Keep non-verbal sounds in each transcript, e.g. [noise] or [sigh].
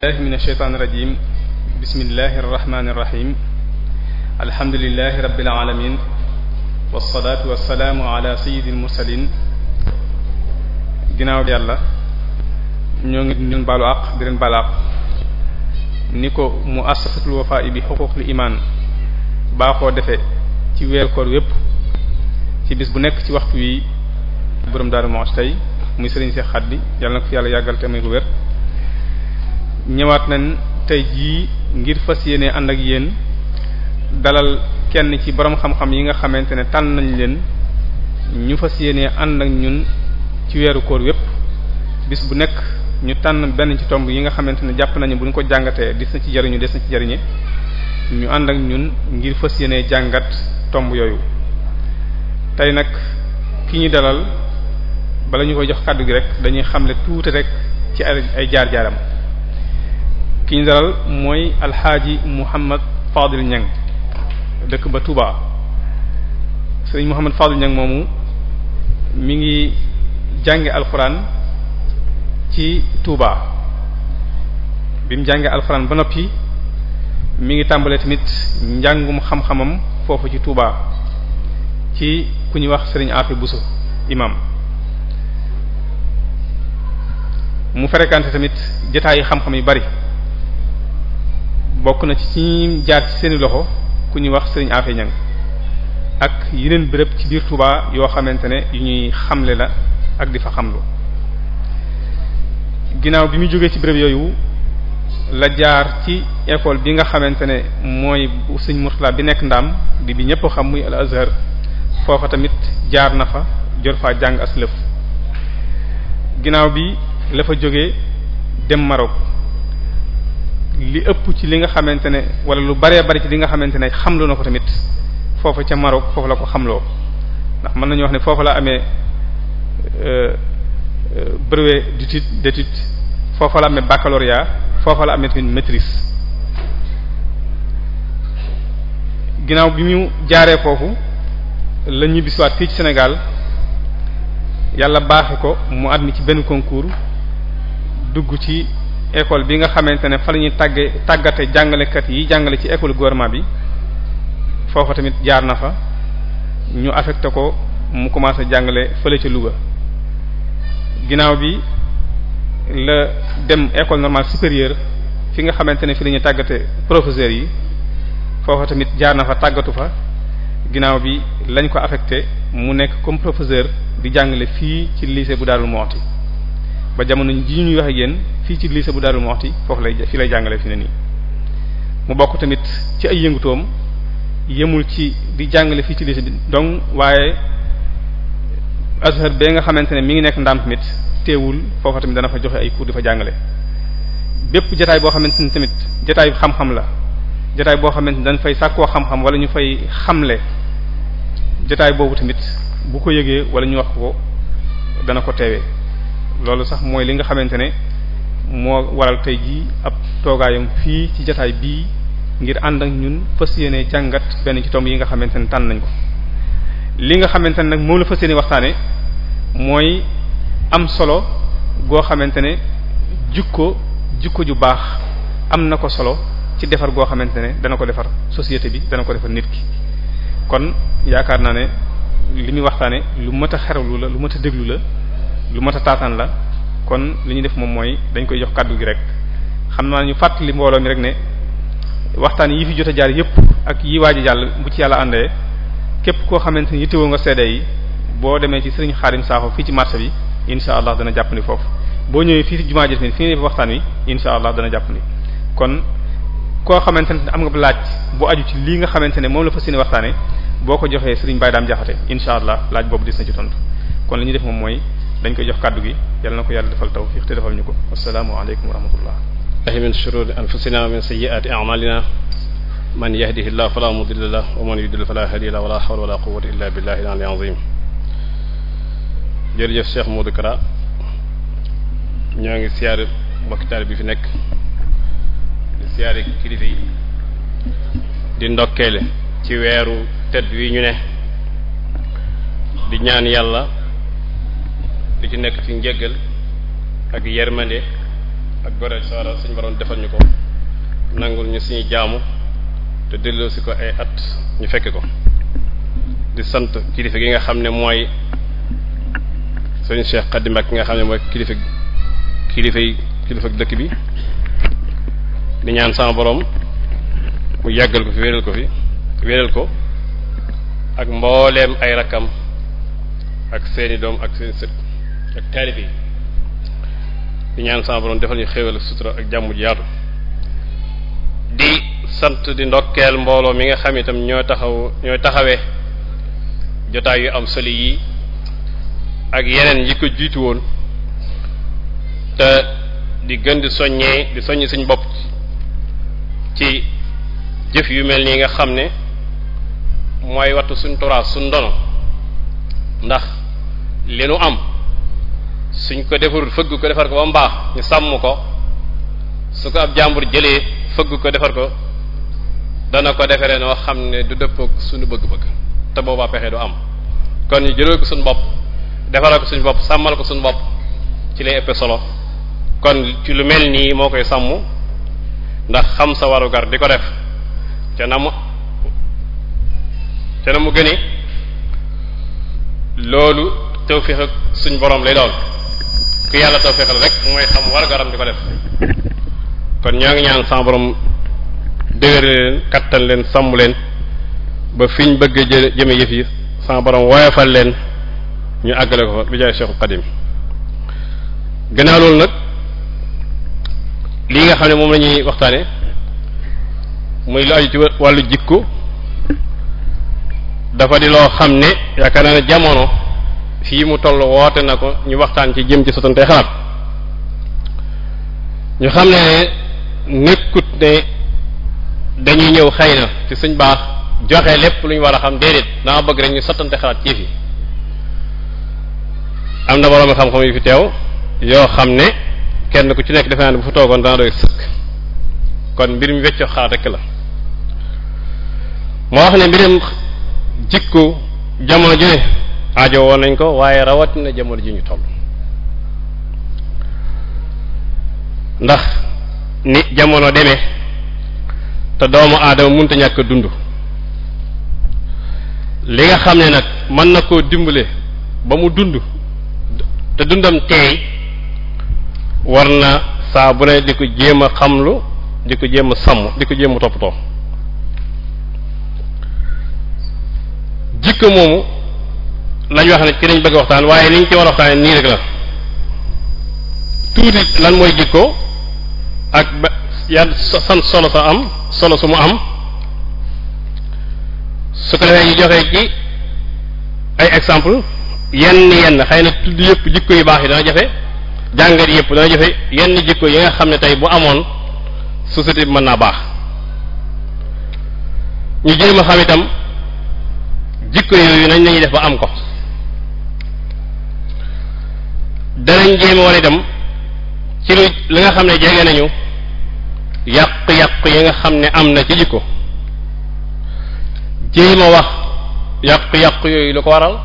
billahi min asheytaan irajim bismillahi arrahmani irrahim alhamdulilahi rabbil alamin wasalaatu wasalaamu ala sayyidil mursalin ginnaaw yàlla ñoo ngi leen baalu àq di leen baalu àq ni ko mu assasatul wafaa'i bi xuquqil imaan baaxoo defee ci weeru koor yépp ci bis bu nekk ci waxtu wi boroom Daaru Muxti tey muy Sëriñ Seex Xaddi yàlla na ko fi yàlla yàggal te may ko wér ñëwaat leen tey jii ngir fas yéene ànd ak yéen dalal kenn ci boroom xam-xam yi nga xamante ne tànn nañ leen ñu fas yéene ànd ak ñun ci weeru koor wépp bis bu nekk ñu tànn benn ci tomb yi nga xamante ne jàpp nañu bu ñu ko jàngatee des na ci jariñu des na ci jariñe ñu ànd ak ñun ngir fas yéene jàngat tomb yooyu tey nag ki ñu dalal bala ñu koy jox kàddu gi rek dañuy xamle tuuti rek ci ay jaar-jaaram ki ñu dalal mooy alxaaji Mouhamad Fadil Niang dëkk ba Touba sëriñ Mouhamad Fadil Niang moomu mi ngi jànge alxuraan ci Touba bi mu jànge alxuraan ba noppi mi ngi tàmbale tamit njàngum xam-xamam foofu ci Touba ci ku ñuy wax sëriñ Afi Bousso imam mu fréquenté tamit jotaayu xam-xam yu bari bokk na ci ci jaar ci seeni loxo ku ñuy wax sëriñ Afe Ñang ak yeneen béréb ci biir Touba yoo xamante ne yu ñuy xamle la ak di fa xamlu ginnaaw bi muy jógee ci béréb yooyu la jaar ci école bi nga xamante ne mooy sëñ Murtala bi nekk ndaam di bi ñëpp xam muy al foofa tamit jaar na fa jot faa jàng as lëf ginnaaw bi la fa jógee dem Maroc li ëpp ci li nga xamante ne wala lu baree bari ci li nga xamante ne xamlu na ko tamit foofu ca Maroc foofu la ko xamloo ndax mën nañu wax ne foofu la amee euh, euh, brevet d'étude d'étude foofa la amee baccalauréat foofa la amee tamit maîtrise ginnaaw bi mu jaaree foofu la ñibbisiwaat fii ci senegal yàlla baax ko mu admis ci benn concours dugg ci école bi nga xamante ne fa la ñuy tàgge tàggate jàngalekat yi jàngale ci école gouvernement bi foofa tamit jaar na fa ñu affecté ko mu commencé jàngale fële ca Louga ginnaaw bi la dem école normale supérieure fi nga xamante ne fi la ñuy tàggate yi foofa tamit jaar na fa tàggatu fa ginnaaw bi lañ ko affecté mu nekk comme profeseur di jàngale fii ci lycée bu Darou Moukhty ba jamono ji ñuy waxee génn fii ci lycée bu Darou Moukhty foofu lay fii lay jàngale fi ne nii mu bokk tamit ci ay yëngutoom yemul ci di jàngale fii ci lycée bi donc waaye Azhar bee nga xamante ne mi ngi nekk ndam tamit teewul foofa tamit dana fa joxe ay cours dafa jàngale bépp jataay boo xamante ni tamit jataay xam-xam la jataay boo xamante ni dañ fay sàkkoo xam-xam wala ñu fay xamle jataay boobu tamit bu ko yëgee wala ñu wax ko dana ko teewee loolu sax mooy li nga xamante ne moo waral tey jii ab toogaayam fii ci jataay bii ngir ànd ak ñun fas yéene jàngat benn ci tomb yi nga xamante ne tànn nañ ko li nga xamante ne nag moom la fas yéene waxtaane mooy am solo goo xamante ne jikko jikko ju baax am na ko solo ci defar goo xamante ne dana ko defar société bi dana ko defar nit ki kon yaakaar naa ne li muy waxtaane lu mat a xerewlu la lu mat a déglu la lu mat a taataan la kon li ñu def moom mooy dañ koy jox kàddu gi rek xam naa ñu fàttali mbooloo mi rek ne waxtaan yi fi jot a jaar ak yi waaj a jàll bu ci yàlla àndee képp koo xamante ni yittewoo nga seede boo demee ci sëriñ Xaadim Sakho fii ci marché bi insha allah dana jàpp ni foofu boo ñëwee fii jumaa ji fi ñu def waxtaan wi insha allah dana jàpp ni kon koo xamante ne am nga laaj bu aju ci lii nga xamante ne moom la fa seeni waxtaane boo ko joxee sëriñ Baye Dame Diakhaté allah laaj boobu dis na ci tontu kon li ñu def moom mooy dañ koy jox kàddu gi yàlla na ko yàlla defal tawfiq te defal ñu ko assalaamu aleykum wa rahmatullah min shururi anfusina wa min sayyiati a'malina man yahdihillahu fala mudilla lahu wa man yudlil fala hadiya lahu wala hawla illa billahi al-'aliyyil 'azim jërëjëf Cheikh Modou Kara ñoo ngi siyaare mbokki taalibe bi fi nekk di siyaare di ndokkeele ci weeru tedd wi ñu ne di ñaan yàlla li ci nekk ci njëggal ak yermande ak goreel saara suñu borom defal ñu ko nangul ñu suñu jaamu te delloosi ko ay at ñu fekk ko di sant kilifa gi nga xam ne mooy sëriñ Cheikh Xadim ak nga xam ne mooy kilifa kilifa yi kilifa dëkk bi di ñaan sama boroom mu yàggal ko fi wéral ko fi wéral ko ak mbooleem ay rakkam ak seeni doom ak seen sët ak taalibe yi di ñaan sama defal ñu xéwal ak sutura ak jàmm ju yaatu di sant di ndokkeel mbooloo mi nga xam itam ñoo taxaw ñooy taxawee jotaay yu am soli yi ak yeneen yi ko jiitu woon te di gën di soññee di soññ suñ bopp ci jëf yu mel nii nga xam ne mooy wattu suñ turaas suñ ndono ndax li nu am suñ ko defarul fëgg ko defar ko ba mu ñu sàmm ko su ko ab jàmbur jëlee fëgg ko defar ko dana ko defaree noo xam ne du dëppook suñu bëgg-bëgg te booba pexee du am kon ñu jëloo ko suñu bopp defaral ko suñu bopp sàmmal ko suñu bopp ci lay ëpp solo kon ci lu mel nii moo koy sàmm ndax xam sa warugar di ko def te na mu te na mu gëne loolu tawfiix ak suñu borom lay doon ku yàlla too feexal rek mooy xam war garam di ko def kon ñoo ngi ñaan sa borom dëgër leen kattan leen sàmm leen ba fiñ bëgg jë jëme yëf yi sa borom woyofal leen ñu àggale ko fa bi jaay Cheikhul Xadim gannaaw loolu nag lii nga xam ne moom la ñuy waxtaane muy lu aju ci wàllu jikko dafa di loo xam ne yaakaar naa ne jamono fii mu toll woote na ko ñu waxtaan ci jëm ci sotantee xalaat ñu xam ne nekkut ne dañuy ñëw xëy na ci suñ baax joxe lépp lu war a xam déedéet dama bëgg rek ñu sottante xalaat ci fi am na borom xam-xam yu fi teew yoo xam ne kenn ku ci nekk defe naa ne bu fu toogoon dana doy sëkk kon mbir mi weccoo xalaat rek la moo wax ne mbiram jikko jamono ju ne aajo woon nañ ko waaye rawatina jamono ji ñu toll ndax ni jamono demee te doomu aadama mënut a ñàkk dund li nga xam ne nag mën na koo dimbale ba mu dund te dundam teey war na saabu na di ko jéem a xamlu di ko jéem a sàmm di ko jéem a toppatoo jikko moomu lañ wax ne ci lañ bëgg waxtaan waaye liñ ci war a waxtaanee nii rek la tuuti lan mooy jikko ak ba yan san solo sa am solo su mu am su ko defee ñu joxee ci ay exemple yenn yenn xëy na tudd yëpp jikko yu baax yi dana jafe jàngat yëpp dana jafe yenn jikko yi nga xam ne tey bu amoon société bi mën naa baax ñu jéem a xam itam jikko yooyu nañ lañuy def ba am ko danañ jéem woon dem ci lu li nga xam ne jege nañu yàq-yàq yi nga xam ne am na ci jikko jéem a wax yàq-yàq yooyu lu ko waral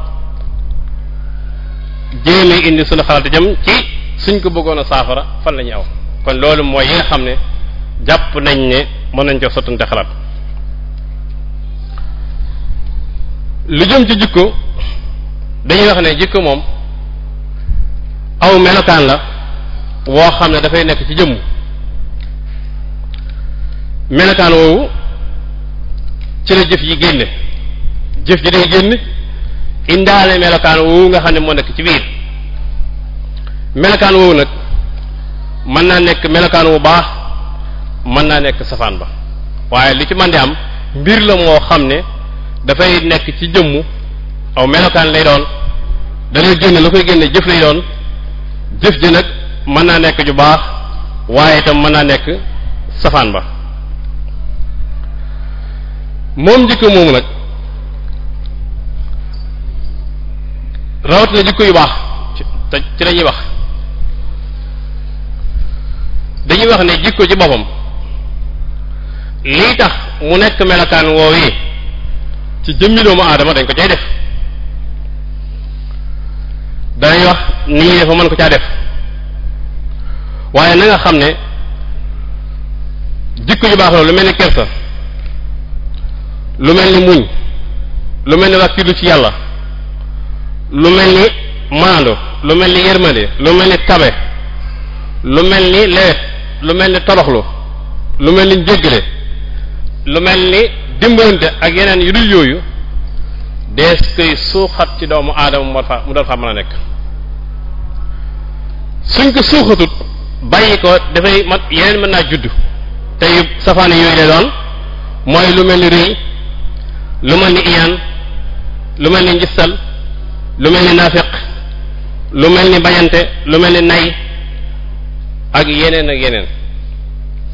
jéem a indi suñu xalaat jëm ci suñ ko bëggoon a saafara fan la ñuy aw kon loolu mooy yi nga xam ne jàpp nañ ne mën nañ ko sottante xalaat lu jëm ci jikko dañuy wax ne jikko moom aw melokaan la woo xam ne dafay nekk ci jëmm melokaan woowu ci la jëf yi génne jëf ji day génn indaale melokaan woowu nga xam ne moo nekk ci biir melokaan woowu nag mën naa nekk melokaan wu baax mën naa nekk safaan ba waaye li ci mën de am mbir la moo xam ne dafay nekk ci jëmm aw melokaan lay doon da lay génne la koy génne jëf lay doon jëf ji nag mën naa nekk ju baax waaye itam mën naa nekk safaan ba moom jikko moomu nag rawatina jikko yu baax te ci lañuy wax dañuy wax ne jikko ci boppam lii tax mu nekk melokaan woowu yi ci jëmmi doomu aadama dañ ko cay def danañ wax ni ñuy def ba mën ko caa def waaye na nga xam ne jikko ju baax loolu lu mel ni kersa lu mel ni muñ lu mel ni wàkkilu ci yàlla lu mel ni maandu lu mel ni yërmande lu mel ni tabe lu mel ni lewet lu mel ni toroxlu lu mel ni njëggale lu mel ni dimbalante ak yeneen yu dul yooyu dees koy suuxat ci doomu aadama mu war fa mu nekk suñ ko suuxatut bàyyi ko dafay mat yeneen mën naa juddu te yu safaane yooyu lay doon mooy lu mel ni rëy lu mel ni iyaan lu mel ni njistal lu mel ni naafeq lu mel ni bañante lu mel ni nay ak yeneen ak yeneen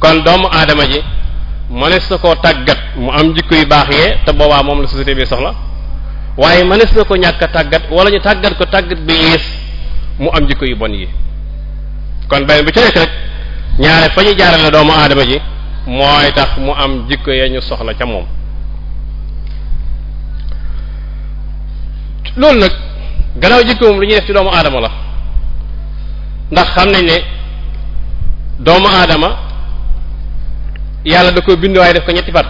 kon doomu aadama ji mënees sa koo tàggat mu am jikko yu baax yee te boobaa moom la société bi soxla waaye mënees na ko ñàkk a tàggat wala ñu tàggat ko tàggat bi yées mu am jikko yu bon yi kon benn bi ci nekk rek ñaare fa ñu jaarale doomu aadama ji mooy tax mu am jikko ya ñu soxla ca moom loolu nag gannaaw jikko moom li ñuy def ci doomu aadama la ndax xam nañ ne doomu aadama yàlla da ko bind waaye def ko ñetti fat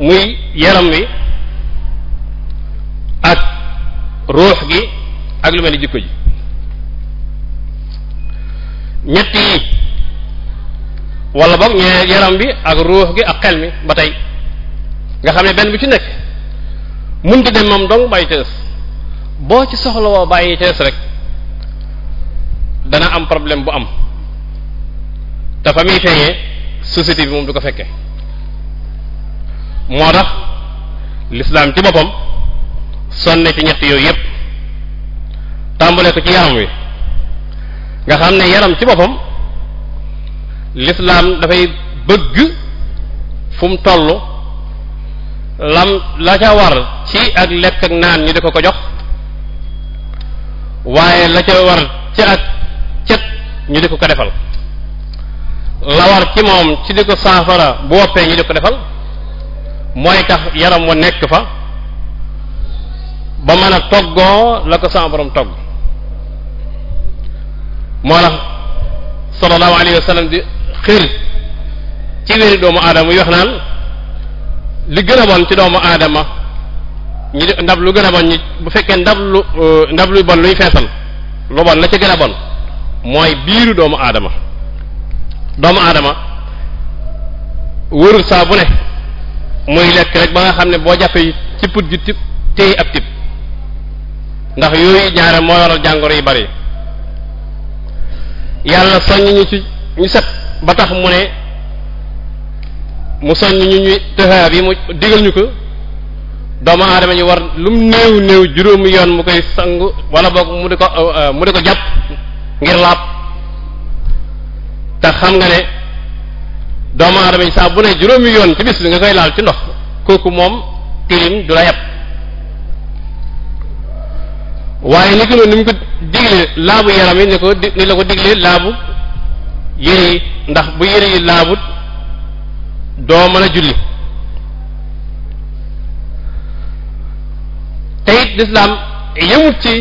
muy yaram wi ak ruux gi ak lu mel ni jikko ji ñett yi boog ñee yaram bi ak ruux gi ak xel mi ba tey nga xam ne benn bi ci nekk mun di dem moom dong bàyyi tees boo ci soxlawoo bàyyi tees rek dana am problème bu am te fa muy feeñee société bi moom du ko fekkee moo tax lislaam ci boppam sonne ci ñett yooyu yépp tàmbale ko ci yaram wi nga xam ne yaram ci boppam lislaam dafay bëgg fu mu toll lam la ca war ci ak lekk ak naan ñu di ko ko jox waaye la ca war ci ak cet ñu di ko ko defal la war ci moom ci di ko saafara bu woppee ñu di ko defal mooy tax yaram wa nekk fa ba mën a toggoo la ko sama borom togg moo tax sallallahu alayhi wa di xir ci wéri doomu aadama yi wax naan li gën a bon ci doomu aadama ñi ndab lu gën a bon ñi bu fekkee ndab lu euh, ndab lu bon luy feesal lu bon la ci gën a bon mooy biiru doomu aadama doomu aadama wërul saa bu ne muy lekk rek ba nga xam ne boo jàppee ci put ju tib téy ab tib ndax yooyu ñaare moo waral jàngoro yi bari yàlla soññ ñu ci ñu set ba tax mu ne mu soññ ñu ñuy tëxaab yi mu digal ñu ko doomu aadama ñu war lum néew néew juróomi yoon mu koy sangu wala boog mu di ko euh, mu di ko jàpp ngir laab te xam nga ne doomu aadama yi saa bu ne juróomi yoon ci bis bi nga koy laal ci ndox kooku moom tilim du la yàpp waaye ni ki ni mu ko digle laabu yaram yi ni ko ni la ko digle laabu yére yi ndax bu yére yi laabut doo mën a julli te it lislaam yëmut ci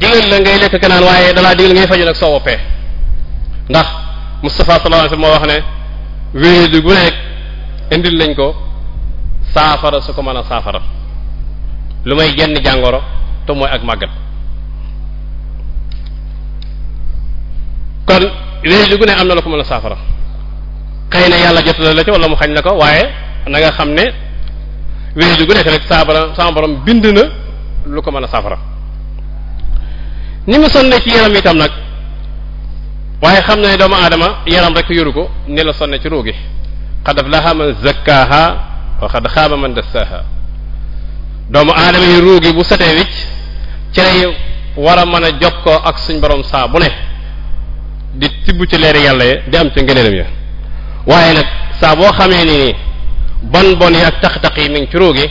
digal la ngay lekk kanaan waaye dalaa digal ngay faju nag soo woppee ndax Mustafa sallallahu alayhi moo wax ne wéedu gu nekk indil lañ ko saafara su ko mën a saafara lu may genn jàngoro te mooy ak màggat kon wéedu gu ne am na la ko mën a saafara xëy na yàlla jotale la ci wala mu xañ na ko waaye na nga xam ne wéedu gu nekk rek saafara sama bind na lu ko mën a saafara ni mu sonne ci yaram itam nag waaye xam na ne doomu aadama yaram rek yoru ko ne la sonne ci ruugi xad aflaha man zakkaha wa xad xaaba man dassaha doomu aadama yi ruugi bu setee wicc ci lay war a mën a jokkoo ak suñ borom saa bu ne di tibb ci leeri yàlla ye di am ci ngëneelam ya waaye nag saa boo xamee ni nii bon bon yi ak tax-tax yi mi ngi ci ruugi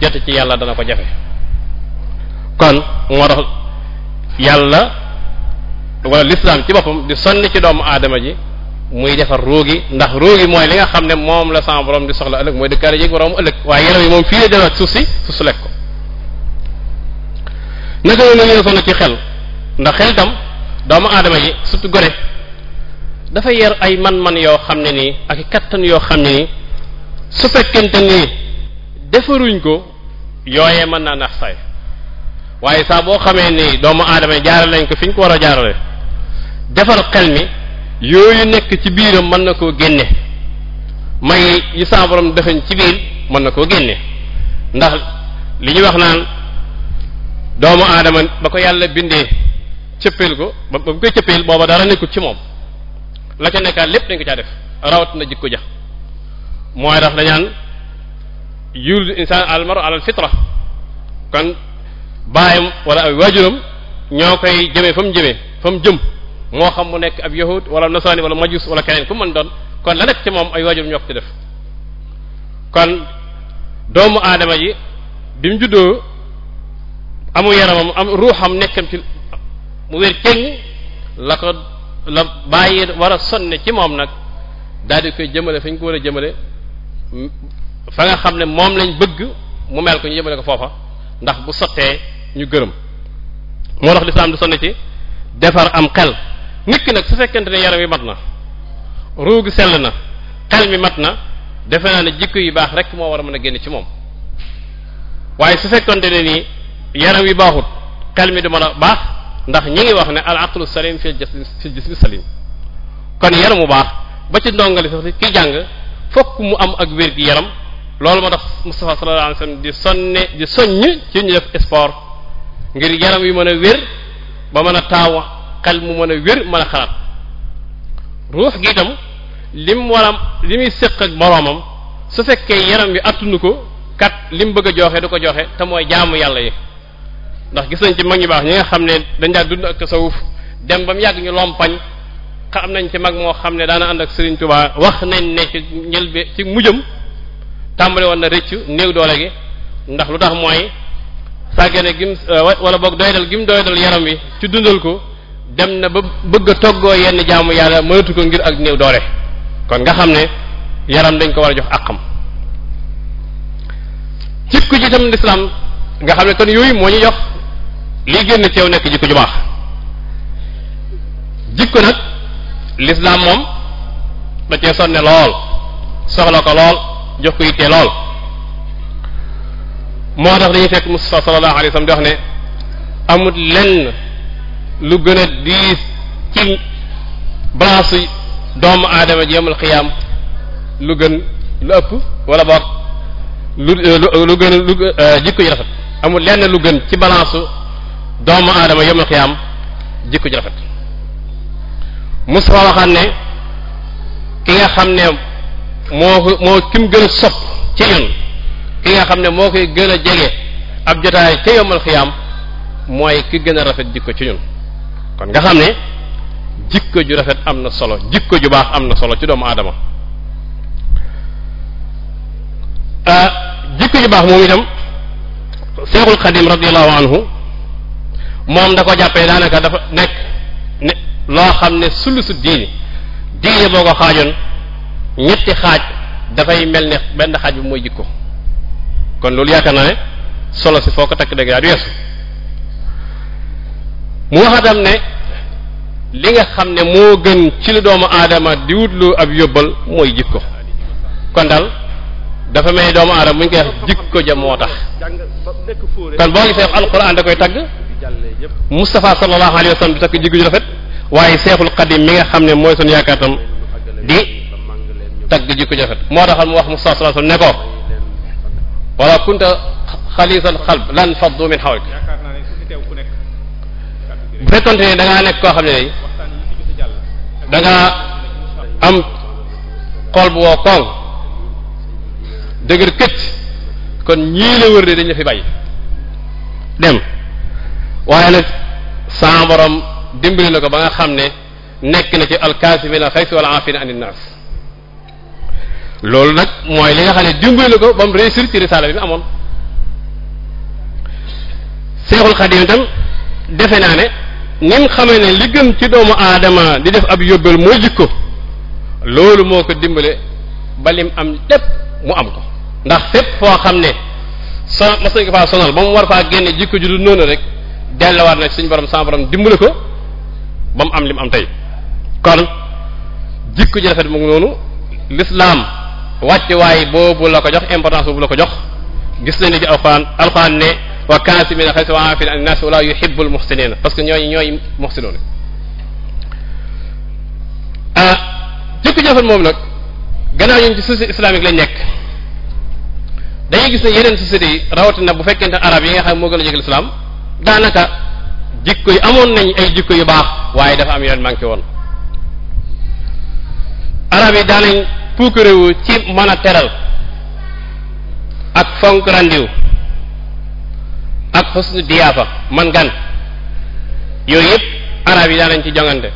jot ci yàlla dana ko jafe kon moo tax yàlla wala l'islam ci boppam di sonni ci doomu aadama ji muy defar ruugi ndax ruugi mooy li nga xam ne moom la sama boroom di soxla ëllëg mooy dëkkaale jéeg borom ëllëg waaye yaram yi fii la delluwaat si su lekk ko ci xel ndax tam doomu aadama ji surtout gone dafa ay man-man yoo xam ne nii ak kattan yoo xam ne nii su fekkente ni defaruñ ko yooyee mën naa nax saay waaye saa boo xamee ni doomu aadama jaarale nañ ko fi ñu ko war a jaarale defar xel mi yooyu nekk ci biiram mën na koo génne may yi sa borom ci biir mën na koo génne ndax li ñu wax naan doomu aadama ba ko yàlla bindee cëppeel ko ba bu koy cëppeel booba dara nekkul ci moom la ca nekkaat lépp dañ ko caa def rawat na ko jax mooy rax dañaan yulidu insaan almaru alal fitra kon baayam wala ay waajuram ñoo koy jëmee fa mu jëmee fa mu jëm moo xam mu nekk ab yahud wala nasraani wala majus wala keneen ku mën doon kon la nekk ci moom ay waajur ñoo ko ci def kon doomu aadama yi bi mu juddoo amu yaramam am ruuxam nekkam ci mu wér cëng la ko la bàyyi war a sonne ci moom nag daal di koy jëmale fa ko war a jëmale fa nga xam ne moom lañ bëgg mu mel ko ñu jëmale ko foofa ndax bu sottee ñu gërëm moo tax lislaam di sonne ci defar am xel nit ki nag su fekkente ne yaram wi mat na gi sell na xel mi mat na defe naa ne jikko yi baax rek moo war a mën a génn ci moom waaye su fekkente ne yaram wi baaxut xel mi du mën a baax ndax ñi ngi wax ne al aqlu salim fil jismi fil jismi salim kon yaramu baax ba ci ndongali sax ki jàng fokk mu am ak wér gi yaram loolu moo tax Mustafa sallallahu alayhi di sonne di soññ ci ñu def sport ngir yaram wi mën a wér ba mën a taawa xel mu mën a wér mën a xalaat ruux gi itam lim waram li séq ak boroomam su fekkee yaram wi attunu ko kat lim bëgg a joxe du ko joxe te mooy jaam yàlla yi ndax gis nañ ci mag ñu baax ñi nga xam ne dañ daan dund ak tasawuf dem ba mu yàgg ñu lompañ xam nañ ci mag moo xam ne daana ànd ak Serigne Touba wax nañ ne ci ñël bi ci mujjam tàmbali woon na rëccu néew doole gi ndax lu tax mooy sàggane gim euh, wala boog doydal gim doydal yaram wi ci dundal ko dem na ba bëgg a toggoo yenn jaamu yàlla mënatu ko ngir ak néew doole kon nga xam ne yaram dañ ko war a jox àqam jikko ji itam lislaam nga xam ne kon yooyu moo ñu jox liy génn ci yow nekk jikko ju baax jikko nag lislaam moom da cee sonne lool soxla ko lool jox ko yittee lool moo tax dañuy fekk Musaa sallallahu alayhi wa sallam di wax ne amul lenn lu gën a diis ci balance doomu aadama ji yawmal xiyaam lu gën lu ëpp wala boog lu lu gën lu euh, jikko ji rafet amul lenn lu gën ci balance doomu aadama yawmal xiyaam jikko ji rafet Mustafa waxaan ne ki nga xam ne moo ko moo ki mu gën a sopp ci ñun ki nga xam ne moo koy gën a jege ab jotaay ca yawmal xiyaam mooy ki gën a rafet jikko ci ñun kon nga xam ne jikko ju rafet am na solo jikko ju baax am na solo ci doomu aadama ah jikko ju baax moom itam Seexul Xadim radiyallahu anhu moom da ko jàppee daanaka dafa nekk ne loo xam ne sulusu diini diine boo ko xaajoon ñetti xaaj dafay mel ni benn xaaj bi mooy jikko kon loolu yaakaar naa ne solo si foo ko takk dëgg du yeesu mu wax a tam ne li nga xam ne moo gën ci lu doomu aadama di wutlu ab yóbbal mooy jikko kon daal dafa mel ni doomu aadama bu ñu koy wax jikko ja moo tax kon boo gisee alquran da koy tagg Mustafa sallallahu alayhi wa sallam di takk jikko ju rafet waaye Seexul Xadim mi nga xam ne mooy sunu yaakaar tam di tagg jikko ju rafet moo taxal mu wax Mustafa sallallahu alayhi wa ne ko wala kunta xalisal xalb lan faddu min xawlik bu fekkonte ne da nekk koo xam ne day da am xol bu woo koŋ dëgër këcc kon ñii la wër de dañ la fi bàyyi dem waaye nag sa borom dimbali na ko ba nga xam ne nekk na ci alkaasimiina xaysi wal aafiina anin naas loolu nag mooy li nga xam ne dimbali na ko ba mu réussir ci risaala bi mu amoon Seexul Xadiim itam defe naa ne nim xamee ne li gën ci doomu aadama di def ab yóbbal mooy ko loolu moo ko dimbale ba lim am lépp mu am ko ndax fépp foo xam ne sa mas nañ ko faa sonal ba mu war faa génne jikk ju du noonu rek delluwaat na suñ borom sa borom dimbale ko ba mu am lim am tey kon jikko ji rafet mu ngi noonu l'islam wàcc waay boobu la ko jox importance boobu la ko jox gis nañ ne ci alxuraan alxuraan ne wa kaasimin xaysa wa aafin an nas wala yuhibbul muhsinina parce que ñooñu ñooy muhsinoona ah jikko jëfal moom nag gannaaw ñun ci société islamique lañ nekk dañuy gis ne yeneen société yi rawatina bu fekkente arab yi nga xam moo gën a jege islam daanaka jikko yi amoon nañ ay jikko yu baax waaye dafa am yeneen manqué woon arab yi daanañ puukarewu ci mën a teral ak fonk randiw ak xusnu diyaafa man gan yooyu yëpp arab yi daan ci jongante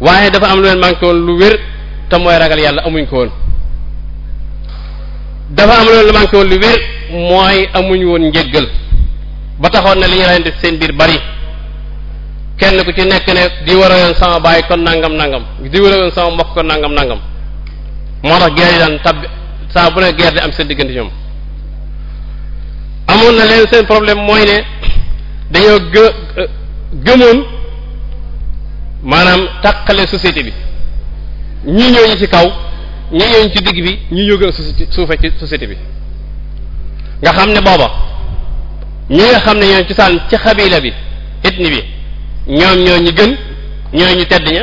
waaye dafa am lu leen manqué woon lu wér te mooy ragal yàlla amuñ ko woon dafa am lu leen manqué woon lu wér mooy amuñ woon njëggal ba taxoon na li ñu reyante seen biir bari kenn ku ci nekk ne di war a yoon sama baay kon nangam nangam di war a yoon sama mbokk kon nangam nangam moo tax guerre yi daan tab saa bu ne guerre di am seen diggante ñoom amoon na leen seen problème mooy ne dañoo gë maanaam tàqale société bi ñii ñooñu ci kaw ñii ñooñu ci digg bi ñii ñoo gën a suufe ci société bi nga xam ne booba ñi nga xam ne ñoo ci saan ci xabila bi etni bi ñoom ñoo ñi gën ñoo ñu tedd ña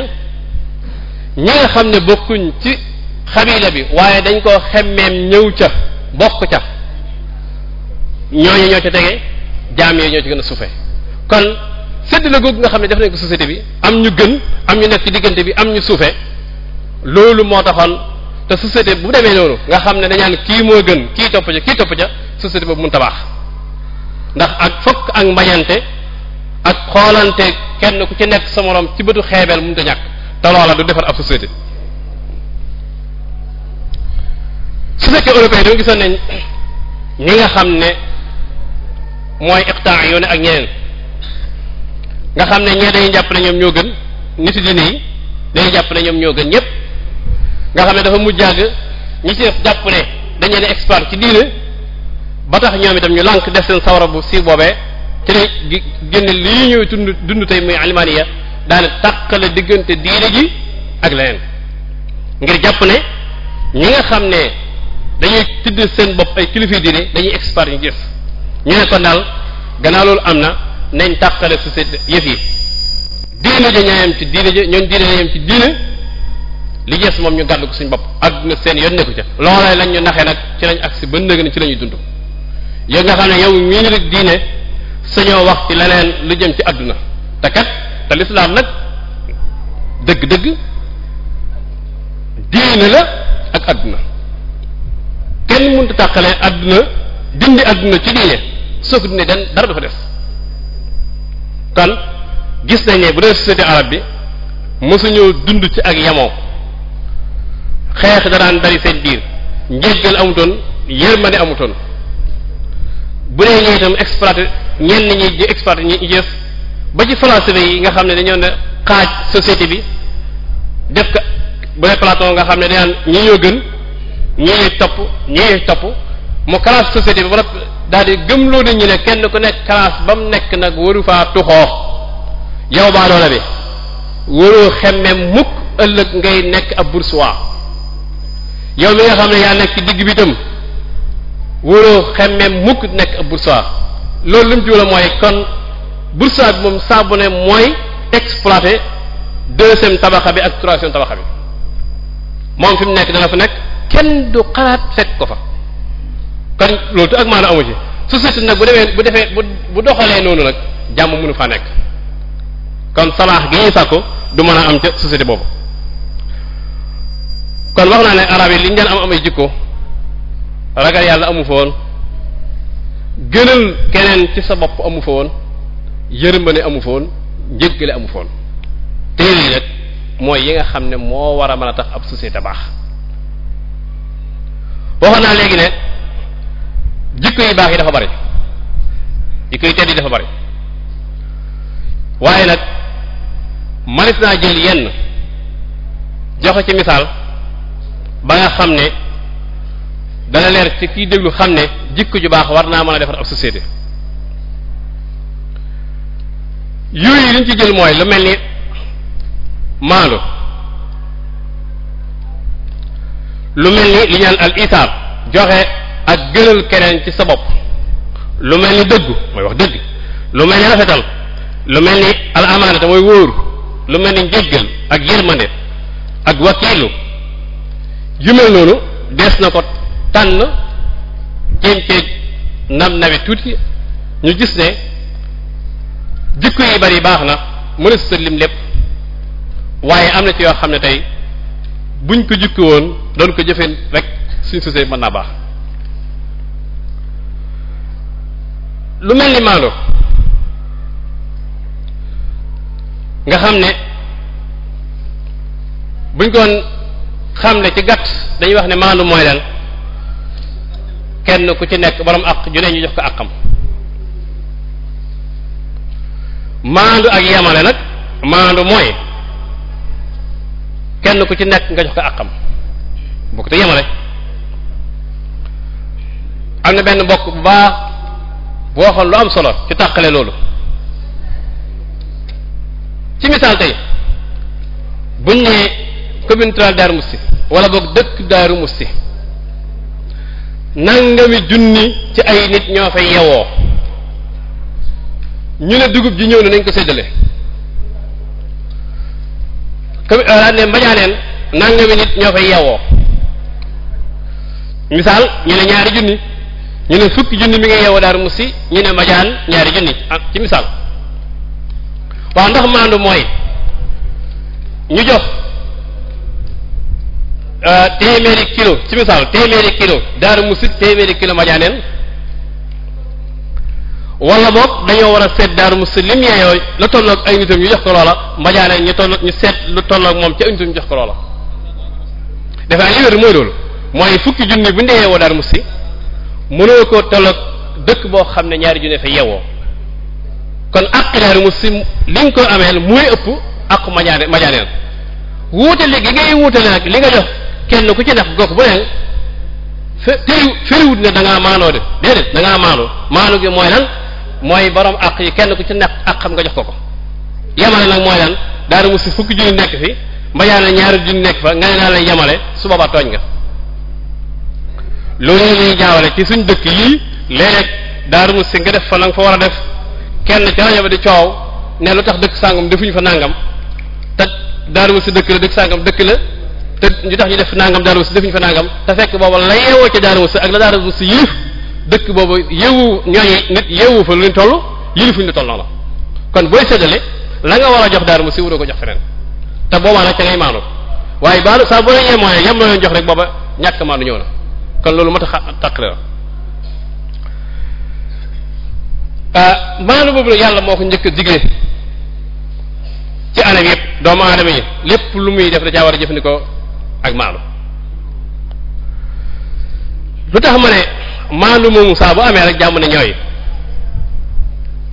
ñi nga xam ne bokkuñ ci xabila bi waaye dañ koo xemmeem ñëw ca bokk ca ñooñu ñoo ca tege jaam yooyu ñoo ci gën a suufe kon séddale googu nga xam ne daf nañ ko société bi am ñu gën am ñu nekk ci diggante bi am ñu suufe loolu moo taxoon te société bu demee noonu nga xam ne dañaan kii moo gën kii topp ca kii topp ca société boobu mun tabaax ndax ak fokk ak mbañante ak xoolante kenn ku ci nekk sa moroom ci bëtu xeebeel mun ta ñàkk te loola du defar ab société société européenne dama gisoon ne ñi nga xam ne mooy iqtaa yoone ak ñeneen nga xam ne ñee dañuy jàpp ne ñoom ñoo gën nitu dine yi dañuy jàpp ñoom ñoo gën ñëpp nga xam ne dafa mujj àgg ñi ci def jàpp ne dañ leen ci diine ba tax ñoom itam ñu lànk def seen sawara bu si boobee ci la génne li ñuy dund dund tey muy almaniya daane tàqale diggante diine ji ak leneen ngir jàpp ne ñi nga xam ne dañuy tudd seen bopp ay kilifa diine dañuy expert ñu jëf ñu ne ko daal gannaaw loolu am na nañ tàqale su sedd yëf yi diine ja ñaayam ci diine ja ñoom diine ñaayam ci diine li jees moom ñu gàddu ko suñ bopp adduna seen yoon nekku ca loolee lañ ñu naxee nag ci lañ agsi ba nëgg na ci la ñuy dund yow nga xam ne yow mii ñu rek diine sañoo wax ci leneen lu jëm ci àdduna te kat te lislaam nag dëgg-dëgg diine la ak àdduna kenn mënut a tàqalee dindi àdduna ci diine soo ko dindee den dara du fa des kon gis nañ ne bu dee société arabe bi mosuñoo dund ci ak yamoo xeex danaan dari seen biir njëggal amutoon yërmande amutoon bu dee ñooy itam exploité ñenn ñi ñi ñu ba ci français yi nga xam ne dañoo ne xaaj société bi def ka bu dee Platon nga xam ne dañaan ñi ñoo gën ñi topp ñi topp mu classe société bi ba noppi daal di gëmloo nit ñi ne kenn ku nekk classe ba mu nekk nag waru faa tuxoo yow baa loola bi waroo xemme mukk ëllëg ngay nekk ab bourgeois yow mi nga xam ne yaa nekk ci digg bi itam waroo xemme mukk nekk ab bourgeois loolu li mu ci mooy kon bourgeois bi moom saabu ne mooy exploité deuxième tabaxa bi ak troisième tabaxa bi moom fi mu nekk dana fa nekk kenn du xalaat fekk ko fa kon loolu te ak maanaam amu ci société nag bu demee bu defee bu bu doxalee noonu nag jàmm munu faa nekk kon salaax gi ñuy sàkku du mën a am ca société boobu kon wax naa ne arab yi li ñu daan am am ay jikko ragal yàlla amu fa woon gënal keneen ci sa bopp amu fa woon yërmande amu fa woon njëggale amu fa woon téere yi nag mooy yi nga xam ne moo war a mën a tax ab société baax waxoon naa léegi ne jikko yu baax yi dafa bari jikko yu tedd yi dafa bari waaye nag manis naa jël yenn joxe ci misaal ba nga xam ne dana leer ci kiy déglu xam ne jikko ju baax war naa mën a defar ab société yooyu li ñu ci jël mooy lu mel ni maandu lu mel ni li al isaar joxe ak gënal keneen ci sa bopp lu mel ni dëggu mooy wax dëgg lu mel ni rafetal lu mel ni al amaana te mooy wóoru lu mel ni njëggal ak yërmande ak wakiilu yu mel noonu dees na ko tànn jéem cee nam nawe tuuti ñu gis ne jikko yi bari baax na mënees sa lépp waaye am na ci yoo xam ne tey buñ ko jukki woon doon ko jëfeen rek suñ susee mën naa baax lu mel ni maandu nga xam ne buñ koon xam ne ci gat dañuy wax ne maandu mooy lan kenn ku ci nekk borom ak ju ne ñu jox ko àqam maandu ak yemale nag maandu mooy kenn ku ci nekk nga jox ko àqam bokk te yemale am na benn mbokk bu baax waxoon lu am solo ci tàqale loolu ci misaal tey buñ ne commune rurale Darou Moukhty wala boog dëkk Darou Moukhty nangami junni ci ay nit ñoo fay yewoo ñu ne dugub ji ñëw na nañ ko séddale commune euh, daan ne mbañaaneen nangami nit ñoo fay yewoo misaal ñu ne ñaari junni ñu ne fukki junni mi nga yeewoo daaru musi ñu ne majaan ñaari junni ak ci misaal waaw ndax maandu mooy ñu jox euh, téeméeri kilo ci misaal téeméeri kilo daar musi téeméeri kilo majaaneen wala boog dañoo war a seet daaru musi lim yeeyoo la tolloog ay nitam ñu jox ko loola majaaneen ñu toll ñu seet lu tolloog moom ci ay nitam ñu jox ko loola defe naa mooy loolu mooy fukki junni bu ñu dee yeewoo daaru musi mënoo ko tolloog dëkk boo xam ne ñaari junne fa yewoo kon àq ñaari mu si li ko amee ameel muy ëpp ak majaane majaaneel wuutale gi ngay wuutale li nga jox kenn ku ci def gox bu ne fe tey firiwut ne da ngaa maanoo de déedéet da ngaa maanu gi mooy lan mooy borom àq yi kenn ku ci nekk ak xam nga jox ko ko yamale nag mooy lan daara mu si fukki junni nekk fi majaane ñaari junni nekk fa nga ne naa leen yamale su boobaa tooñ nga. loolu ñu ñuy jaawale ci suñ dëkk yii léeg-léeg daaru mu si nga def fa la nga fa war a def kenn ca rajo ba di coow ne lu tax dëkk sàngam defuñu fa nàngam te daaru mu si dëkk la dëkk sàngam dëkk la te ñu tax ñu def nàngam daaru mu si defuñu fa nàngam te fekk booba la yeewoo ca daaru ak la daaru mu si yilif dëkk booba yeewu ñooñu nit yeewu fa lu ñu toll yilifuñu lu toll noonu kon booy séddale la nga war a jox daaru mu si wuroo ko jox feneen te boobaa nag ca ngay maanu waaye baa saa boo la ñee mooy yam jox rek booba ñàkk maanu ñëw na kon loolu moo tax taqale la ah maanaam boobu la yàlla moo ko njëkk a digle ci anam yëpp doomu aadama yi lépp lu muy def da caa war a jëfandikoo ak maanu lu tax ma ne maanu moomu saa amee rek jàmm ne ñooy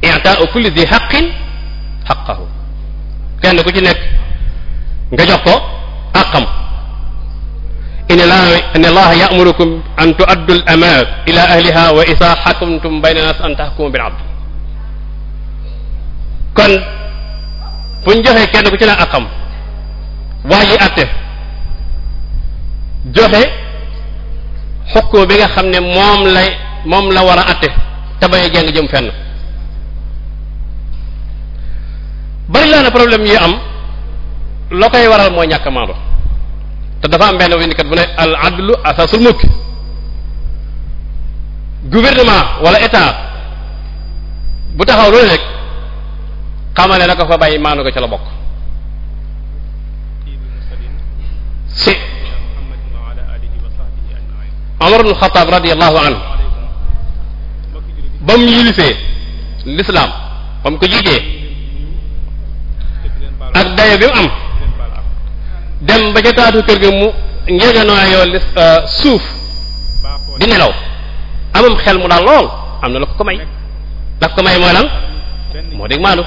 i'ta'u kulli di haqqin haqqahu kenn ku ci nekk nga jox ko àqam inna allaha ya'murukum an tu'addu al ila ahliha wa idha hakamtum bayna an an tahkumu bil-'adl kon bu ñu kenn ku ci na akam wax yi àtte joxe xukkum bi nga xam ne moom la war a àtte te bañ a jëm fenn bari laa na problème yi am loo koy waral mooy ñàkk maandu te dafa am benn windikat bu ne al adlu asasul mulk gouvernement wala état bu taxaw loolu rek xamale na ko fa bàyyi maanu ko ca la bokk si Umar ibn Xattaab radiyallahu anhu ba mu yilifee l'islam ba mu ko ak dayo bi am dem ba ca taatu kër ga mu ngeeganaayoo li euh, suuf di nelaw amam xel mu daal lool am na la ko ko may la ko may mooy lan moo dégg maanu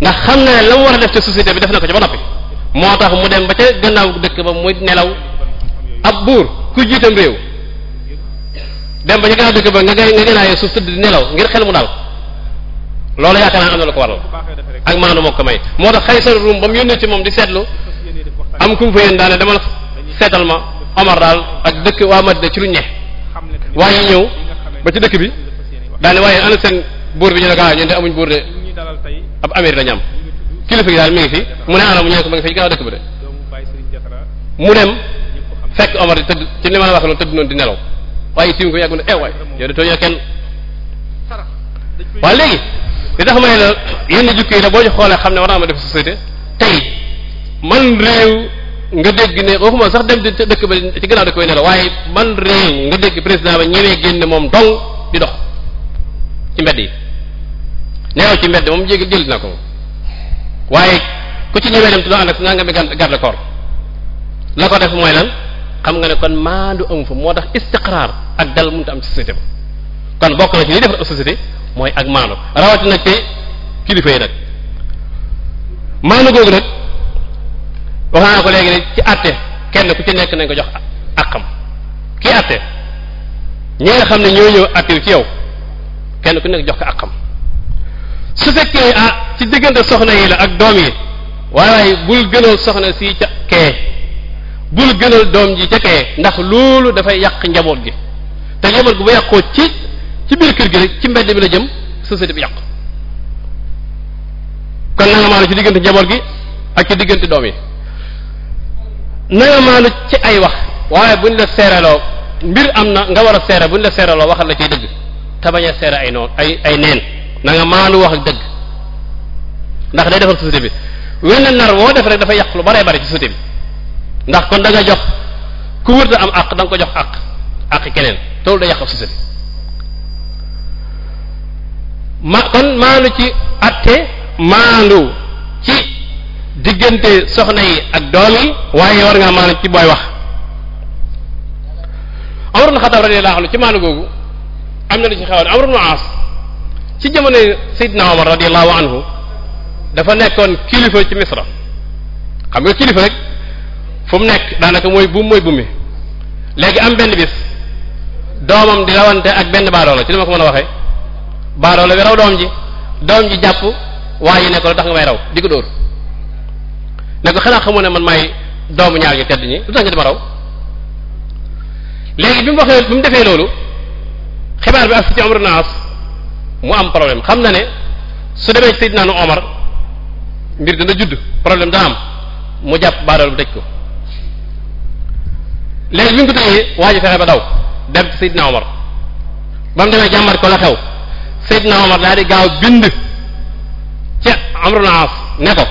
ndax xam na ne la mu war a def ca société bi def na ko ca ba noppi moo tax mu dem ba ca gannaaw dëkk ba muy nelaw ab buur ku jiitam réew dem ba ca gannaaw dëkk ba nga nga gënaayoo suuf tëdd di nelaw ngir xel mu daal loolu yaakaar naa am na lu ko waral ak maanu moo ko may moo tax xaysar ruum ba mu yónnee ci moom di seetlu am ku mu fa yéen daane demal seetal ma Omar daal ak dëkk waa Madina ci lu ñeex waaye ñëw ba ci dëkk bi daane waaye ana seen buur bi ñu ne gaa ah, ñun de amuñ buur am kilifa gi daal ngi fi mu ne ana ah, mu ñëw ma ngi fi gaaw dëkk bi de mu dem fekk Omar di tëdd ci li ma wax noonu tëdd noonu di nelaw waaye tiim ko yàggu ne eh waay yow de tooñoo kenn waa léegi. li tax ma ne la yenn jukki yi la boo ñu xoolee xam ne war naa ma def société tey man réew nga dégg ne waxuma sax dem di dëkk ba ci gannaaw da koy ne la waaye man réew nga dégg président ba ñëwee génne moom dong di dox ci mbedd yi neew ci mbedd moom jéggi jël na ko waaye ku ci ñëwee dem te doo ànd ak naa nga mi garde corps la ko def mooy lan xam nga ne kon maandu amu fa moo tax istiqraar ak dal mënut a am ci société kon bokk na ci liy defar mooy ak maandu rawati nag te kilifa yi nag maandu googu nag wax naa ko léegi ne ci àtte kenn ku ci nekk nañ ko jox àqam kii àtte ñi nga xam ne ñoo ñëw àttew ci yow kenn ku nekk jox ko àqam su fekkee ah ci diggante soxna yi la ak doom yi waaye bul gënal soxna si ca kee bul gënal doom ji ca kee ndax loolu dafay yàq njaboot gi te njaboot gu ba yàqoo ci ci biir kër gi rek ci mbedd bi la jëm société bi yàqu kon na nga maanu ci diggante njaboot gi ak ci diggante doom yi na nga maanu ci ay wax waaye buñ la seeraloo mbir am na nga war a seere buñ la seeraloo waxal la ciy dëgg te bañ ay noon ay ay neen na nga maanu wax ak dëgg ndax day defar société bi wenn nar woo def rek dafay yàq lu bare bare ci société bi ndax kon da nga jox ku wërta am àq danga ko jox àq àq keneen toolu day yàq société bi ma kon maandu ci atte maandu ci diggante soxna yi ak doom yi waaye war ngaa maandu ci booy wax Umar ibn Xattaab radiyallahu anhu ci maandu googu am na lu ci xewoon Amr ibn Aas ci jamono Seydina Omar radiyallahu anhu dafa nekkoon kilifa ci Misra xam nga kilifa rek fu mu nekk daanaka mooy buum mooy bumi léegi am benn bis doomam di rawante ak benn baadoola ci li ko mën a waxee la bi raw doom ji doom ji jàpp waaye ne ko lu tax nga may raw di ko dóor ne ko xanaa xamu man may doomu ñaar ñu tedd ñi lu tax nga di ma raw léegi bi mu waxee bi mu defee loolu xibaar bi ak si ci Amr mu am problème xam na ne su demee Seydina nu Omar mbir dana judd problème daa am mu jàpp baadool bu tëj ko léegi bi ñu ko waa ji fexe ba daw dem Seydina Omar ba mu demee jàmbat ko la xew Seydina Omar daal di gaaw bind ca Amrul Aas ne ko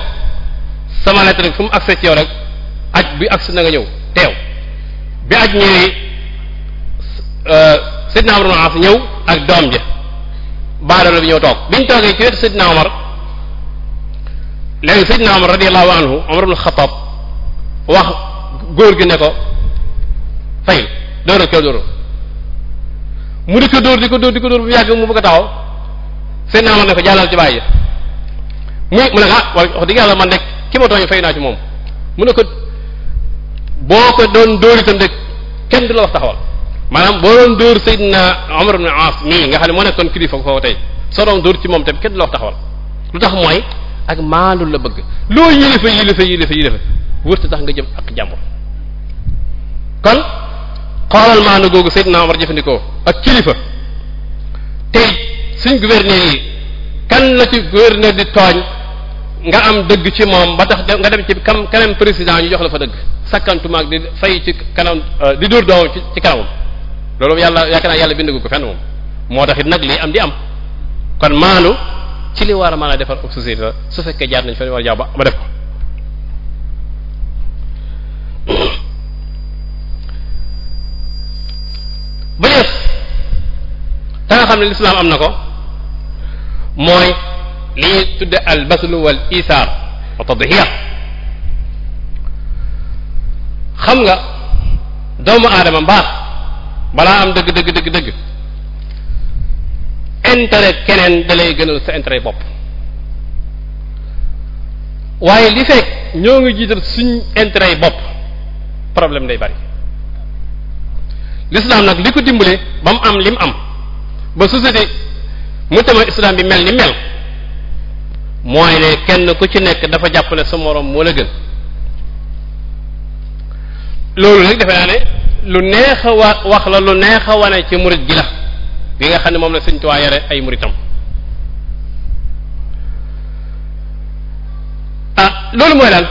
sama lettre rek fu mu agse yow rek aj bi agsi na nga ñëw teew bi aj ñëwee euh, Seydina Amrul Aas ñëw ak doom ja baadoolo bi ñëw toog biñ toogee ci wetu Seydina Omar léegi Seydina Omar radiyallahu anhu Omar ibn Xattaab wax góor gi ne ko fayul dóoral ko dóoral mu di ko dóor di ko dóor di ko yàgg mu bëgg a taxaw seen naa na ko jàllal ci bàyyi muy mu ne ah wax dëgg man rek ki ma tooñ fay naa ci moom mu ne ko boo ko doon dóor tam de kenn du la wax taxawal maanaam boo doon dóor Seydina Omar ibn As mii nga xam ne moo nekkoon kilifa ko tey soo doon dóor ci moom tam kenn du la wax taxawal lu tax mooy ak maandu la bëgg loo yilifa yilifa yilifa yilifa wërta tax nga jëm ak jàmbur kon xoolal maandu googu Seydina Omar jëfandikoo ak kilifa suñ gouverneur yi kan la ci gouverneur di tooñ nga am dëgg ci moom ba tax nga dem ci kam kanam président ñu jox la fa dëgg sakkantumaag di fay ci kanam euh, di dóor doom ci ci kanamam loolu yàlla yaakaar naa yàlla bindagu ko fenn moom moo tax it nag lii am di am kon maanu ci li war a mën a defar ak la su fekkee jaar nañ fa war a jaar ba ba def ko ba ñëpp ta nga xam ne lislaam am na ko mooy li ñuy tudde al baslu wal isaar wa tadhiya xam nga doomu aadama mbaax balaa am dëgg dëgg dëgg dëgg intérêt keneen da lay gënal sa intérêt bopp waaye li fekk ñoo ngi jiital suñ intérêt yi bopp problème day bari l'islam nag li ko dimbale ba mu am li mu am ba société mu mujtama islam bi mel ni mel mooy ne kenn ku ci nekk dafa jàpp ne sa moroom moo la gën loolu nag defe naa ne lu neex a wa wax la lu neex wane ci murit gi la bi nga xam ne moom la Sëriñ Tuubaa yare ay muritam ah loolu mooy daal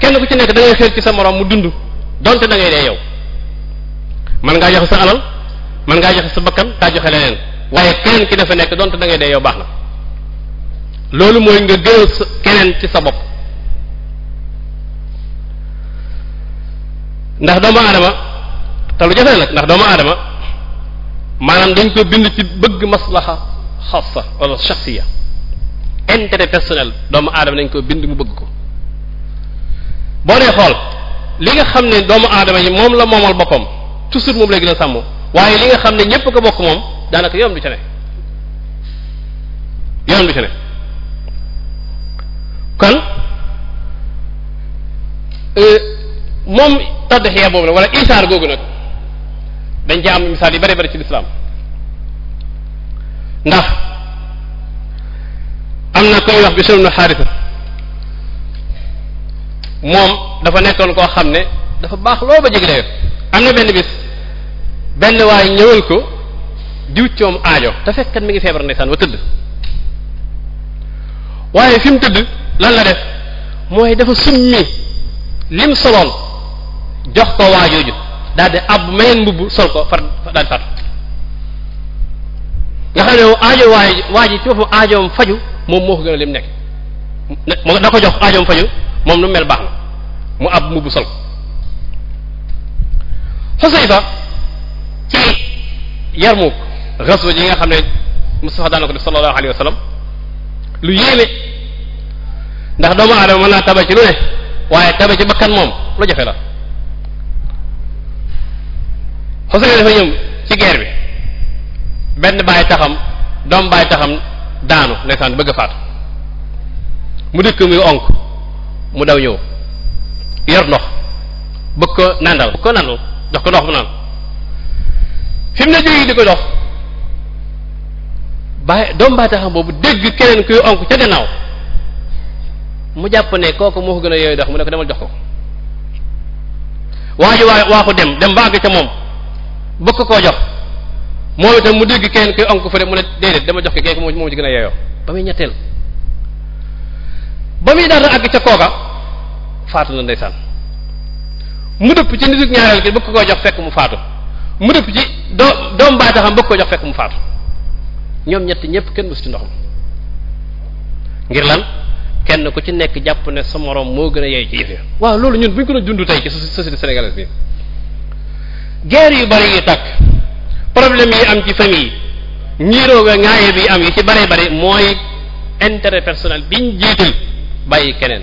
kenn ku ci nekk da ngay ci sa moroom mu dund donte da dee yow mën ngaa joxe sa alal mën ngaa joxe sa bakkan kaa joxe leneen waaye keneen ki dafa nekk dont dangay ngay dee yow baax na loolu mooy nga gënal keneen ci sa bopp ndax doomu aadama te lu jafe nag ndax doomu aadama maanaam dañ ko bind ci bëgg maslaxa xassa wala shaxsiya intérêt personnel doomu aadama dañ ko bind mu bëgg ko boo dee xool li nga xam ne doomu aadama yi moom la moomal boppam toujours moom la gën a sàmm waaye li nga xam ne ñépp ko bokk moom daanaka yoon bi ca ne yoon bi ca ne kon euh, moom taddaxiya boobu nag wala isaar googu nag dañ ci am misaal yi bari bari ci lislaam ndax am na koy wax bi sunu xaarisa moom dafa nekkoon koo xam ne dafa baax loo ba jég dayo am na benn bis benn waay ñëwal ko diw coom aajo te fekk kat mi ngi feebar ndeysaan wa tëdd waaye fi tëdd lan la def mooy dafa summi lim soloon jox ko waajooju daal di ab meneen mbubb sol ko far nga xam ne aajo waay waa ci boppam aajoom faju moom moo ko gën a lim nekk moo da ko jox aajoom faju moom lu mel baax na mu ab mbubb sol ko Xusayfa ci Yarmuk raswa ji nga xam ne Mustafa daan na ko def sallallahu alayhi wa sallam lu yéeme ndax doomu aadama mën naa tabe ci lu waaye tabe ci bakkan moom lu jafe la Xuseyn dafa ñëw ci guerre bi benn bàyyi taxam doom bàyyi taxam daanu ndeysaan bëgg a faatu mu dikk muy onk mu daw ñëw yor ndox bëgg ko nandal bëgg ko nandal jox ko ndox mu naan fi mu ne jógee di ko dox baay doom baataxam boobu dégg keneen kuy onk ca gannaaw mu jàpp ne kooku moo ko gën a yooyu dox mu ne ko demal jox ko waa ji waa waa ko dem dem ba àgg ca moom bëgg koo jox moom itam mu dégg keneen kuy onk fële mu ne déedéet dama jox ko kee ko moom ci gën a yooyoo ba muy ñetteel ba muy daal àgg ca kooka faatu na ndeysaan mu dëpp ci nituk ñaareel bëgg koo jox fekk mu faatu mu dëpp ci doo doom baataxam bëgg koo jox fekk mu faatu ñoom ñett ñëpp kenn mës ci ndox ma ngir lan kenn ku ci nekk jàpp ne sa moroom moo gën a yey ci yëf waaw loolu ñun bu ñu ko dund tey ci société sénégalaise bi guerre yu bari yu tàkk problème yi am ci famille ñiirooga ngaaye bi am yi ci bari bari mooy intérêt personnel biñ jiital bàyyi keneen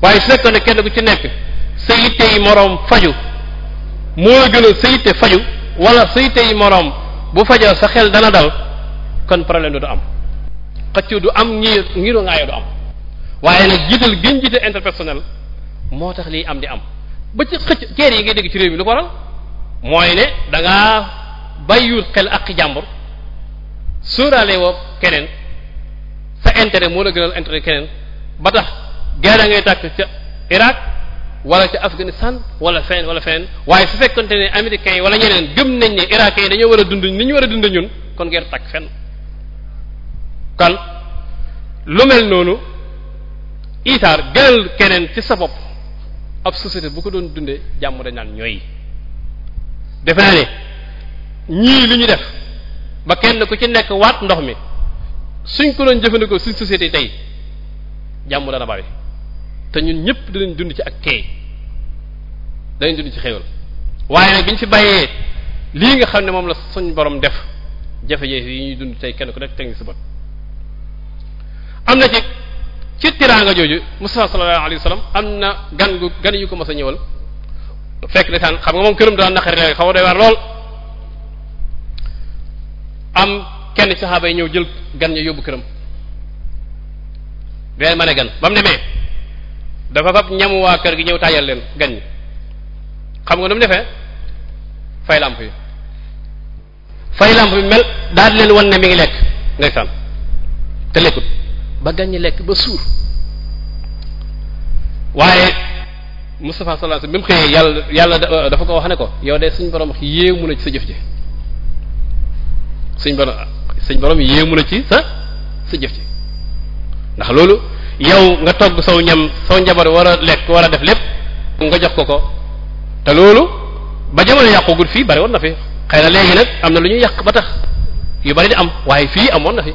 waaye su fekkoon kenn ku ci nekk sa yitte moroom faju moo gën a sa yitte faju wala sa yitte yi moroom bu fajoo sa xel dana dal kon problème du am xëccoo du am ngir ngiroo ngaayoo du am waaye nag jiital gën jiital interpersonnel moo tax lii am di am ba ci xëcc guerre yi ngay dégg ci réew mi lu ko waral mooy ne da ngaa bàyyiwul xel ak jàmbur sóoraale woo keneen sa intérêt moo la gënal intérêt keneen ba tax guerre ngay tàkk ca Irak wala ca Afghanistan wala fenn wala fenn waaye su fekkonte ne américains yi wala ñeneen gëm nañ ne Irakais yi dañoo war a dund ni ñu war dund ñun kon guerre tàkk kon lu mel noonu itaar gënal keneen ci sa bopp ab société bu ko doon dundee jàmm dañ naan ñooy defe naa ne ñii lu ñu def ba kenn ku ci nekk waat ndox mi suñ ko doon jëfandikoo suñ société tey jàmm dana bari te ñun ñëpp dinañ dund ci ak teey danañ dund ci xéwal waaye nag bi ñu fi bàyyee lii nga xam ne moom la suñ borom def jafe-jafe yi ñuy dund tey kenn ku nekk teg ni si bët am na ci ci tiraanga jooju Mustafa sallallahu alayhi wasallam am na gan gu gan yu ko mos a ñëwal fekk desaan xam nga moom këram daan naqari xaw a war waar lool am kenn saxaaba yi ñëw jël gan ñu yóbbu këram beneen ma ne gan ba mu demee dafa fab ñamu waa kër gi ñëw taajal leen gan ñi xam nga nu mu defee fay lamp yi fay lamp bi mel daal di leen wan ne mi ngi lekk ndeysaan te lekkut ba gàññi lekk ba suur waaye Moustapha sallallahu alayhi wasallam bi mu xëyee yàlla yàlla dafa ko wax ne ko yow de suñ borom yéemu na ci sa jëf ji suñ borom suñ borom yéemu na ci sa sa jëf ji ndax loolu yow nga togg saw ñam saw njabar war a lekk war a def lépp nga jox ko ko te loolu ba jamono yàqugul fii bari woon na fi xëy na léegi nag am na lu ñuy yàq ba tax yu bari di am waaye fii amoon na fi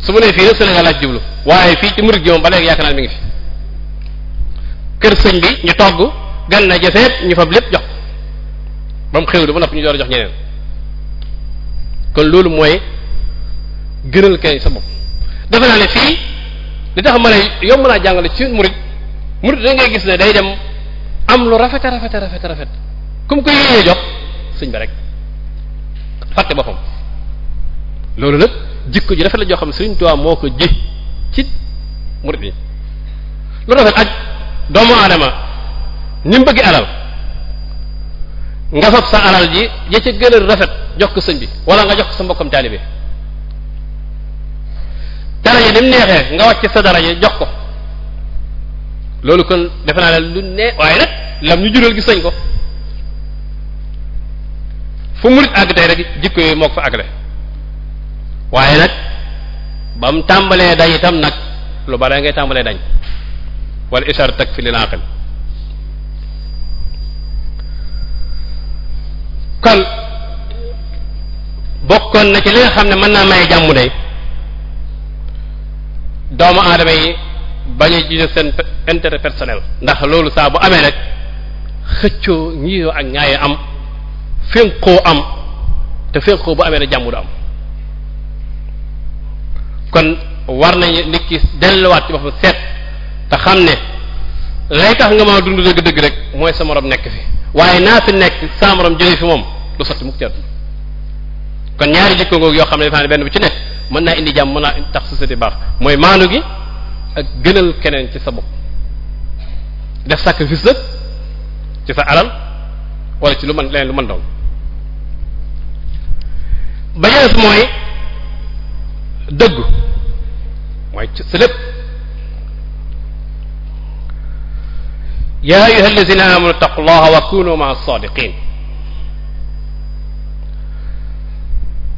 su ma nee fii nag sëriñ la laaj jublu waaye fii ci murid gi moom ba léegi yaakaar naa mi ngi fi kër sëñ bi ñu togg gan na jaseet ñu fab lépp jox ba mu xew du ba noppi ñu door jox ñeneen kon loolu mooy gënal kay sa bopp defe naa ne fii li tax ma yomb naa jàngale ci murid murid da gis ne day dem am lu rafet a rafet rafet rafet comme ko yéenee jox sëñ bi rek fàtte boppam loolu nag jikko ji rafet la joo xam ne Sëriñ Tuubaa moo ko ji ci murid yi lu rafet ak doomu aadama ni mu bëgg alal nga fab sa alal ji ya ca gën rafet jox ko sëñ bi wala nga jox ko sa mbokkam taalibe daraja ni mu neexee nga wàcc sa dara daraja jox ko loolu kon defe naa ne lu ne waaye nag lam ñu jural gis nañ ko fu murid àgg tey rek jikko yi moo ko fa àggale waaye nag ba mu tàmbalee day itam nag lu bare ngay tàmbalee dañ wal isar takfi lil aqil kon bokkoon na ci li nga xam ne mën naa maye jàmm day doomu aadama yi bañ a jiital seen intérêt ndax loolu saa bu amee rek xëccoo ñiiroo ak ñaayoo am fénqoo am te fénqoo bu amee rek jàmm du am kon war nañu nit ki delluwaat ci boppam seet te xam ne lay tax nga ma dund dëgg-dëgg rek mooy sa moroom nekk fi waaye naa fi nekk sa morom jëlee fi moom lu sotti mukk ci kon ñaari jikko ngoog yoo xam ne dafa ne benn bu ci nekk mën naa indi jàmm mën naa tax su société baax mooy maandu gi ak gënal keneen ci sa bopp def sacrifice nag ci sa alal wala ci lu mën leneen lu mën doon ba mooy dëgg mooy ci sa lépp yaa ayyuha allazina amanu taqullaha wa kunu ma sadiqin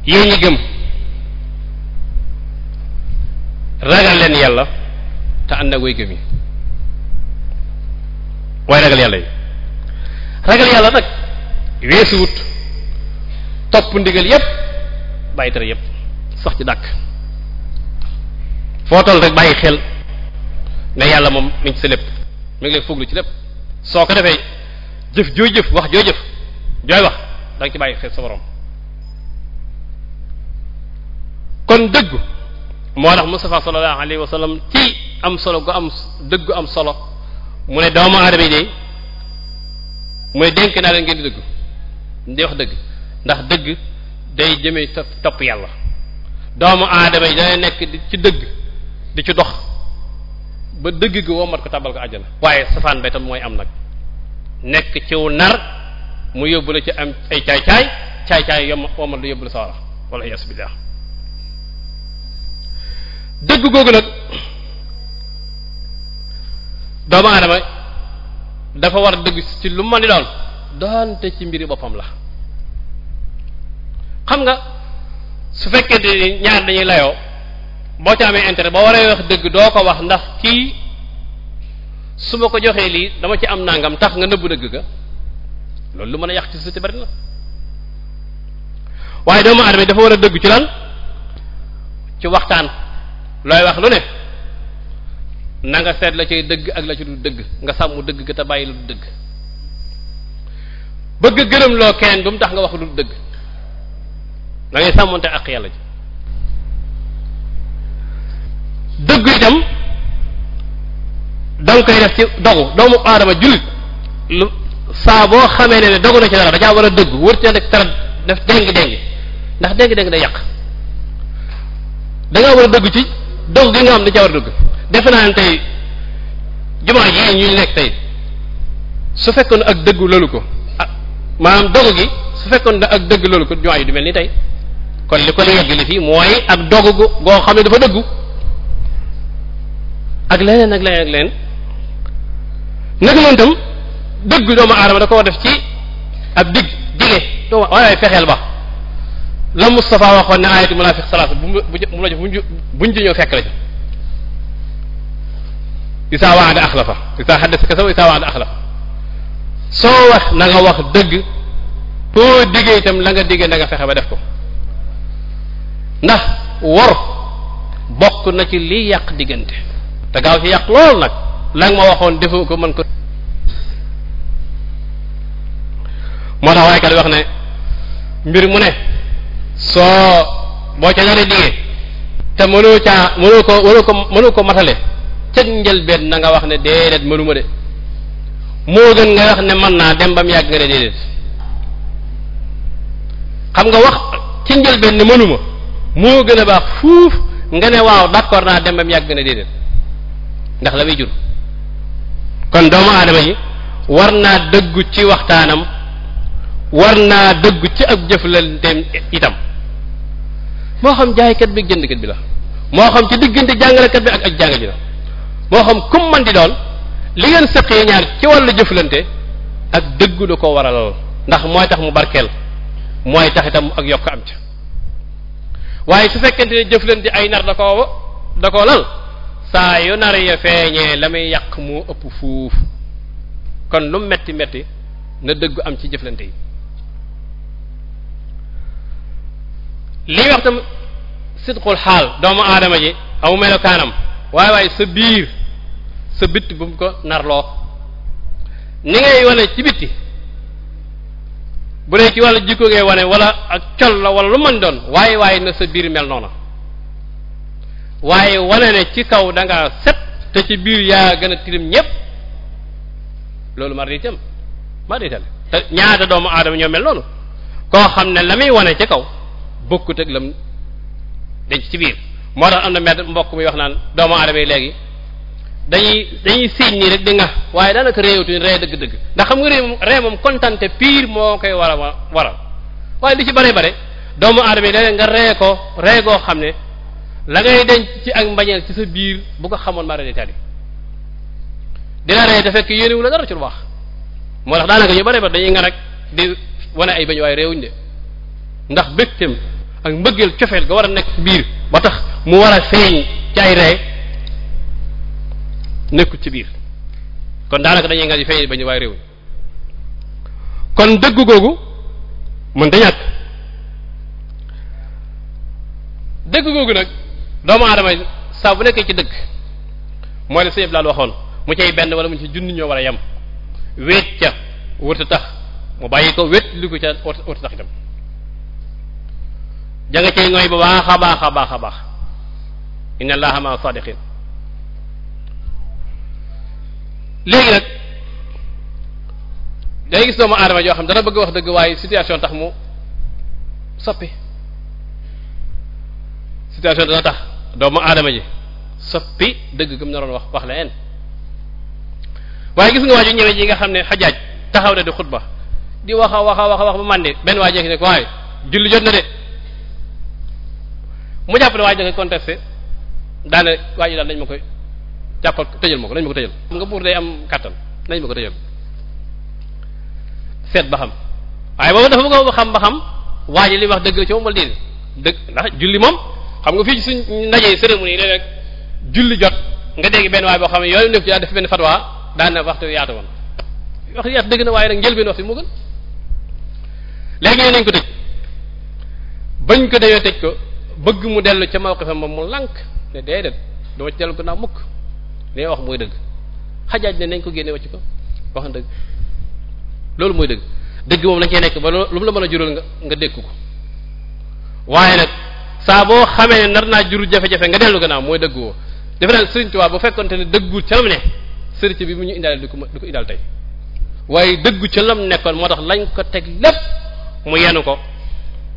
yéen ñi gëm ragal leen yàlla te ànd ak way gëm yi waaye ragal yàlla yi ragal yàlla nag weesuwut topp ndigal yépp bàyyi tere yépp sax ci dàkk foo toll rek bàyyi xel ne yàlla moom mi ngi ci sa lépp mi ngi fuglu ci lépp soo ko defee jëf jooy jëf wax jooy jëf jooy wax da ci bàyyi xel sa borom kon dëggu moo tax Mustafa sallallahu alayhi wa ci am solo gu am dëggu am solo mu ne doomu aadama yi de mu ne naa leen ngeen di dëgg di wax dëgg ndax dëgg day jëmee topp yàlla doomu aadama yi dana nekk ci dëgg di ci dox ba dëgg gi wommat ko tàbbal ko àjjana waaye safaan bay tam mooy am nag nekk ciw nar mu yóbbu la ci am ay caay caay caay caay yom wommat lu yóbbu la sawara wala yas billah dëgg googu nag doomu aadama dafa war dëgg ci lu ma di doon doonte ci mbiri boppam la xam nga su fekkee te ñaar dañuy layoo boo ci amee intérêt boo waree wax dëgg doo ko wax ndax kii su ma ko joxee lii dama ci am nangam tax nga nëbb dëgg ga loolu lu mën a yàq ci société bari na waaye doomu aadama dafa war a dëgg ci lan ci waxtaan looy wax lu ne nanga seet la cay dëgg ak la ci du dëgg nga sàmm dëgg ga te bàyyi lu du dëgg bëgg gërëm loo keneen bu mu tax nga wax lu du dëgg da ngay sàmmonte ak yàlla ji dëgg itam da nga koy def ci dogu doomu aadama jullit lu saa boo xamee ne dogu na ci dara dajaa war a dëgg wërti na tara def déng-déng ndax déng-déng day yàq da war a dëgg ci dogu gi nga xam ne ca war a dëgg defe naa ne tey jumaa yi ñu nekk tey su fekkoon ak dëgg loolu ko ah maanaam dogu gi su fekkoon ne ak dëgg loolu ko jumaa yi du mel ni tey kon li ko yegg li fii mooy ak dogu goo xam ne dafa dëggu ak leneen ak leneen ak leneen naka noonu itam dëgg doomu aadama da koo def ci ab dig dile doomu waaye fexeel ba la Moustapha waxoon ne ayatu munaafiq salaasa bu mu bu la buñ buñ ji ñëw fekk la ci isaa waada axlafa isaa xaddasa kasaba isaa waada axlafa soo wax na nga wax dëgg boo diggee itam la nga diggee na nga fexe ba def ko ndax wor bokk na ci liy yàq diggante te gaaw ci yàq lool nag la nga ma waxoon defoo ko mën ko moo tax waaye kat wax ne mbir mu ne soo boo ca naree liggéey te mënoo caa mënoo ko mënoo ko mënoo ko matale cëg njëlbeen na nga wax ne déedéet mënuma de moo gën nga wax ne mën naa dem ba mu yàgg nga ne déedéet xam nga wax ci njëlbeen ne mënuma moo gën a baax fuuf nga ne waaw d'accord naa dem ba mu yàgg nga ne déedéet ndax la muy jur kon doomu aadama yi war naa dëggu ci waxtaanam war naa dëggu ci ab jëflanteem itam moo xam jaaykat bi jëndkat bi la moo xam ci diggante jàngalekat bi ak ak jàngal bi la moo xam kum man di doon li ngeen sëqee ñaar ci wàllu jëflante ak dëggu da ko waralool ndax mooy tax mu barkeel mooy taxitam ak yokk am ca waaye su fekkente ne jëflante ay nar da koo da koo lal saa yu nar ya feeñee la muy yàq moo ëpp fuuf kon lu metti metti na dëggu am ci jëflante yi li wax tam sidqul xaal doomu aadama ji aw melokaanam waaye waaye sa biir sa bitti bu mu ko narloo ni ngay wane ci bitti bu dee ci wàllu jikko ngay wane wala ak col la wala lu mën doon waaye waaye na sa biir mel noona waaye wane ne ci kaw da ngaa set te ci biir yaa gën a tilim ñépp loolu mar di itam mar di itam te ñaata doomu aadama ñoo mel noonu koo xam ne la muy wane ci kaw bokkut ak lam denc ci biir moo tax am na mett mbokk muy wax naan doomu aadama yi léegi dañuy dañuy siiñ nii rek di nga waaye daanaka réewtuñ ree dëgg-dëgg ndax xam nga réew moom ree moom kontante pire moo koy war a waral waaye li ci bare bare doomu aadama yi léeg nga ree ko ree goo xam ne la ngay denc ci ak mbañeel ci sa biir bu ko xamoon mara de tali dina rey te fekk yéenewu la dara ci lu baax moo tax daanaka ñu bare ba dañuy nga rek di wane ay bañ waaye réewuñ de ndax bëgteem ak mbëggeel cofeel ga war a nekk ci biir ba tax mu war a feeñ ci ay ree nekkul ci biir kon daanaka dañuy nga di feeñ bañ waaye réewuñ kon dëgg googu mën da ñàkk dëgg googu nag doomu aadama saa bu nekkee ci dëgg moo ne sëñ bi daal waxoon mu cay benn wala mu ci junni ñoo war a yem wéet ca wërta tax mu bàyyi ko wéet li ko ca wërta tax itam janga cay ngooy ba baax a baax a baax a baax inna allaha ma sadiqin léegi nag day gis doomu aadama yoo xam dana bëgg wax dëgg waaye situation tax mu soppi situation dana tax doomu aadama ji soppi dëgg gëm naroon wax wax leneen waaye gis nga waa ji ñëwee ji nga xam ne xajaaj taxaw na di xutba di waxa a wax a wax a màndi benn waa jeeki ne ko waaye julli jot mu jàpp ne waa ji da koy contesté daane waa ji daal ma koy jàppal tëjal ma ko nañ ma ko tëjal nga buur day am kàttan nañ ma ko tëjal seet ba xam waaye boobu dafa bëgg a xam ba xam waa li wax dëgg la ci moom wala déedéet dëgg ndax julli moom xam nga fii ci suñ ndaje cérémonie rek julli jot nga dégg benn waay boo xam ne yooyu nekk ci def benn fatwa daan na waxtu yaatu dëgg na waaye nag njël benn waxtu moo gën léegi nañ ko tëj bañ ko dayoo tëj ko mu dellu ca mawqifam moom mu lànk ne déedéet ko naa mukk nee wax mooy dëgg xajaaj ne nañ ko génne wacc ko wax na dëgg loolu mooy dëgg dëgg moom lañ koy nekk ba lu mu la mën a jural nga nga dékk ko waaye nag saa boo xamee ne nar naa juru jafe-jafe nga dellu gannaaw mooy dëgg woo defe naa Sëriñ Tuubaa bu fekkonte ne dëggul ca lam ne sërite bi mu ñu indaale du ko ma di ko indaal tey waaye dëggu ca lam nekkoon moo tax lañ ko teg lépp mu yenu ko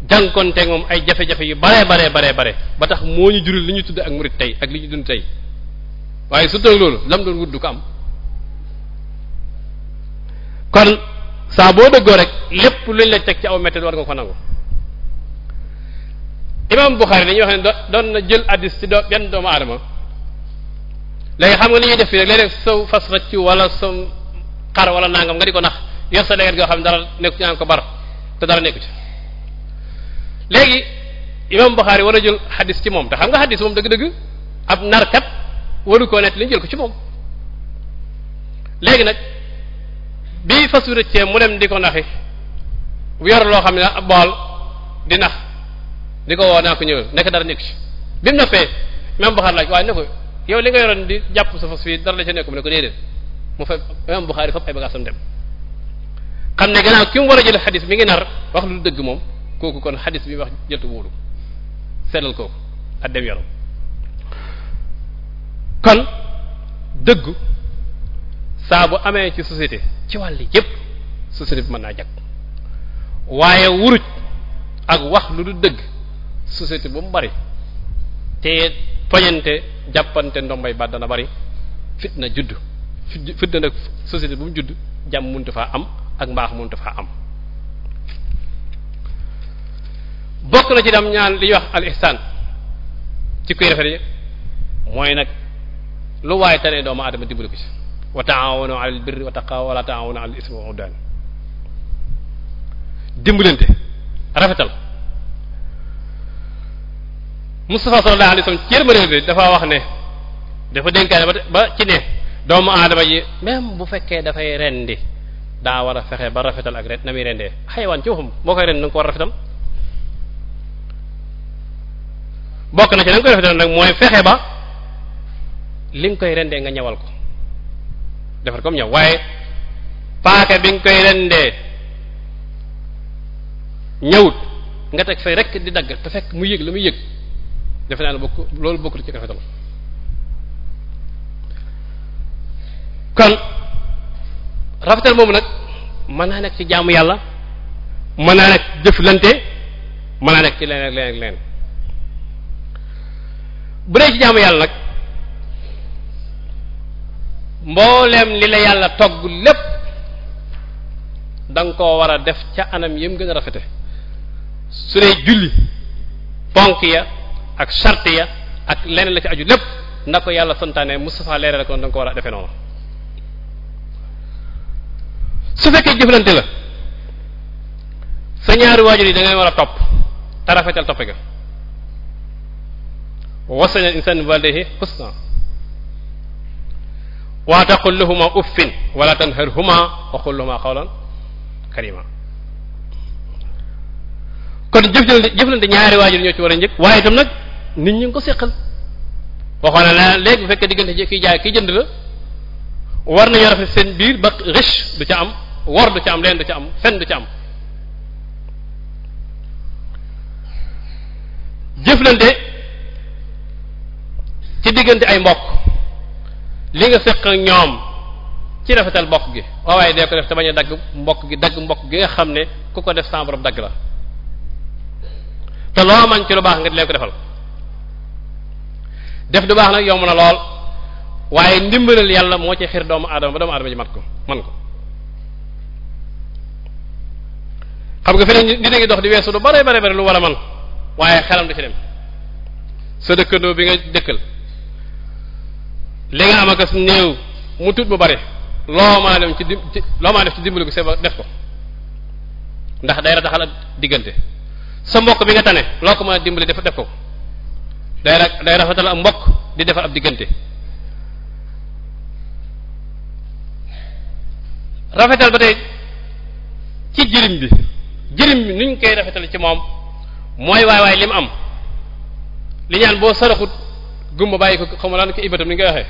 jànkonteeg moom ay jafe yu baree baree baree bare ba tax moo ñu li ñu tudd ak tey ak li ñu dund tey waaye su tëg loolu lam doon wut du ko am kon saa boo dëggoo rek lépp luñ la teg ci aw métti war nga ko nangu imam Bukhari dañuy wax ne doon na jël addis ci benn doomu aadama léegi xam nga li ñuy def fii rek léeg-léeg saw fas rëccu wala sa xar wala nangam nga di ko nax yor sa léget goo xam ne dara nekku ci naan ko bar te dara nekku ci léegi imam war a jël xadis ci moom te xam nga xadis moom dëgg ab narkat waru koo nett li ñu jël ko ci moom léegi nag bi fas wi rëccee mu dem di ko naxi loo xam ne ab bool di nax di ko woo naa ko ñëwal nekk dara nekk ci bi mu noppee imam Buxaari laaj waaye ne ko yow li nga yoroon di jàpp sa fas fii dara la ca nekk mu ne ko déedéet mu fa imam Buxaari fab ay bagaasam dem xam ne gannaaw ki mu war a jël xadis mi ngi nar wax lu dëgg moom kooku kon xadis bi wax jëltu wóolu seetal kooku ak dem yorom kon dëggu saa bu amee ci société ci wàll yépp société bi mën naa jag waaye wuruj ak wax lu du dëgg société bu mu bari te poñante jàppante ndombay baat dana bari fitna judd fitna nag société bu mu judd jàmm mënut faa am ak mbaax mënut faa am bokk na ci dam ñaan li ñuy wax al ihsaan ci kuy rafet mooy nag lu waaye tane doomu aadama dimbali ko ci wa ta'awanu 'alal birri wa taqwa wa la ta'awanu 'alal ismi wal 'udwan rafetal Mustafa sallallahu alayhi wasallam cër ma bi dafa wax ne dafa dénkaane ba ci ne doomu aadama yi même bu fekkee dafay rendi daa war a fexe ba rafetal ak ren na muy rendee xayawaan ci waxum boo koy rend na nga ko war bokk na ci na nga koy rafetal nag mooy fexe ba li nga koy rendee nga ñawal ko defar comme ñaw waaye paaka bi nga koy rendee ñëwut nga teg fay rek di dagg te fekk mu yëg la muy yëg defe naa ne bokk loolu bokkul ci rafetal kon rafetal moomu nag mën naa nekk ci jaamu yàlla mën naa nekk jëflante mën naa nekk ci leneen ak leneen ak bu dee ci jaamu yàlla nag mbooleem li la yàlla togg lépp da ko war a def ca anam yëm gën a rafete su dee julli ponk ya ak charte ya ak leneen la ci aju lépp na ko yàlla santaane Moustapha leeral ko da nga ko war a defee noonu su fekkee jëflante la sa ñaari waajur yi da war a topp te rafetal toppe ga wasana insaan walidayhi husna wa taqul lahuma uffin wala tanharhuma wa qul lahuma qawlan karima kon jëf jëflante ñaari waajur ñoo ci war a njëkk waaye itam nag nit ñi nga ko séqal waxoon na la léegi bu fekkee diggante kiy jaay ki jënd la war nañu rafet seen biir ba riche du ca am wor du ca am leen du ca am fen du ca am jëflante ci diggante ay mbokk li nga séq ak ñoom ci rafetal mbokk gi waawaay dee ko def te bañ dagg mbokk gi dagg mbokk gi nga xam ne ku ko def sa borom dagg la te loo man ci lu baax nga di leen ko defal def du baax nag yomb na lool waaye ndimbalal yàlla moo ci xir doomu aadama ba doomu aadama ji mat ko man ko xam nga feneen dina ngi dox di weesu lu bare bare bare lu war a man waaye xelam du ci dem sa dëkkandoo bi nga dëkkal li nga am akas néew mu tut mu bare loo maa dem ci di loo maa def ci dimbali ko se ba def ko ndax day ra daxal diggante sa mbokk bi nga tane loo ko mën a dimbali def def ko day rek day rafetal ak mbokk di defar ab diggante rafetal ba tey ci jërim bi jërim bi nuñ koy rafetal ci moom mooy waay waay li mu am li ñaan boo saraxut gumba bàyyi ko xaw ma lan ko ibatam ni nga waxee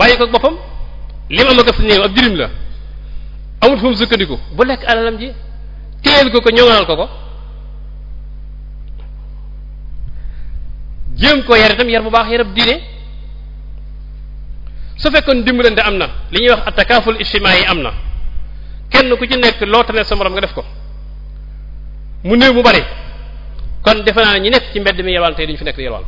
bàyyi ko boppam li mu am ak néew ab jërim la amut fu mu sukkandiku bu lekk alalam ji téyel ko ko ñoŋanal ko ko jéem koo yar itam yar bu baax yarab diine su fekkoon dimbalante am na li ñuy wax attakaful ijtimaa yi am na kenn ku ci nekk loo tane sa morom nga def ko mu néew mu bari kon defe naa ne ñi nekk ci mbedd mi yelwaan tey duñu fi nekk di yelwaan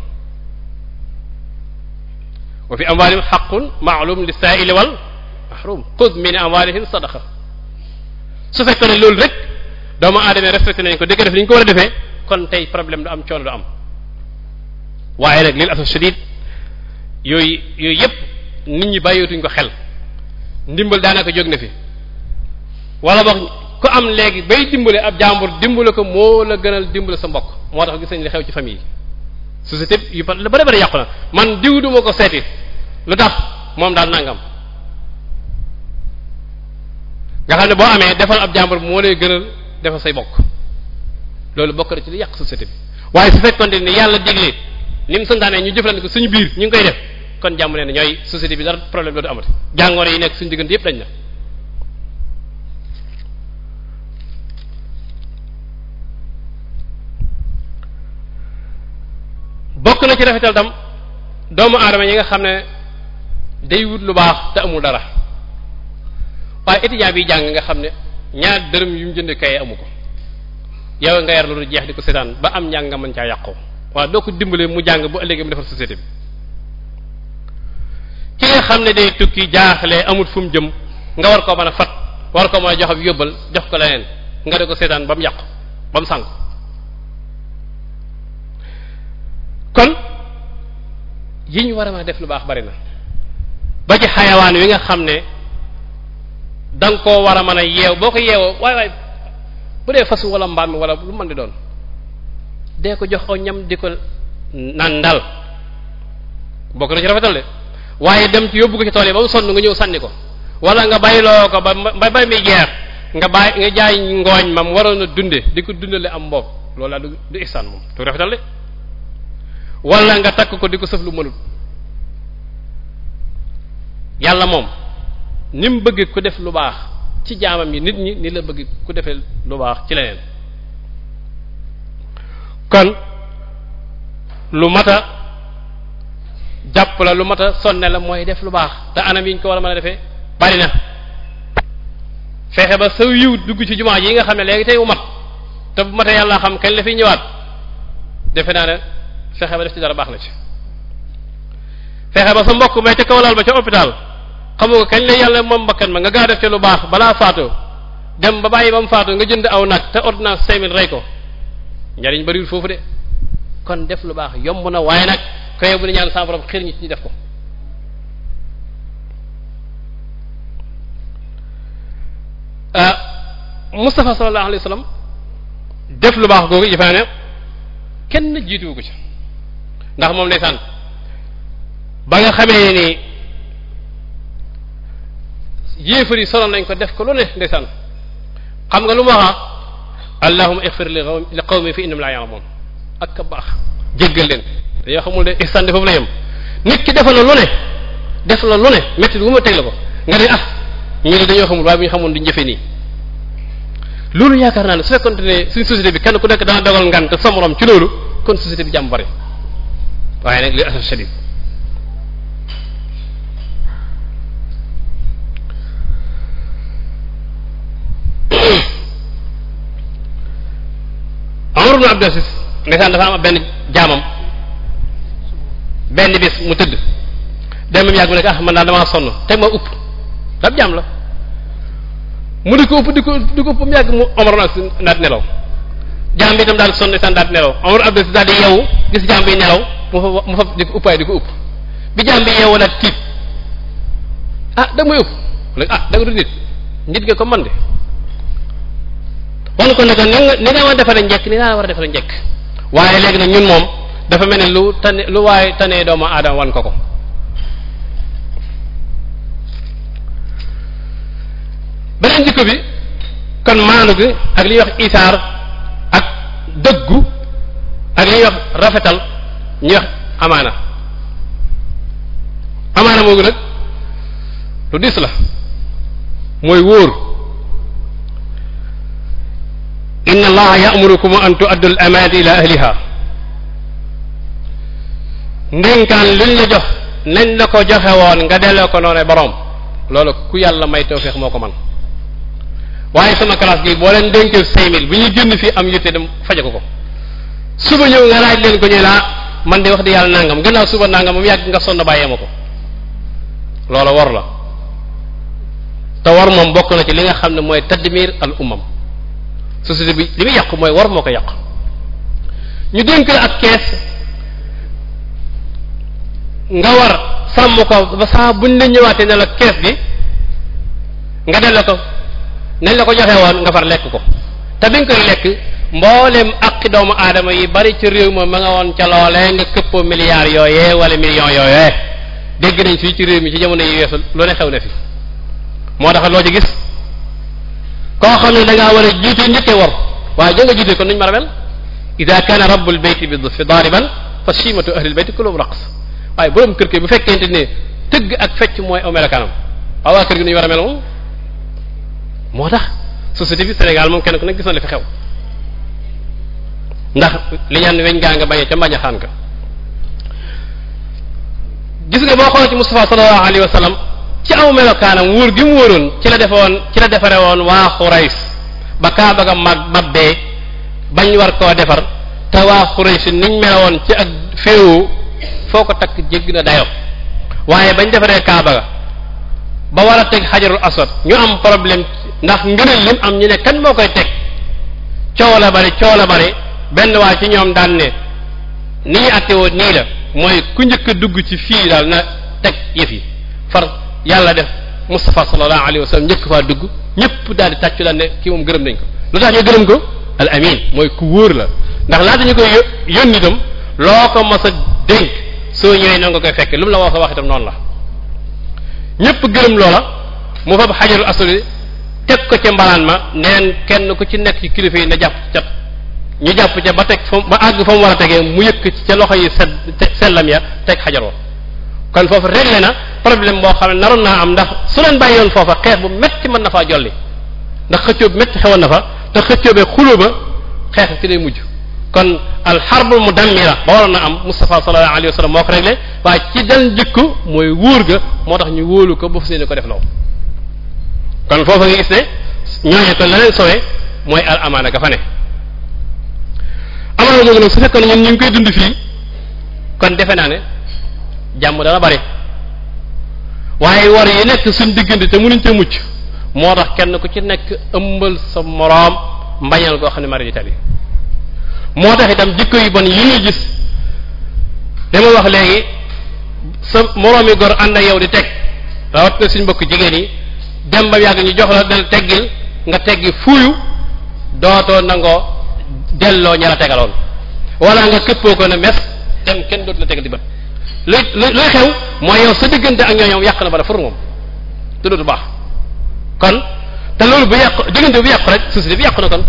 wa fi amwaalihim haqqun ma'lum lis-saa'ili wal mahrum xud min amwaalihim sadaqa su fekkoon ne loolu rek doomu aadama respecté nañ ko dëgg def li ñu ko war a kon tey problème du am coono du am waaye nag lil asaf shadid yooyu yooyu yëpp nit ñi bàyyeetuñ ko xel ndimbal daanaka jóg na fi wala boog ku am léegi bay dimbale ab jàmbur dimbale ko moo la gënal dimbale sa mbokk moo tax gis nañ xew ci famille yi société yu ba yàqu na man diw duma ko seeti lu tax moom daal nangam nga xam ne boo amee defal ab jàmbur moo lay gënal defal say bokk loolu bokk na ci lu yàq société bi waaye su fekkoon ne yàlla digle li santaane ñu jëflante ko suñu biir ñu ngi koy def kon jàmm ne ñooy société bi dara problème dootu amati jàngoor yi nekk suñu diggante yëpp dañ na bokk na ci rafetal tam doomu aadama yi nga xam ne day wut lu baax te amul dara waaye étudiant bi jàng nga xam ne ñaar dërëm yu mu jënd kay amu ko yow nga yar lu jeex di ko seetaan ba am njàng nga mën caa yàqoo waaw doo ko dimbalee mu jàng bu ëllëgee mu defar société bi ki nga xam ne day tukki jaaxle amul fu mu jëm nga war koo mën a fat war ko mën a jox ab yóbbal jox ko leneen nga di ko seetaan ba mu yàqu ba mu sànq kon yi ñu war a mën def lu baax bari na ba ci xayawaan wi nga xam ne da nga koo war a mën a yeew boo ko yeewoo waay waay bu dee fas wala mbaam mi wala lu mën di doon dee ko jox aw ñam di ko nandal bokk na ci rafetal de waaye dem ci yóbbu ko ci tool yi ba mu sonn nga ñëw sànni ko wala nga bayloo ko ba ba mba mi jeex nga bàyyi nga jaay ngooñ mu waroon a dunde di ko dundale am mboom loolu laa du du ihsaan moom tu rafetale de wala nga takk ko di ko sëf lu mënul yàlla moom ni mu bëggee ku def lu baax ci jaamam yi nit ñi ni la bëgg ku defee lu baax ci leneen kon lu mat a jàpp la lu mat a sonne la mooy def lu baax te anam yi ko war a mën a defee bari na fexe ba sa yiw dugg ci jumaa ji yi nga xam ne léegi tey u mat te bu matee yàlla xam kañ la fi ñëwaat defe naa ne fexe ba def ci dara baax na ci fexe ba sa mbokk may ca kaw laal ba ca hôpital xamu ko kañ la yàlla moom mbakkan ma nga gaa def ci lu baax balaa faatu dem ba bàyyi ba mu faatu nga jënd aw nag te ordonnance cinq rey ko njariñ bariwul foofu de kon def lu baax yomb na waaye nag koy bu ne ñaan sa ñu def ko ah euh, Mustafa sallallahu def lu baax googu dafaa ne kenn jiituwu ko ci ndax moom ndeysaan ba nga xamee ni yéefar yi solo nañ ko def ko lu ne ndeysaan xam nga lu ma wax allahuma ixfir li qawmi fi innahum la ya'lamun ak ka baax jéggal leen te yoo xamul ne ihsan de foofu la yem nit ki defal la lu ne def la lu ne métti wu ma teg la ko nga ne ah ñu ne dañoo xamul waaye bu ñu xamoon duñ jëfe nii loolu yaakaar naa ne su fekkonte ne suñ société bi kenn ku nekk dana dogal ngant sa morom ci loolu kon société bi jàmm bari waaye nag li asaf shadid ibnu Abdul Aziz ndeysaan dafa am benn jaamam benn bis mu tëdd dem ah daal damaa ma upp dab jaam la mu di ko upp ko di ko upp mu yàgg mu Omar nag daal bi itam daal sonn ndeysaan daal di nelaw daal di yeewu gis jaam bi nelaw mu fa mu fa di ko uppaay di ko upp bi jaam bi yeewoo nag tiit ah da ko ah man de. wan ko ne ko ni nga war a defaree njekk ni nga war a defaree njekk waaye léegi nag ñun moom dafa mel ne lu tane lu waaye tane doomu aadama wan ko ko beneen jikko bi kon maandu gi ak li ñuy isaar ak dëggu ak li ñuy rafetal ñuy wax amaana amaana moogu nag lu dis la mooy wóor inna allaha ya'murukum an tu'addu al amaana ila ahliha ndénkaan luñ la jox nañ la ko joxe woon nga delloo ko noone boroom loolu ku yàlla may tawféex moo ko man waaye sama classe gi boo leen dénkee cinq mille bu ñu jënd fii am yitte dem faje ko ko suba ñëw nga laaj leen ko ñu laa man de wax di yàlla nangam gannaaw suba nangam mu yàgg nga sonn bàyyee ko loolu war la te war moom bokk na ci li nga xam ne mooy tadmir al umam société bi li muy yàqu mooy war moo ko yàqu ñu dénk la ak kees nga war sàmm ko ba saa buñ la ñëwaate ne la kees bi nga delloo ko nañ la ko joxee woon nga far lekk ko te biñ koy lekk mboolem aqi doomu aadama yi bari ca réew ma ma nga woon ca loolee nga këppoo milliards yooyee wala millions yooyee dégg nañ fii ci réew mi ci jamono yi weesu lu xew na fi moo tax loo ci gis. koo xam ne da war a jiite njëkkee war waaye jë nga jiite kon nuñu mën a mel ida kaana rabbul bayti bi fi daariban fa siimatu ahlil bayti kulum raqs waaye borom kër kër bu fekkente ne tëgg ak fecc mooy aw melokaanam waaw waa kër gi nu war a mel moom moo tax société bi Sénégal moom kenn ku nekk gis na li fi xew weñ gaa nga bañee ca mbañ ka gis nga boo xoolee ci Mustafa sallallahu alayhi wa ci aw melokaanam wóor gi mu wóoroon ci la defoon ci la defare woon waa Xurays ba Kaaba ga mag mabbee bañ war koo defar te waa Xurays niñ woon ci ak féewoo foo ko takk jégg na dayo waaye bañ defaree Kaaba ba war a teg xajarul asot ñu am problème ndax ngëneel lim am ñu ne kan moo koy teg coow la bari coow la bari benn waa ci ñoom daan ne ni ñu àttewoo nii la mooy ku njëkk a dugg ci fii daal na teg yëf yi far yàlla def Moustapha sallallahu alayhi wa sallam njëkk faa dugg ñëpp daal di tàccu daal ne kii moom gërëm nañ ko lu tax ñu gërëm ko al mooy ku wóor la ndax laata ñu koy yónni itam loo ko ma a dénk soo ñëwee noonu nga koy fekke lu mu la wax wax itam noonu la ñëpp gërëm loola mu fab xajarul aswad teg ko ca mbalaan ma neen kenn ku ci nekk ci kilifa yi na jàpp ca ñu jàpp ca ba teg fa ba àgg fa mu war a tegee mu yëkk ca loxo yi sedd sellam ya teg xajar kon foofu réglé na problème boo xam ne naroon naa am ndax su leen bàyyi woon foofa xeex bu métti mën na faa jolli ndax xëccoo bu xewoon na fa te xëccoo bee ba xeex ci lay mujj kon alxarbul mu dammira ba waroon na am Mustafa sallallahu alayhi wa sallam moo ko réglé waaye ci mooy wóor ga moo tax ñu wóolu ko ba fu seeni ko def law kon foofa nga gis ne ñooñu kon la leen mooy al amaana ga fa ne amaana googu nag su fekkoon ñun ñu ngi koy dund fii kon defe naa ne jàmm dana bari waaye war yi nekk suñ diggante te mënuñ te mucc moo tax kenn ku ci nekk ëmbal sa moroom mbañal goo xam ne mari di tali moo tax itam jikko yi bon yi ñuy gis li wax léegi sa moroomi góor ànd ak yow di teg rawat na suñ mbokk jigéen yi dem ba yàgg ñu jox la del teggil nga teggi fuuyu dootoo nangoo delloo ña la tegaloon wala nga këppoo ko ne mes dem kenn dootu la tegal di bët luy luy xew mooy yow sa diggante ak ñooñu yàq na ba la fur moom te dootu baax kon te loolu bu yàq diggante bu yàqu rek société bi yàqu na kon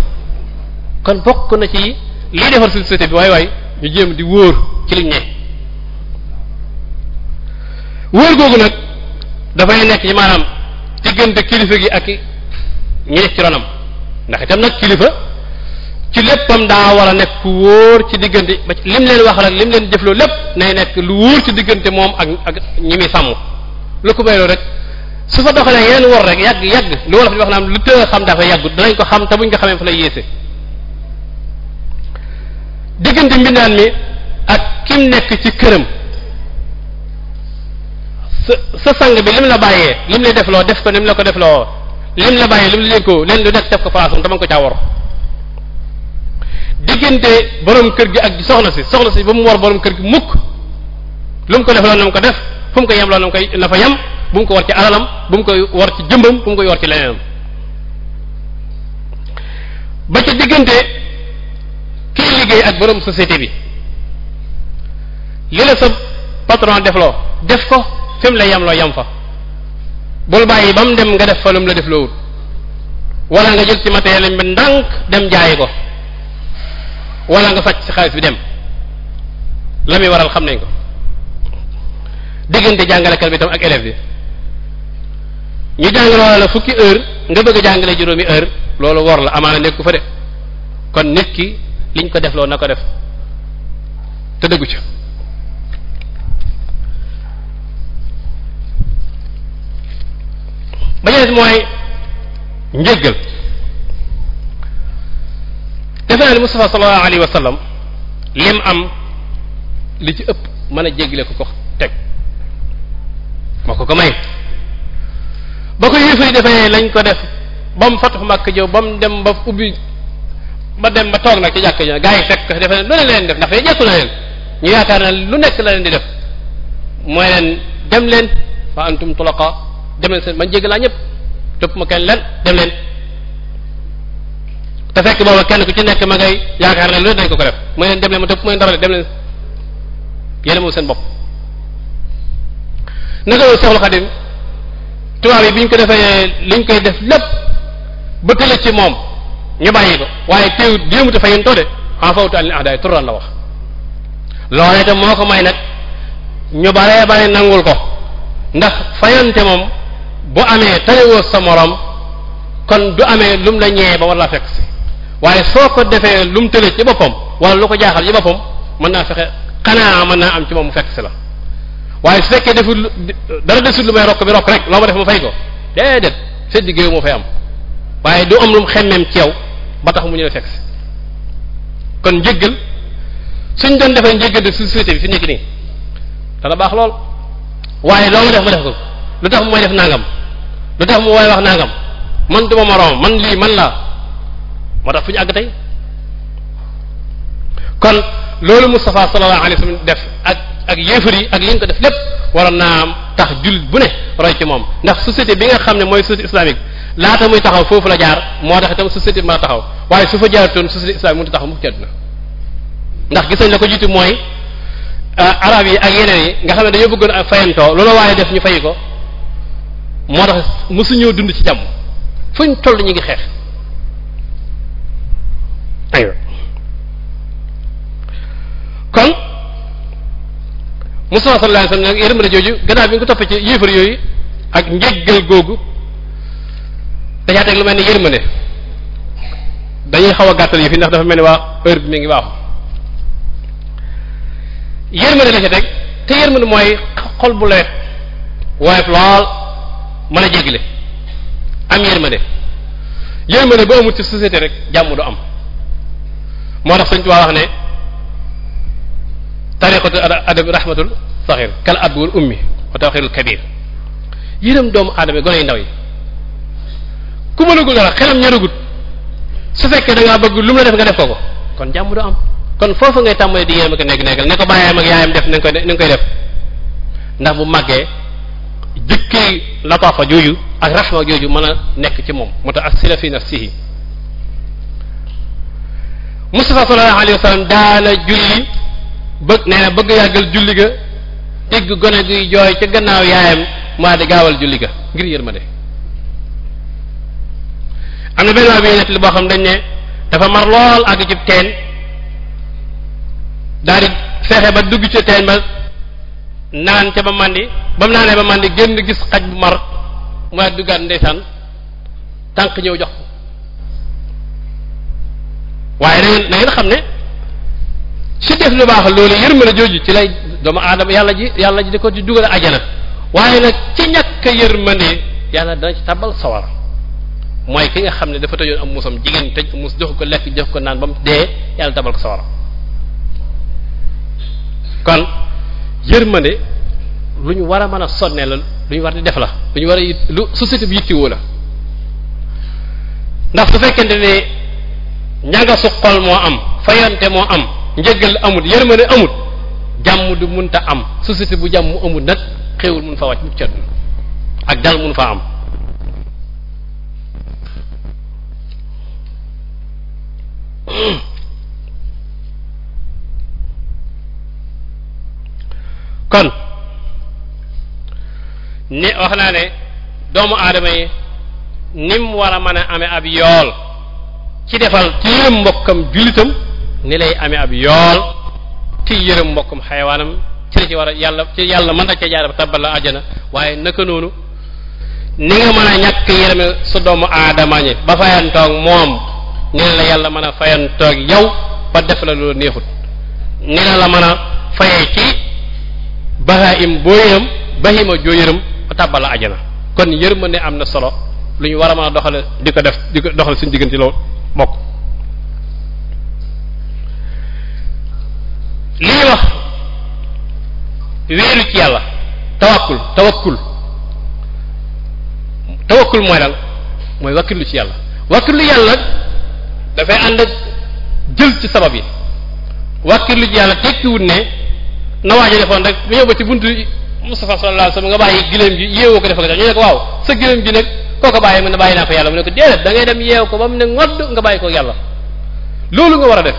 kon bokk na ci liy defar société bi waay waay ñu jéem di wóor ci liñ ne wóor googu nag dafay nekk ci maanaam diggante kilifa gi ak ñi nekk ci ronam ndax itam nag kilifa. ci léppam daa war a nekk ku wóor ci diggante ba lim leen wax rek lim leen jëfloo lépp nay nekk lu wóor ci diggante moom ak ak ñi muy sàmm lu ko bayloo rek su fa doxalee yeneen wor rek yàgg yàgg lu wolof di wax naan lu tëë xam dafa yàgg danañ ko xam te buñ ko xamee fa lay yéese diggante mbindaan mi ak kim nekk ci këram sa sa sang bi lim la bàyyee lim lay defloo def ko lim la ko def defloo lim la bàyyee lim la ko leen lu nekk te ko palaasam te mën ko caa diggante borom kër gi ak soxna si soxna si ba mu war boroom kër gi mukk lu mu ko def loolu na mu ko def fu mu ko yem loolu na mu fa yem bu mu ko war ci alalam bu mu koy war ci jëmbam bu mu koy war ci leneenam ba ca diggante kiy liggéey ak borom société bi li la sa patron defloo def ko fi mu la yem loo yem fa bul bàyyi ba mu dem nga def fa lu mu la def loo wut nga jël ci lañ bi ndànk dem jaayi ko wala nga fàcc si xaalis bi dem la muy waral xam nañ ko diggante jàngalekat bi tam ak élève bi ñu jàngale la fukki heure nga bëgg a jàngale juróomi heure loolu wor la amaana nekku fa de kon nit ki liñ ko defloo loolu na ko def te dëggu ci ba ñees mooy njëggal defe naa li Mustafa sallallahu alayhi wa sallam lim am li ci ëpp mën a jégle ko ko teg moo ko ko may ba ko yéefari defee lañ ko def ba mu fatu màkk jow ba mu dem ba ubbi ba dem ba toog nag ci jàkk jo gaa yi fekk defe ne lu ne leen def ndax fay jekku na leen ñu yaakaar na lu nekk la leen di def mooy leen dem leen fa antum tulaqa dem leen seen man jégg laa ñëpp topp ma kenn leen dem leen te fekk booba kenn ku ci nekk ma ngay yaakaar ne lu dañ ko ko def mooy leen dem leen ma te fu may ndarale dem leen yéene moom seen bopp naka loolu Seexul Xadim tubaab yi bi ñu ko defee liñ koy def lépp ba tële ci moom ñu bàyyi ko waaye teew déemu te fayin too de en fawtu àlin ahdaay turan la wax loolee itam moo ko may nag ñu baree bare nangul ko ndax fayante moom bu amee tëlewoo sa morom kon du amee lum la ñëwee ba war laa fekk si waaye soo ko defee lu mu tële ci boppam wala lu ko jaaxal ci boppam mën naa fexe xanaa mën naa am ci moom mu fekk si la waaye su fekkee deful dara desul lu may rokk bi rokk rek loo ma def ma fay ko déedéet sa diggéeyu moo fay am waaye du am lu mu xemmeem ci yow ba tax mu ñu fekk si kon njëggal suñ doon defee njëggal de société bi fi nekk nii dana baax lool waaye loo ma def ma def ko lu tax mu def nangam lu tax mu wax nangam man du ma moroom man lii man laa moo tax fu ñu àgg tey kon loolu Moustapha sallallahu alayhi wa sallam def ak ak yéefar yi ak li ko def lépp waroon naam tax jullit bu ne roy ci moom ndax société bi nga xam ne mooy société islamique laata muy taxaw foofu la jaar moo tax itam société bi mën a taxaw waaye su fa jaaratoon société islamique mënut a taxaw mu ci na ndax gis nañ la ko jiitu mooy ah, arab yi ak yeneen yi nga xam ne dañoo bëggoon ak fayantoo loolu waaye def ñu fay ko moo tax mësuñoo dund ci jàmm fuñ toll ñu ngi xeex aywa kon Musaa sallallahu alayhi wa sallam nag yërmande jooju gannaaw bi nga ko ci yéefar yooyu ak njéggal googu dañaa teg lu mel ni yërmande dañuy xaw a gàttal yi fi ndax dafa mel ni waa heure bi mi ngi waaxu yërmande la ca teg te yërmande mooy xol bu leet woyof lool mën a jégle am yërmande yërmande ba amul ci société rek jàmm du am moo tax sëñ Tuubaa wax ne tariqatu adab rahmatul saxir kal ab wal ummi wa tawxirul kabir yërëm doomu aadama yi gone yu ndaw yi ku mënagul dara su fekkee da ngaa bëgg lu mu la def nga def ko ko kon jàmm du am kon foofu ngay tàmbalee di yéem ak nekk nekkal ne ko bàyyaayam ak yaayam def nañ koy nañ koy def ndax bu màggee jikki lataafa jooju ak rahma jooju mën a nekk ci moom moo tax ak sila fi Mustafa sallallahu alayhi wa sallam daana julli bëgg nee na bëgg yàggal julli ga digg gone guy jooy ca gannaaw yaayam maa di gaawal julli ga ngir yërmande am na benn waa bi nekk li boo xam dañ ne dafa mar lool àgg ci teen daal di fexe ba dugg ca teen ba naan ca ba màndi ba mu naanee ba màndi génn gis xaj bu mar mu duggaat ndeysaan tànk ñëw jox waaye na ngeen xam ne su def lu baax loolu yërmande jooju ci lay doomu aadama yàlla ji yàlla ji di ko di dugal ajana waaye nag ci ñàkk a yërmande yàlla dana ci tabal sawar mooy ki nga xam ne dafa tëjoon am musam jigéen tëj mus joxu ko lekk jox ko naan ba mu dee yàlla tabal ko sawar kon yërmande lu ñu war a mën a sonnee la lu ñu war di def la lu ñu war a lu société bi yittewoo la ndax su fekkente ne ñagasu xol moo am fayante moo am njëggal amut yërmande amut jàmm du munta am société bu jàmm amut nag xéewul mun fa wàcc mukk cadduna ak dal mun fa am kon ne wax naa ne doomu aadama yi nim war a mën a amee ab yool ci defal ci yërëm mbokkam jullitam ni lay amee ab yool ci yërëm mbokkam xayawaanam ci la ci war a yàlla ci yàlla mën na cee jaar ba tabbal la àjjana waaye naka noonu ni nga mën a ñàkk yërëme sa doomu aadama ñi ba fayantoog moom ni la yàlla mën a fayantoog yow ba def la loolu neexut la mën a fayee ci bahaim boo yërëm bahima joo yërëm ba tabbal la am na solo lu ñu war a mën a doxale di ko def di ko doxal suñu diggante loolu bokk li ñuy wax wéeru ci yàlla tawakkul tawakkul tawakkul mooy lan mooy wakkilu ci yàlla wakkilu yàlla nag dafay ànd ak jël ci sabab yi wakkilu ci yàlla tekkiwut ne na waaja defoon rek ba ñëw ci bunt Mustafa sallallahu alayhi wasallam nga bàyyi gileem gi yéewoo ko def ak ñu ne waaw sa gileem gi nag koo ko bàyyi mu ne bàyyi naa ko yàlla mu ne ko déedéet da ngay dem yeew ko ba mu ne ngodd nga bàyyi ko yàlla loolu nga war a def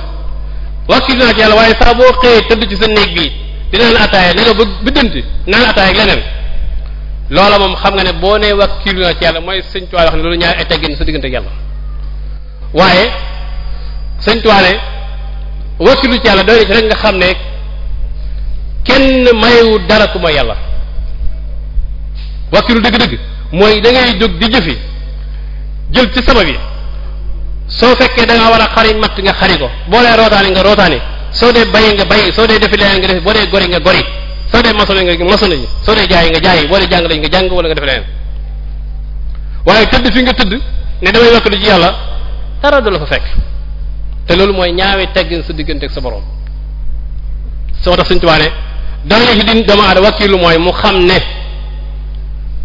wàkkilu naa ci yàlla waaye saa boo xëyee tëdd ci sa néeg bi dina la ataaya ne la ba biddanti naa la ataaya ak leneen loola moom xam nga ne boo nee wàkkilu naa ci yàlla mooy sëñ tuwaay wax ne loolu ñaari ay teggin sa diggante ak yàlla waaye sëñ tuwaay ne wàkkilu ci yàlla doy na ci rek nga xam ne kenn mayewu dara ku yàlla wàkkilu dëgg mooy da ngay jóg di jëfi jël ci sabab yi soo fekkee da nga war a xari matt nga xari ko boo dee rootaani nga rootaani soo dee bayi nga bayi soo dee defee leneen nga def boo dee gori nga gori soo dee maçon nga maçon yi soo dee jaay nga jaay boo dee jàng lañ nga jàng wala nga def leneen waaye tëdd fi nga tëdd ne damay wakk du ci yàlla dara du la fa fekk te loolu mooy ñaawee teggin sa diggante ak sa borom soo tax suñ tubaane dana ci din dama aada wakkilu mooy mu xam ne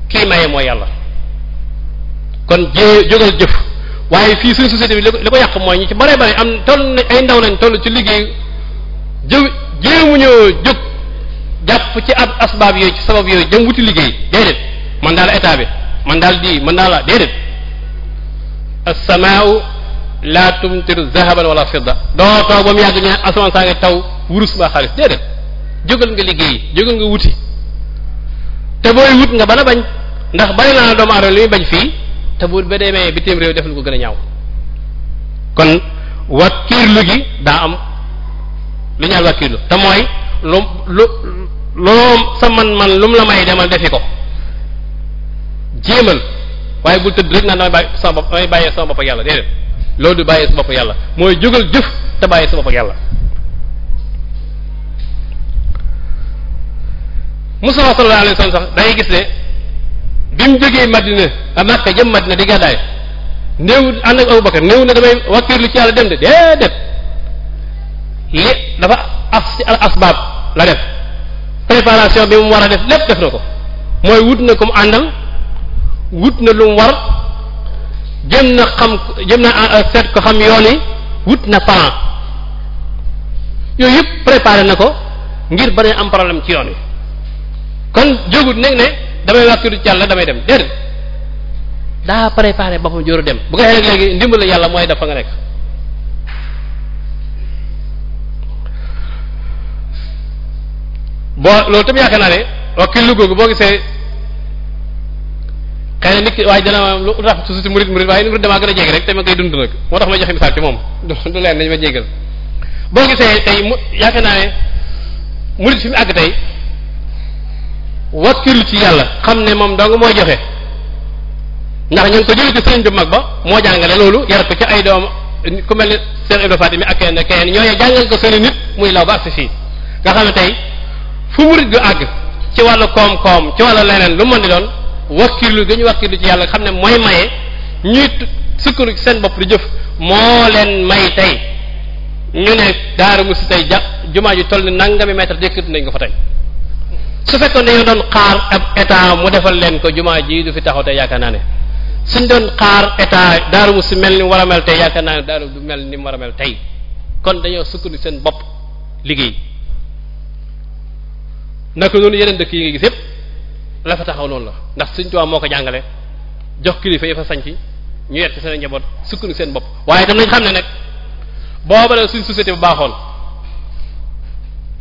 kii maye mooy yàlla kon jé jógal jëf waaye fii suñu société bi li ko yàq mooy ñu ci bare bare am toll na ay ndaw nañ toll ci liggéey jëw jéemuñoo jóg jàpp ci ab asbaab yooyu ci sabab yooyu jëm wuti liggéey déedéet man daal état bi man daal di man daal la déedéet as-samaa'u laa tumtiru zahaban wala fidda doo toog ba mu yàgg ñu asamaan saa nga taw wurus ba xaalis déedéet jógal nga liggéey jógal nga wuti te booy wut nga bana bañ ndax bari naa doomu aadama li muy bañ fii te bu ba demee bitim réew def lu ko gën a ñaaw kon wàkkiirlu gi daa am lu ñaar wàkkiirlu te mooy lu lu sa man-man lu mu la may demal defi ko jéemal waaye bul tëdd rek naan damay bàyyi sama bopp damay bàyyee sama bopp ak yàlla déedéet loolu du bàyyee sa bopp yàlla mooy jógal jëf te bàyyee sa bopp ak yàlla Musaa sallallahu alayhi wasallam sax dangay gis ne bi mu jógee Madina Makka jëm Madina di gàddaay néew ànd ak Abubakar néew na damay wakkiirlu ci yàlla dem de déedéet li dafa as asbaab la def préparation bi mu war a def lépp def na ko mooy wut na ko mu àndal wut na lu mu war jëm na xam jëm na euh, seet ko xam yoon yi wut na plan yooyu yëpp préparé na ko ngir ba am problème ci yoon wi kon jógut nag ne damay wàkkiru ci yàlla damay dem déedéet daa préparé boppam jóoru dem bu ko xee léegi ndimbal yàlla mooy dafa nga nekk boo loolu tam yaakaar naa ne wakkil lu googu boo gisee xëy na nit ki waaye dana lu tax su si murid murid waaye murid damaa gën a jege rek te ma koy dund nag moo tax may joxe misaal ci moom [laughs] du leen nañ ma jégal boo gisee tey mu yaakaar naa ne murid fi mu àgg tey lu ci yàlla xam ne moom dong mooy joxe ndax ñu ngi ko jëlee ci sëriñ bi mag ba moo jàngale loolu yar ko ci ay doom ku mel ne Cheikh Ibrahima Fatim ak kenn kenn ñooñu jàngal ko seeni nit muy law ba agsi fii nga xam ne tey fu murid gu àgg ci walla koom-koom ci wàllu leneen lu mën di doon wakkilu gi ñu wakkilu ci yàlla xam ne mooy maye ñuy sukkandiku seen bopp lu jëf moo leen may tey ñu ne Darou si tey ja jumaa ji toll ni nangami mètre dékkati nañ ko fa tey su fekkoon dañoo doon xaar ab état mu defal leen ko jumaa ji du fi taxaw te yaakaar naa ne suñ doon xaar état daaru mu si mel ni mu tey yaakaar naa ne daaru du mel ni mu war tey kon dañoo sukkandiku seen bopp liggéey naka noonu yeneen dëkk yi nga gis yépp la fa taxaw noonu la ndax suñ tubaab moo ko jàngale jox kilifa yi fa sanc ñu yet ci seen njaboot sukkandiku seen bopp waaye tam nañ xam ne nag booba la suñ société bu baaxoon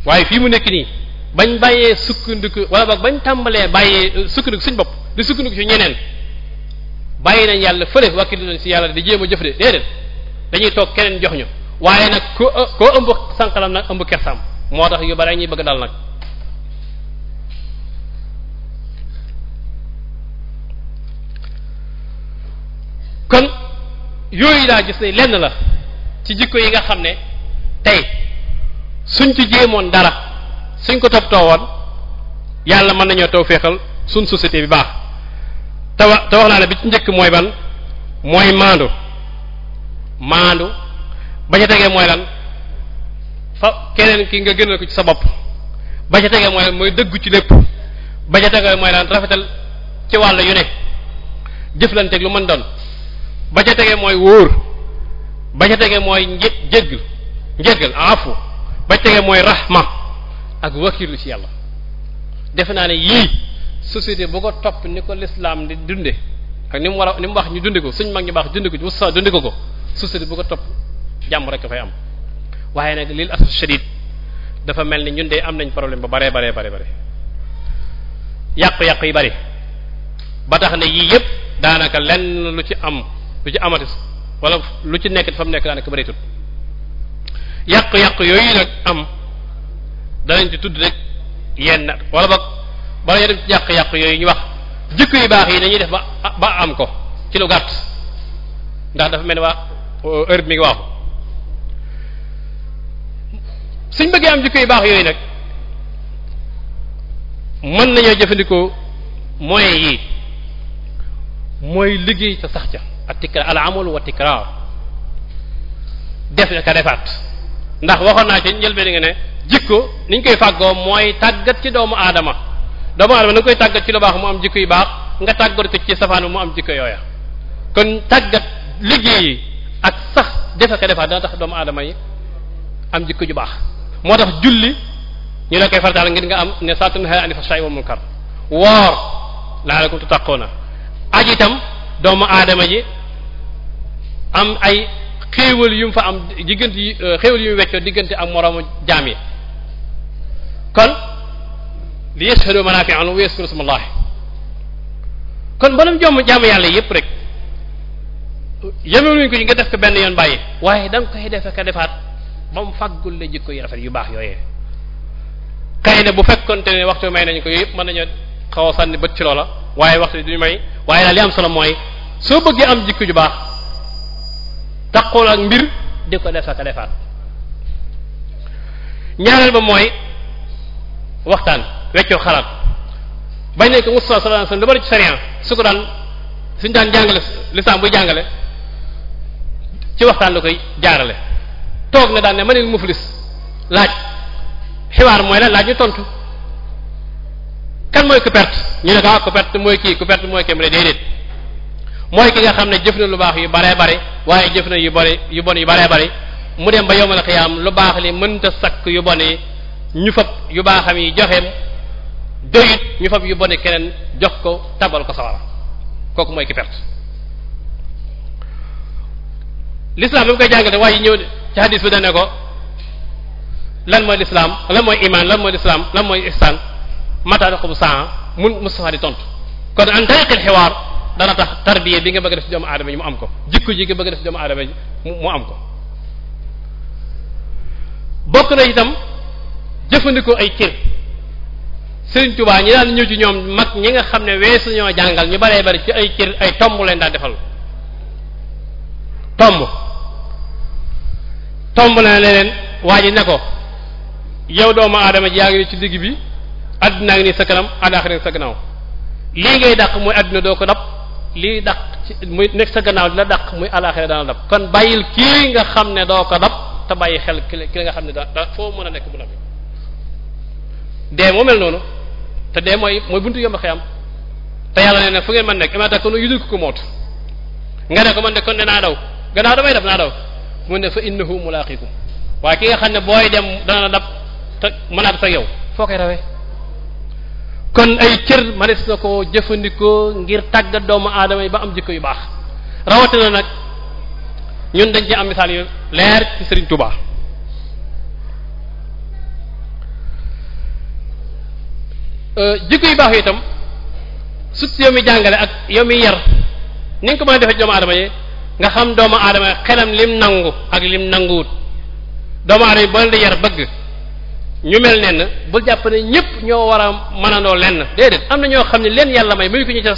waaye fii mu nekk nii bañ bàyyee sukkandiku wala boog bañ tàmbalee bàyyee euh, sukkandiku suñ bopp di sukkandiku ci ñeneen bàyyi nañ yàlla fële wàkkil nañ ci yàlla di jéem a jëf de déedéet dañuy toog keneen jox ñu waaye nag koo euh, koo ëmb sànqalam nag ëmb kersaam moo tax yu bare ñuy bëgg dal nag kon yooyu laa gis ne lenn la ci jikko yi nga xam ne tey suñ ci jéemoon dara suñ ko toppatoo woon yàlla mën nañoo taw féexal suñ société bi baax te wa te wax naa la bi ci njëkk mooy ban mooy maandu maandu ba ca tegee mooy lan fa keneen ki nga gënal ko ci sa bopp ba ca tegee mooy lan mooy dëggu ci lépp ba ca tegee mooy lan rafetal ci wàll yu nekk jëflanteeg lu mën doon ba ca tegee mooy wóor ba ca tegee mooy njé jéggal njéggal afu ba ca tegee mooy rahma ak wakilu ci yàlla defe naa ne yii société bu ko topp ni ko lislaam di dunde ak ni mu war a ni mu wax ñu dunde ko suñ mag ñu baax dunde ko mu sa dunde ko ko société bu ko topp jàmm rek dafay am waaye nag lil asaf shadid dafa mel ni ñun de am nañ problème ba bare bare bare bare yàq yàqu yi bari ba tax na yii yëpp daanaka lenn lu ci am lu ci amatis wala lu ci nekk fa mu nekk daanaka bëreetut yàqu yàq yooyu nag am danañ ci tudd rek yenn wala boog bala ñu dem ci yàq-yàq yooyu ñu wax jikko yu baax yi nañuy def ba ba am ko ci lu gàtt ndax dafa mel ni waa euh, heure mi ngi waaxu suñ bëggee am jikko yu baax yooyu nag mën nañoo jëfandikoo moyens yi mooy liggéey sa sax ca ak wa tikraar def ka defaat ndax waxoon naa ci njëlbeen nga ne jikko niñ koy fàggoo mooy tàggat ci doomu aadama doomu aadama na koy tàggat ci lu baax mu am jikko yu baax nga tàggat ko ci safaan bi am jikko yooya kon tàggat liggéey yi ak sax defe ko defaat dana tax doomu aadama yi am jikko ju baax moo tax julli ñu la koy farataal ngir nga am ne satunha ani fahsha'i wal munkar woor la'allakum tattaquna aj itam doomu aadama ji am ay xéewal yu mu fa am diggante xéewal yu mu weccoo diggante ak moroomu jaam yi kon li yashhadu manaafi'a lahum wa yazkuru smallaah kon mboolem jom jaamu yàlla yépp rek yemewuñ ko ñu nga def ko benn yoon bàyyi waaye da nga koy defe ka defaat ba mu fàggul la jikko yu rafet yu baax yooyee xëy na bu fekkonte ne waxtu may nañu ko yooyu yëpp mën nañu xaw a sànni bët ci loola waaye waxtu duñu may waaye daal li am solo mooy soo bëggee am jikko ju baax taqul ak mbir di ko defe ka defaat ñaareel ba mooy waxtaan weccoo xalaat bañ ne ko Mustafa sallallahu alayhi wasallam ci sariya su ko daan suñu daan jàngale lislaam buy jàngale ci waxtaan la koy jaarale toog na daan ne manil muflis laaj xiwaar mooy la laaj ñu tontu kan mooy ku perte ñu ne ko ah, ku perte mooy kii ku perte mooy kem re déedéet mooy ki nga xam ne jëf na lu baax yu baree bare waaye jëf na yu bari yu bon yu baree bare mu dem ba yowmal xiyaam lu baax li mënta sakk yu bone ñu fab yu baaxam yi joxeem doyut ñu fab yu bone keneen jox ko tabal ko sawara kooku mooy ki perte l'islam bi mu koy jàngale waaye ñëw ci hadis bi dane ko lan mooy lislaam lan mooy iman lan mooy lislaam lan mooy ihsan mataraxum san mun Mustafa di tontu kon an tariqil xiwaar dana tax tarbiya bi nga bëgg def ci doomu aadama mu am ko jikko ji nga bëgg def ci doomu aadama mu am ko bokk na itam jëfandikoo ay cër Serigne Touba ñi daan ñëw ci ñoom mag ñi nga xam ne weesu ñoo jàngal ñu baree bari ci ay cër ay tomb leen daan defal tomb tomb la leen waa ji ne ko yow doomu aadama ji yaa ngi ci digg bi àddina ngi nii sa kanam àllaaxira ngi sa gannaaw lii ngay daq mooy àddina doo ko dab lii daq ci muy nekk sa gannaaw di la dàq muy àllaaxira dana dab kon bàyyil kii nga xam ne doo ko dab te bàyyi xel ki nga xam ne daa foo mën a nekk bu la dee moo mel noonu te de mooy mooy buntu yomb xëy te yàlla nee na fu ngeen mën nekk imaata ko moot nga ne ko man de daw gannaaw damay def naa daw mu ne fa innahu mulaaqikum waaye ki nga xam ne booy dem dana dab te mënaat fa yow foo koy rawee kon ay cër manis na ko jëfandikoo ngir tàggat doomu aadama yi ba am jikko yu baax rawatina nag ñun dañ ci am misaal yu leer ci Serigne Touba. Euh, jikko yu yi itam sut yow mi jàngale ak yow mi yar ni ko mën defe defee doomu aadama yi nga xam doomu aadama xelam lim nangu ak lim nanguwut doomu aadama yi boo leen di yar bëgg ñu mel nenn bul jàpp ne ñëpp ñoo war a mënandoo lenn déedéet am na ñoo xam ne leen yàlla may muy ko ñu tas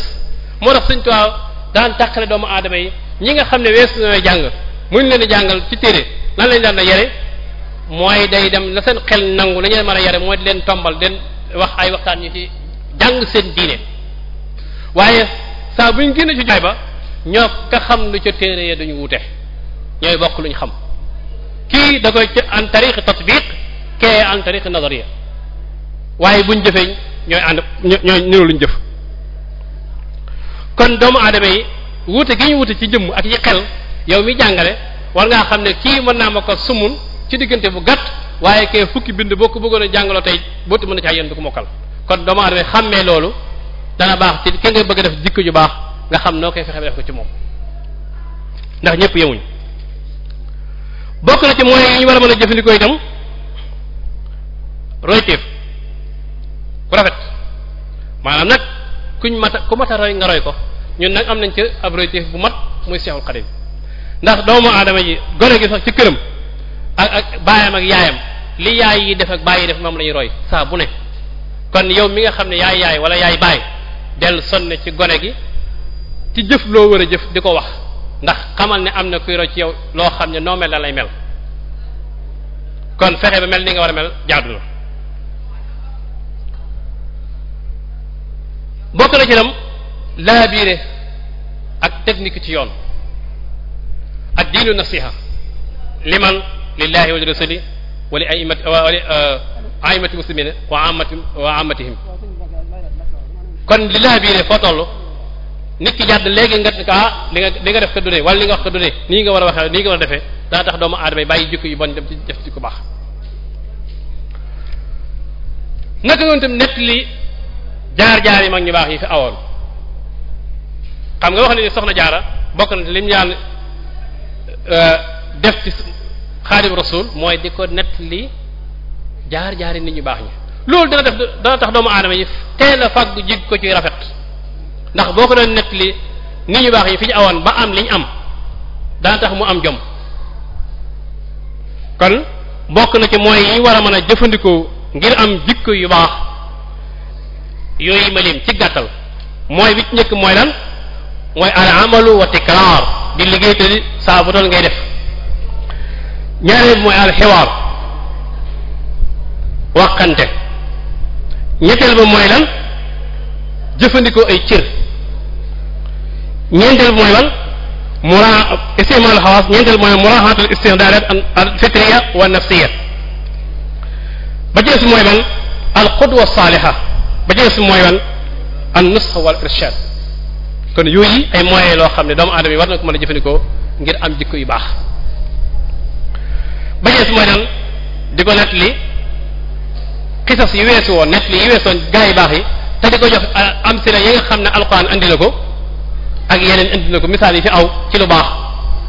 moo tax suñ tuwaa daan tàqale doomu aadama yi ñi nga xam ne weesu na jàng muñ leen di jàngal ci téere lan lañ daan na yare mooy day dem la seen xel nangu la ñu leen mën yare mooy di leen tombal den wax ay waxtaan ñu ci jàng seen diine waaye saa buñ génne ci jotaay ba ñoo ka xam lu ca téere ya dañu wute ñooy bokk luñ xam kii da koy ci an tariqi tatbiq kee an tariqi nadariya waaye buñ jëfee ñooy ànd ñooy niru luñ jëf kon doomu aadama yi wuute gi ñu wuute ci jëmm ak ci xel yow mi jàngale war ngaa xam ne kii mën naa ma ko sumun ci diggante bu gàtt waaye kee fukki bind boo ko bëggoona a jàngaloo tey booti mën na caa yéen du ko mokkal kon doomu aadama xàmmee loolu dana baax ci ki nga bëgg a def jikko ju baax nga xam noo koy fexe ko ci moom ñëpp yemuñ bokk na ci moyens yi mën a jëfandikoo itam royteef rafet maanaam nag kuñ mata ku mata roy nga ko ñun nag am nañ ci ab bu mat muy Seexul Xadiim ndax doomu aadama ji gone gi ci këram ak ak baayam ak yaayam li yaay yi def ak baay def moom la roy saa bu ne kon yow mi nga xam ne yaay yaay wala yaay baay del sonn ci gone gi ci jëf loo war a jëf di ko wax ndax xamal ne am na kuy roy ci yow loo xam ne noo mel na lay mel kon fexe ba mel ni nga war a mel jaadu na bokk na ci dem laabiire ak technique ci yoon ak diinu nasiha liman lillahi wa rasuli wali ay imat wali euh, aimati muslimina wa amati wa amatihim kon li laaj bii ne foo toll nit ki jàdd léegi nga ah, li nga li nga def ko du ne wala li nga wax ko du ne nii nga war a waxee nii nga war a defee daa tax doomu aadama yi bàyyi jikko yu bon dem ci def ku baax. naka noonu itam nett li jaar-jaar baax yi fi awoon nga wax ne ni soxna jaara bokk na lim yaan euh, def ci xaadim rasul mooy di ko nett li jaar jaari nit ñu baax ñi loolu dana def dana tax doomu aadama yi teel a fàggu jig ko ci rafet ndax boo ko doon nett li nit ñu baax ñi fi ñu awoon ba am li am dana tax mu am jom kon bokk na ci mooy yi war a mën a jëfandikoo ngir am jikko yu baax yooyu ma lim ci gàttal mooy bi ci njëkk mooy lan mooy al amalu wa tikraar di liggéey te saa ngay def ñaareel bi mooy alxiwaar waxante ñetteel ba mooy lan jëfandikoo ay cër ñeenteel bi mooy lan muraa istimaal xawaas ñeenteel bi mooy muraaxaatul istixdaaraat al fikriya wa nafsiya ba ci des mooy lan al qudwa saaliha ba ci des mooy lan an nusxa wal irshaad kon yooyu ay moyens loo xam ne doomu aadama yi war na ko mën a jëfandikoo ngir am jikko yu baax bajees mooy lan di ko nett li xisas yi weesu woon nett li yi weesoon gaa yi baax yi te di ko jox am si la yi nga xam ne alxuraan indi na ko ak yeneen indi na ko misaal yi fi aw ci lu baax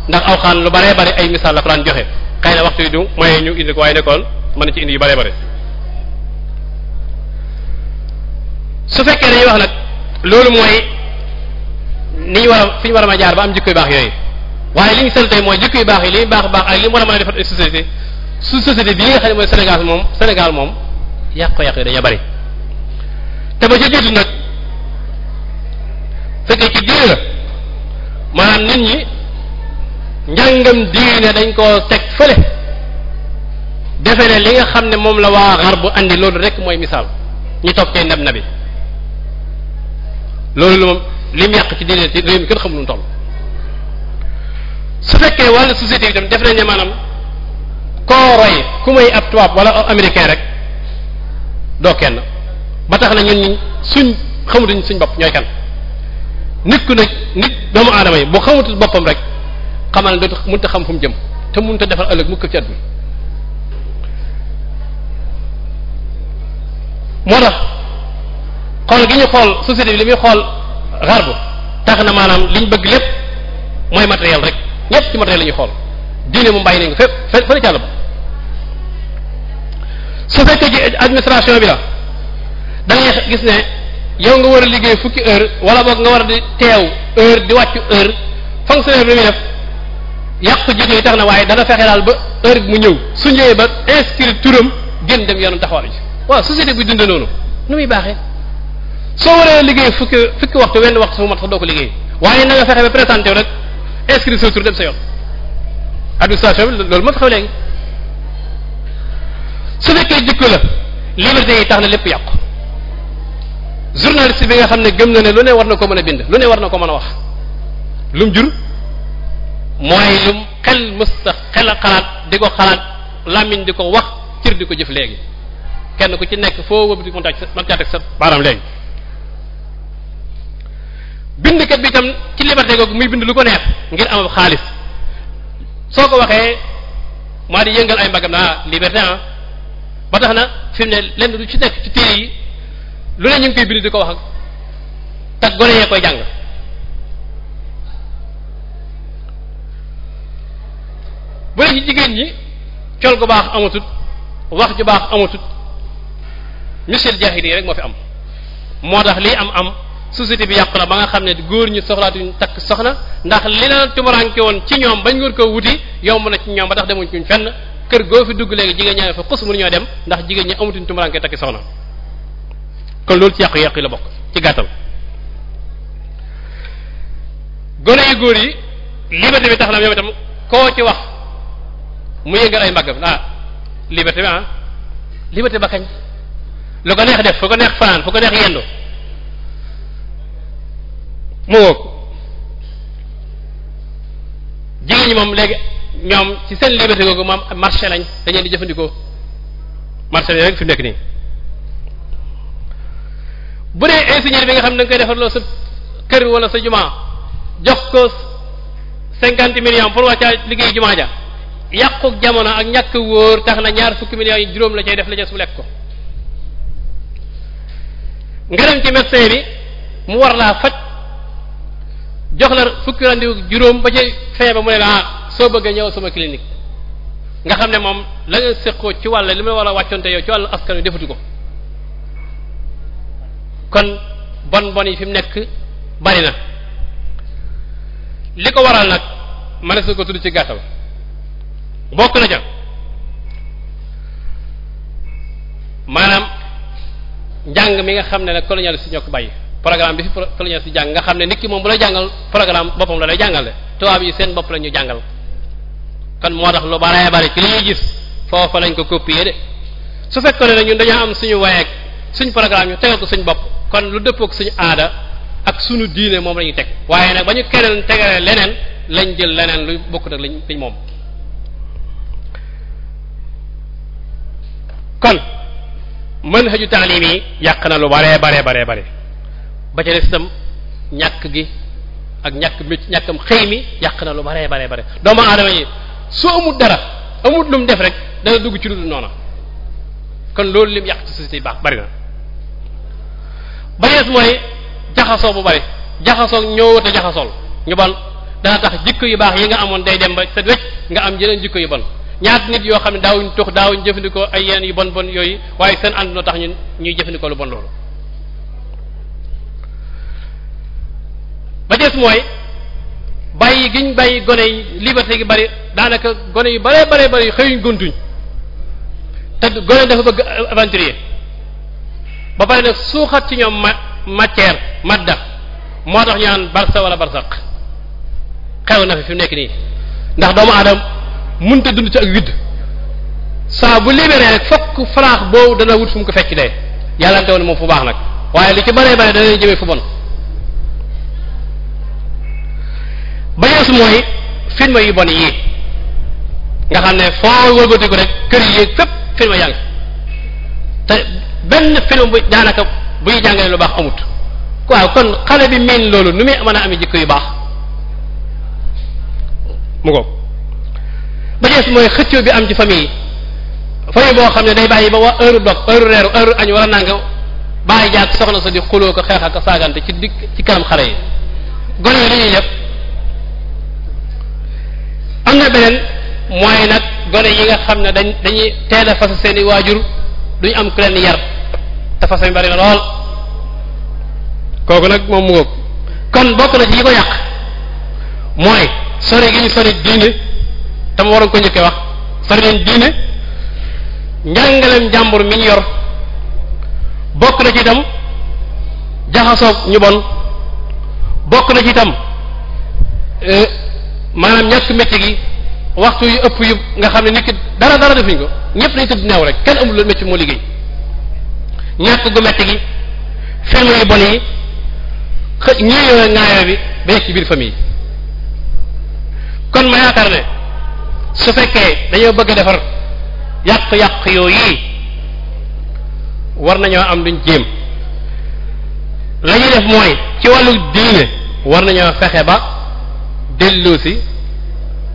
ndax aw lu bare bare ay misaal la ko joxe xëy na waxtu yi du mooy ñu indi ko waaye nekkoon mën na ci indi yu baree bare su fekkee dañuy wax nag loolu mooy ni ñu a fi ñu war a ma jaar ba am jikko yu baax yooyu waaye li ñu sell tey mooy jikko yu baax yi li ñu baax baax ak li mu war a mën a defar société su société bi li nga mooy Sénégal moom Sénégal moom yàq-yàq yi bari te ba ca jiitu nag fekkee ci diine la maanaam nit dañ koo teg fële defe ne li nga xam ne moom la waa xar bu andi loolu rek mooy misaal ñu toog cay ndab na bi loolu moom li mu yàq ci diine ci réew mi kenn xamul mu toll su fekkee wàllu société bi tam def nañ ne maanaam koo roy ku may ab tubaab wala américain rek doo kenn ba tax na ñun suñ xamutuñ suñ bopp ñooy kan nit ku nag nit doomu aadama yi boo xamutul boppam rek xamal ne dootu mënut a xam fu mu jëm te mënut a defar ëllëg mu ko ci at bi moo tax xool gi ñu xool société bi li muy xool xarbu tax na maanaam liñ bëgg lépp mooy matériel rek ñëpp ci matériel la ñuy xool diine mu bàyyi nañ ko fépp fële càll fekkee ci administration bi la da gis ne yow nga war a liggéey fukki heure wala boog nga war a di teew heure di wàccu heure fonctionnaire bi muy def yàqu jikko yi tax na waaye dana fexe daal ba heure bi mu ñëw su ñëwee ba inscrire turam génn dem yoonam taxawal ji waaw société bi dund noonu nu muy baaxee soo war waree liggéey fukki fukki waxtu wenn waxtu su mu mat sax doo ko liggéey waaye na nga présenté rek inscrire sa dem sa yoon administration bi loolu moo fi xew léegi su fekkee jikko la liberté yi tax na lépp yàqu journaliste bi nga xam ne gëm na ne lu ne war na ko mën a bind lu ne war na ko mën a wax lu mu jur mooy lu xel mësta xel a xalaat di ko xalaat làmmiñ di ko wax cër di ko jëf léegi kenn ku ci nekk foo wëb di mën caa teg sa baaraam léegi bindkat bi itam ci liberté googu muy bind lu ko neex ngir am xaalis soo ko waxee ma di yëngal ay mbagam naa liberté ah ba tax na fi ne lenn lu ci nekk ci téere yi lu ne ñu ngi koy bind di ko wax ak tag gone yee koy jàng bu dee ci jigéen ñi col gu baax amatut wax ju baax amatut misil jaahili rek moo fi am moo tax lii am am société bi yàqu na ba nga xam ne góor ñi soxlaatuñ takk soxna ndax li la tumuranke woon ci ñoom bañ war koo wuti yomb na ci ñoom ba tax demuñ ci fenn kër goo fi dugg léegi jigéen ñaa fa xus mënuñoo dem ndax jigéen ñi amatuñ tumuranke takki soxna kon loolu ci yàqu-yàqu yi la bokk ci gàttal gone yu góor yi liberté bi tax na ñoom itam koo ci wax mu yëngal ay mbaggam ah liberté bi ah liberté ba kañ lu ko neex def fu ko neex fanaan fu ko neex yendu mu ngoog jigéen ñi moom léegi ñoom ci seen liberté googu moom marché lañ dañ di jëfandikoo marché lañ rek fi nekk nii bu dee ingénieur bi nga xam ne nga koy defar loo sa kër wala sa jumaa jox ko cinquante millions pour wàccaa liggéey jumaa ja yàquk jamono ak ñàkk wóor tax na ñaar fukki millions yi juróom la cay def la su lekk ko nga dem ci médecin bi mu war laa faj jox la fukki rendez juróom ba ci fee ba mu ne la ah soo bëggee ñëw sama clinique nga xam ne moom la ngeen seqoo ci wàll li ma war a wàccoonte yow ci wàllu askan wi defatu ko kon bon bon yi fi mu nekk bari na li ko waral nag mënees na ko tudd ci gàttal bokk na ca maanaam njàng mi nga xam ne nag colonialiste si ko bàyyi programme bi fi plénière xam ne nit ki moom bu la jàngal programme boppam la lay jàngale de yi seen bopp la jàngal kon moo tax lu baree bari ci li ñuy gis foofa lañ ko copier de su fekkoon ne ñun dañoo am suñu wayeeg suñ programme ñu tegal ko suñ bopp kon lu dëppook suñu aada ak suñu diine moom la ñuy teg waaye nag ba ñu keneen tegalee leneen lañ jël leneen lu bokkut ak lañ liñ moom kon manhaju taalim yi yàq na lu baree baree baree bare ba ca des itam ñàkk gi ak ñàkk mi ñàkkam xëy mi yàq na lu bare bare bare doomu aadama yi su amul dara amul lu def rek dana dugg ci lu dul noona kon loolu lim yàq ci si yi baax bari na banees mooy jaxasoo bu bari jaxasoo ñëw te jaxasool ñu bon dana tax jikko yu baax yi nga amoon day dem ba set wecc nga am yeneen jikko yu bon ñaat nit yoo xam ne daawuñ tux daawuñ jëfandikoo ay yeneen yu bon bon yooyu waaye seen ànd noo tax ñun ñuy jëfandikoo lu bon ba des mooy bàyyi giñ bàyyi gone yi liberté gi bari daanaka gone yu bare bare bari xëyuñ guntuñ te gone dafa bëgg aventurier ba pare nag suuxat ci ñoom ma matière madda moo tax ñaan barsa wala barsaq xew na fi fi nekk nii ndax doomu mun te dund ci ak widd saa bu libéré rek fokk faraax boobu dana wut fu mu ko fekk dee yàllante woon moom fu baax nag waaye li ci bëree bëri dana jëmee fu bon ba yeesu mooy film yi bon yii nga xam ne foo wëlbatiku rek kër yi fépp film yaa te benn film bu daanaka buy jàngale lu baax amut waaw kon xale bi miin loolu nu muy mën a amee jikko yu baax mu ko ba mooy xëccoo bi am ci famille yi famille boo xam ne day bàyyi ba waa heure dog heure reeru heure añ war a nangam bàyyi jaag soxna sa di xuloo ko xeex ak saagante ci dikk ci kanam xale yi gone yi dañuy def am na beneen mooy nag gone yi nga xam ne dañ dañuy teel a seeni seen i waajur duñu am ku leen yar te fas yu bari na lool kooku nag moom mu ngoog kon bokk na ci yi ko yàq mooy sori gi ñu sori diine te mu waroon ko njëkkee wax sori leen diine njàngaleem jàmbur mi ñu yor bokk na ci itam jaxasoog ñu bon bokk na ci itam euh, maanaam ñàkk métti gi waxtu yu ëpp yu nga xam ne nit ki dara dara defuñ ko ñëpp dañ tëdd neew rek kenn amul lu métti moo liggéey ñàkk gu métti gi ferme yu bon yi xë ñeeñoo ŋaayoo bi ba nekk ci biir famille kon ma yaakaar ne su fekkee dañoo bëgg a defar yàq-yàq yooyu war nañoo am luñ jéem la def mooy ci wàllu diine war nañoo fexe ba delloosi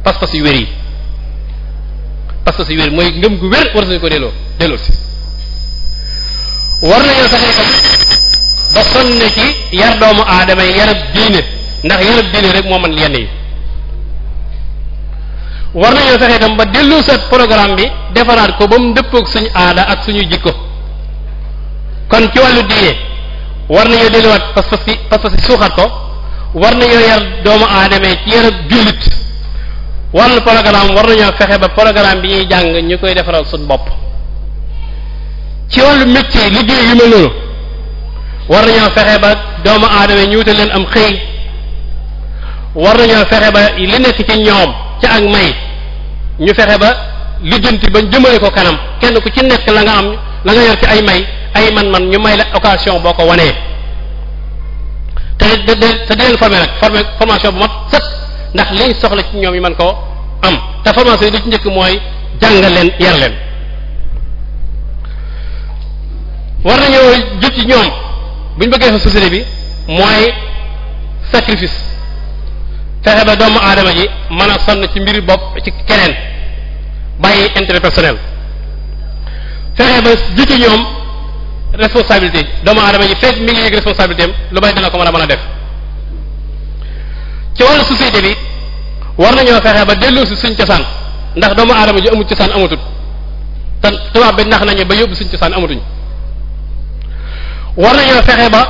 pas-pas yu wér yi pas-pas yu wér mooy ngëm gu wér war nañu ko delloo delloosi war na saxee tam ba sonn ci yar doomu aadama yi yarab diine ndax yarab diine rek moo man yenn yi war nañoo saxee tam ba delloosiwaat programme bi defaraat ko ba mu dëppook suñu aada ak suñu jikko kon ci wàllu diine war na nañoo delluwaat pas-pas yi pas-pas yi suuxat ko war nañoo yar doomu aadama ci yarab jullit wàllu programme war nañoo fexe ba programme bi ñuy jàng ñu koy defaral suñ bopp ci wàllu métier liggéey yu mel noonu war nañoo fexe ba doomu aadama ñu wutal leen am xëy war nañoo fexe ba li nekk ci ñoom ca ak may ñu fexe ba lijjanti ba jëmale ko kanam kenn ku ci nekk la nga am la nga yor ci ay may ay man-man ñu may la occasion boo ko wanee te de te danañ formé nag formé formation bu mat sëkk ndax liñ soxla ci ñoom yi mën koo am te formation yi li ci njëkk mooy jàngal leen yar leen. war nañoo jot ci ñoom bu ñu bëggee fa bi mooy sacrifice fexe ba doomu aadama ji mën a sonn ci mbir bopp ci keneen bàyyi intérêt personnel fexe ba jot ci ñoom. responsabilité doomu aadama ji fekk mi ngi yëg responsabilité am lu bari dana ko mën a mën a def ci wàllu société bi war nañoo fexe ba delloo si suñ cosaan ndax doomu aadama ji amul cosaan amatul te tubaab bi nax nañu ba yóbbu suñ cosaan amatuñ war nañoo fexe ba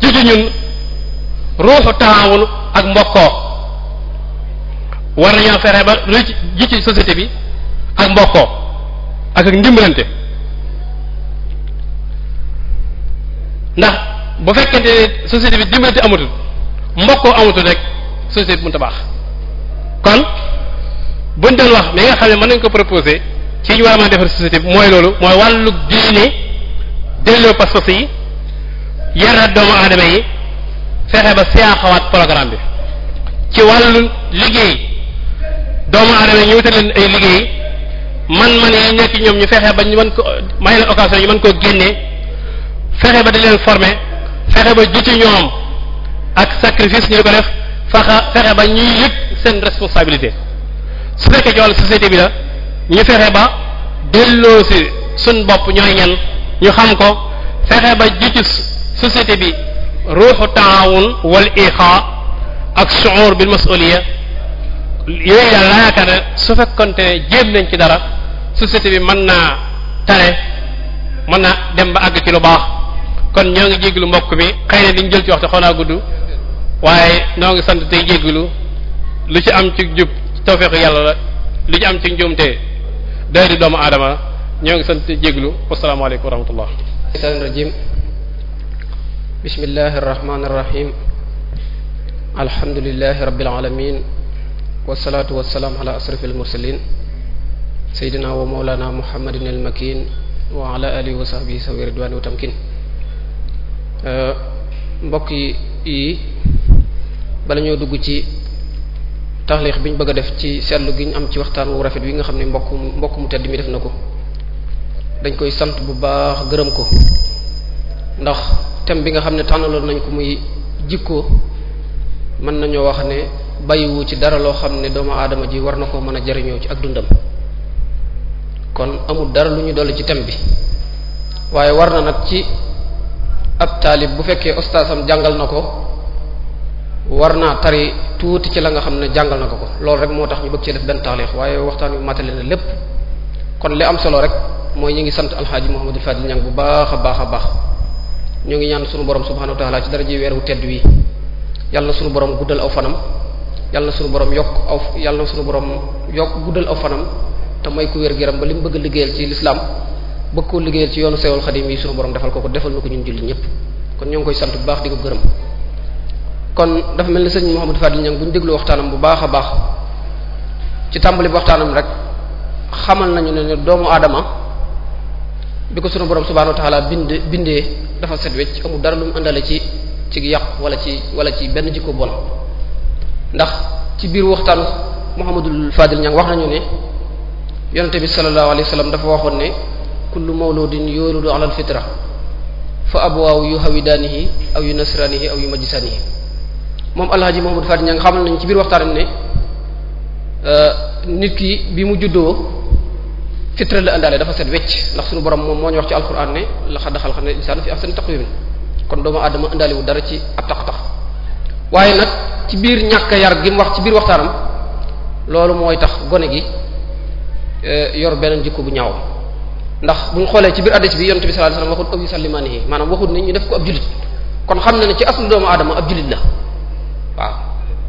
ci ñun ruuxu taawun ak mbokkoo war nañoo fexe ba lu ji ci société bi ak mbokkoo ak ak ndimbalante ndax bu fekkente ne société bi dimbalante amatul mbokkoo amatul rek société bi mënut a baax kon buñ doon wax li nga xam ne mën nañ ko proposé ci ñu war a mën a defar société bi mooy loolu mooy wàllu diine delloo pas-pas yi yaraat doomu aadama yi fexe ba siyaaxawaat programme bi ci wàllu liggéey doomu aadama yi ñu wutal ay liggéey man man yi nekk ñoom ñu fexee ba ñu mën ko may leen occasion ñu mën koo génnee fexe ba di leen former fexe ba ji ci ñoom ak sacrifice ñu di ko def fexe ba ñuy yëg seen responsabilité su fekkee ci wàllu société bi la ñu fexe ba delloo si suñ bopp ñooy ñan ñu xam ko fexe ba ji ci société bi ruuxu taawun wal iqaa ak shuur bil masuliya yooyu daal laa yaakaar ne su fekkonte ne jéem nañ ci dara société bi mën naa tane mën naa dem ba àgg ci lu baax kon ñoo ngi jéglu mbokk mi xëy na liñ jël ci waxtu xaw naa gudd waaye noo ngi sant tey jéglu lu ci am ci jub tawfeexu yàlla la lu ci am ci njuumte day di doomu aadama ñoo ngi sant tey jéglu wasalaamaaleykum wa rahmatullah shaytaan rajim bismillahi arrahmani irrahim alhamdulilahi rabbil alamin wasalaatu wasalaam ala asrafil mursalin sayyidina wa mawlana muhammadin al makin wa ala alihi wa sahbihi wa tamkin Euh, mbokk yi bala ñoo dugg ci taxliix bi ñu bëgg a def ci seetlu gi ñu am ci waxtaan wu rafet wi nga xam ne mbokk mbokk mu tedd mi def na ko dañ koy sant bu baax gërëm ko ndax thème bi nga xam ne tànnaloon nañ ko muy jikko mën nañoo wax ne bàyyiwu ci dara loo xam ne doomu aadama ji war na koo mën a jariñoo ci ak dundam kon amul dara lu ñu dolli ci thème bi waaye war na nag ci ab taalib bu fekkee ostaasam jàngal na ko war naa tari tuuti ci la nga xam ne jàngal na ko ko loolu rek moo tax ñu bëgg cee def benn taarix waaye waxtaan yu matale na lépp kon li am solo rek mooy ñu ngi sant alxaaji Muhammadul Fadil Ñang bu baax a baax a baax ñu ngi ñaan sunu borom subhanahu wa taala ci dara ji weer wu tedd wi yàlla na sunu borom guddal aw fanam yàlla na sunu borom yokk aw yàlla na sunu borom yokk guddal aw fanam te may ku wér gu ba li mu bëgg liggéeyal ci lislaam bëgg koo liggéeyal ci yoonu sewal xadim yi sunu borom defal ko ko defal na ko ñun jullit ñëpp kon ñoo koy sant bu baax di ko gërëm kon dafa mel ni sëñ Mouhamadou Fadil Niang bu ñu déglu waxtaanam bu baax a baax ci tàmbali waxtaanam rek xamal nañu ne ne doomu aadama bi ko sunu borom subhanahu wa bind bindee dafa set wecc amul dara lu mu àndale ci ci yàq wala ci wala ci benn jikko bon ndax ci biir waxtaan Mouhamadou Fadil Niang wax nañu ne yonente bi sallallahu alayhi wa sallam dafa waxoon ne kullu mawludin yuuludu ala alfitra fa abwaaw yu hawidaanihi aw yu nasraanihi aw yu majjisaanihi moom alhaji Mahamadou Faty Niang xamal nañ ci biir waxtaanam ne euh, nit ki mu juddoo fitra la dafa set wecc ndax suñu borom moom moo ñu wax ci alquran ne laqad xalaqnal insaana fi ahsani taqwiim kon doomu aadama indaale wu dara ci ab tax waaye nag ci biir ñàkk yar gi mu wax ci biir waxtaanam loolu mooy tax gone gi euh, yor beneen jikko bu ñaaw ndax bu ñu xoolee ci biir addis bi yonent bi sallallahu alayhi wasallam waxut aw yusallimaanihi maanaam waxut ne ñu def ko ab jullit kon xam na ne ci aslu doomu aadama ab jullit la waaw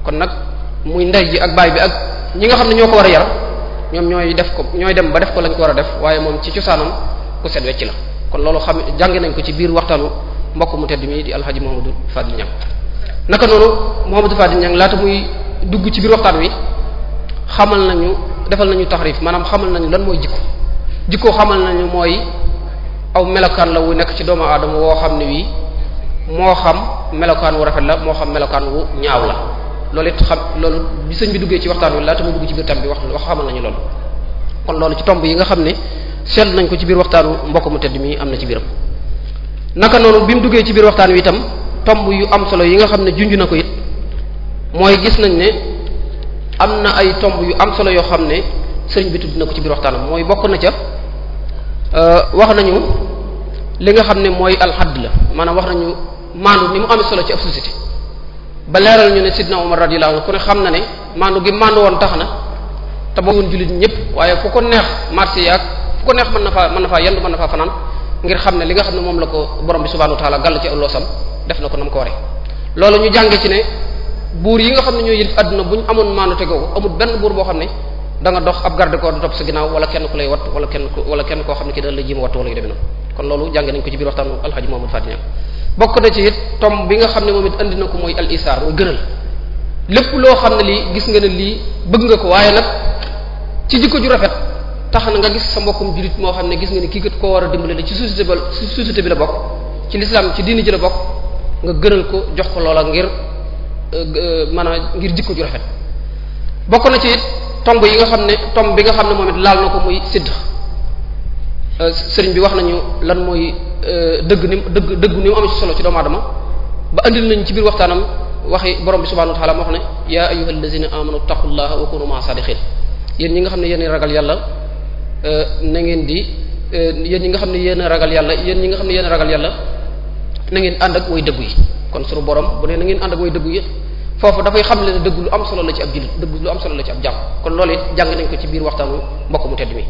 kon nag muy ndey ji ak baay bi ak ñi nga xam ne ñoo ko war a yar ñoom ñooy def ko ñooy dem ba def ko lañ ko war a def waaye moom ci cosaanam ku set wecc la kon loolu xam jànge nañ ko ci biir waxtaanu mbokk mu tedd mi di alhaji Mouhamadou Fadil Niang naka noonu Mouhamadou Fadil Niang laata muy dugg ci biir waxtaan xamal nañu defal nañu taxrif maanaam xamal nañu lan mooy jikko jikko xamal nañu mooy aw melokaan la wu nekk ci doomu aadama woo xam ne wii moo xam melokaan wu rafet la moo xam melokaan wu ñaaw la loolu it xam loolu bi sëñ bi duggee ci waxtaan wi laata mu ci biir tam wax wax xamal nañu loolu kon loolu ci tomb yi nga xam ne seetlu nañ ko ci biir waxtaanu mbokk mu tedd mi am na ci biiram naka noonu bi duggee ci biir waxtaan wi itam tomb yu am solo yi nga xam ne junj na ko it mooy gis nañ ne am na ay tomb yu am solo yoo xam ne sëriñ bi tudd na ko ci biir waxtaanam mooy bokk na ca Euh, wax nañu li nga xam ne mooy alxadd la maanaam wax nañu maandu ni mu amee solo ci ab société ba leeral ñu ne sidna Umar radiyallahu anhu ku ne xam na ne maandu gi maandu woon tax na te boo woon jullit ñëpp waaye fu ko neex marché yaag fu ko neex mën na faa mën na faa yendu mën na fa fanaan ngir xam ne li nga xam ne moom la ko borom bi subhanahu wa ta'ala gàll ci alloosam def na ko na mu ko waree loolu ñu jànge ci ne buur yi nga xam ne ñoo yëlif àdduna bu ñu amoon maandu te amul benn buur boo xam ne da nga dox ab garde corps du topp sa ginnaaw wala kenn ku lay wat wala kenn ku wala kenn koo xam ne ki da la jéem a wattu wala yu demee noonu kon loolu jànge nañ ko ci biir waxtaanu alxaji Muhammad Fadi Niang bokk bi nga xam ne moom it andi na ko mooy al isaar mooy lépp loo xam ne lii gis nga ne lii bëgg nga ko waaye nag ci jikko ju rafet tax na nga gis sa mbokkum jullit moo xam ne gis nga ne kii kat koo war a dimbale la ci société ba société bi la bokk ci ci diini ji la bokk nga gënal ko jox ko loola ngir euh, euh, maanaam ngir jikko ju rafet bokk na ci it tomb yi nga xam ne tomb bi nga xam ne moom it laal na ko muy sidd euh, sëriñ bi wax nañu lan mooy euh, dëgg ni dëgg dëgg ni mu am ci solo ci doomu aadama ba andil nañ ci biir waxtaanam waxi borom bi subhanahu wa ta'ala wax ne ya ayyuhal lazina amanu taqullaha wa kunu ma'a sadiqin yéen ñi nga xam ne yéen ragal yàlla euh, na ngeen di yéen ñi nga xam ne yéen ragal yàlla yéen ñi nga xam ne yéen ragal yàlla na ngeen ànd ak way dëgg yi kon sunu borom bu ne na ngeen ànd ak way dëgg yi foofu dafay xam le ne dëgg lu am solo la ci ab jullit dëgg lu am solo la ci ab jàmm kon loolu it ko ci biir waxtaanu mbokk mu tedd mi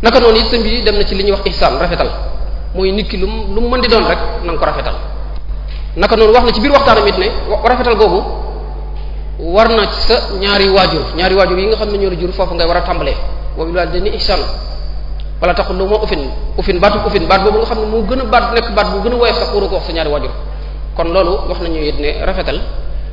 naka noonu it sëñ bi dem na ci li ñuy wax ihsaan rafetal mooy nit ki lu mu lu mu mën di doon rek na ko rafetal naka noonu wax na ci biir waxtaanam it ne rafetal googu war na ci sa ñaari waajur ñaari waajur yi nga xam ne ñoo la jur foofu ngay war a tàmbalee wa bil waalidayni ihsaan wala taxul lu ma ufin ufin baatu ufin baat boobu nga xam moo gën a baat nekk a woyof sax waroo ñaari waajur kon loolu wax nañu it ne rafetal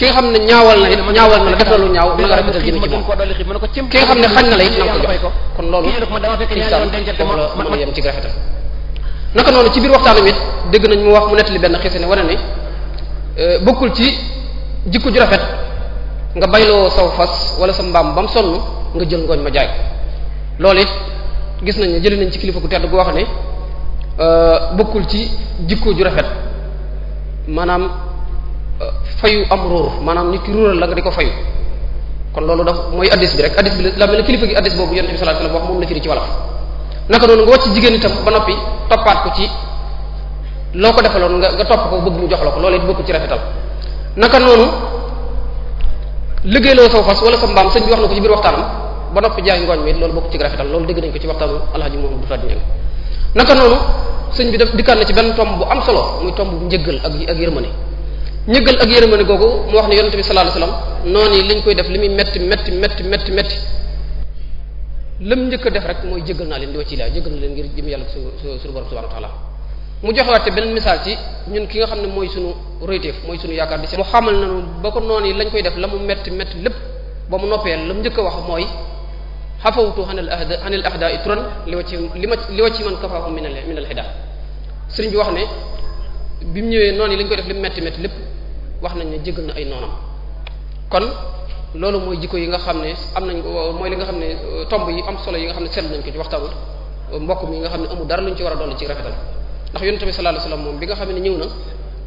ki nga xam ne ñaawal na it ñaawal na la def na lu ñaaw na nga rafetal jëme ci moom ki nga xam ne xañ na la it ko jox kon loolu islam ci naka noonu ci biir waxtaanam it dégg nañ mu wax mu nettali benn xisa ne wane ne euh, bokkul ci jikko ju rafet nga bayloo saw fas wala sa mbaam ba mu sonn nga jël ngooñ ma jaay loolu it gis nañ ne jëli nañ ci kilifa ku tedd gu wax ne euh, bokkul ci jikko ju rafet maanaam fayu am ruur maanaam nit ki ruural la nga di ko fayu kon loolu daf mooy addis bi rek addis bi la mel ne kilifa gi addis boobu yonent bi sallallahu alayhi wasallam wax moom la firi ci wolof naka ba noppi toppaat ko ci loo ko defaloon nga nga topp ko bëgg mu jox la ko loolu it bokk ci rafetal naka noonu liggéeyloo saw fas wala sa mbaam sëñ bi wax na ko ci biir waxtaanam ba noppi jaay ngooñ mi loolu bokk ci rafetal loolu dégg nañ ko ci waxtaanu alhaji Mouhamadou Fadi Niang naka bi daf dikkaan na ci benn tomb bu am solo muy tomb bu njëggal ak ak yërmande ñëggal ak yërmande googu mu wax ne yonente bi sallallahu a wasallam noonu yi liñ koy def li muy metti metti metti metti metti lam njëkk def rek mooy jëggal naa leen di wacci laa jëggal na leen ngir jëm yàlla su suñu borom subhanahu wa ta'ala mu ki nga xam ne mooy sunu royteef mooy sunu yaakaar di si xamal nanu ba ko noonu yi lañ koy def la mu metti metti lépp ba mu noppee lam wax mooy xafawtu anil ahda anil ahda i turan li wa ci li ma li wa ci man kafaahu min al min al hida sëriñ bi wax ne bi mu ñëwee noonu yi lañ koy def li mu metti metti lépp wax nañ ne jégal na ay noonam kon loolu mooy jikko yi nga xam ne am nañ mooy li nga xam ne euh, tomb yi am solo yi nga xam ne seetlu nañ ko ci waxtaanu euh, mbokk mi nga xam ne amul dara luñ ci war a dolli ci rafetal ndax yonent bi sallallahu alayhi wasallam moom bi nga xam ne ñëw na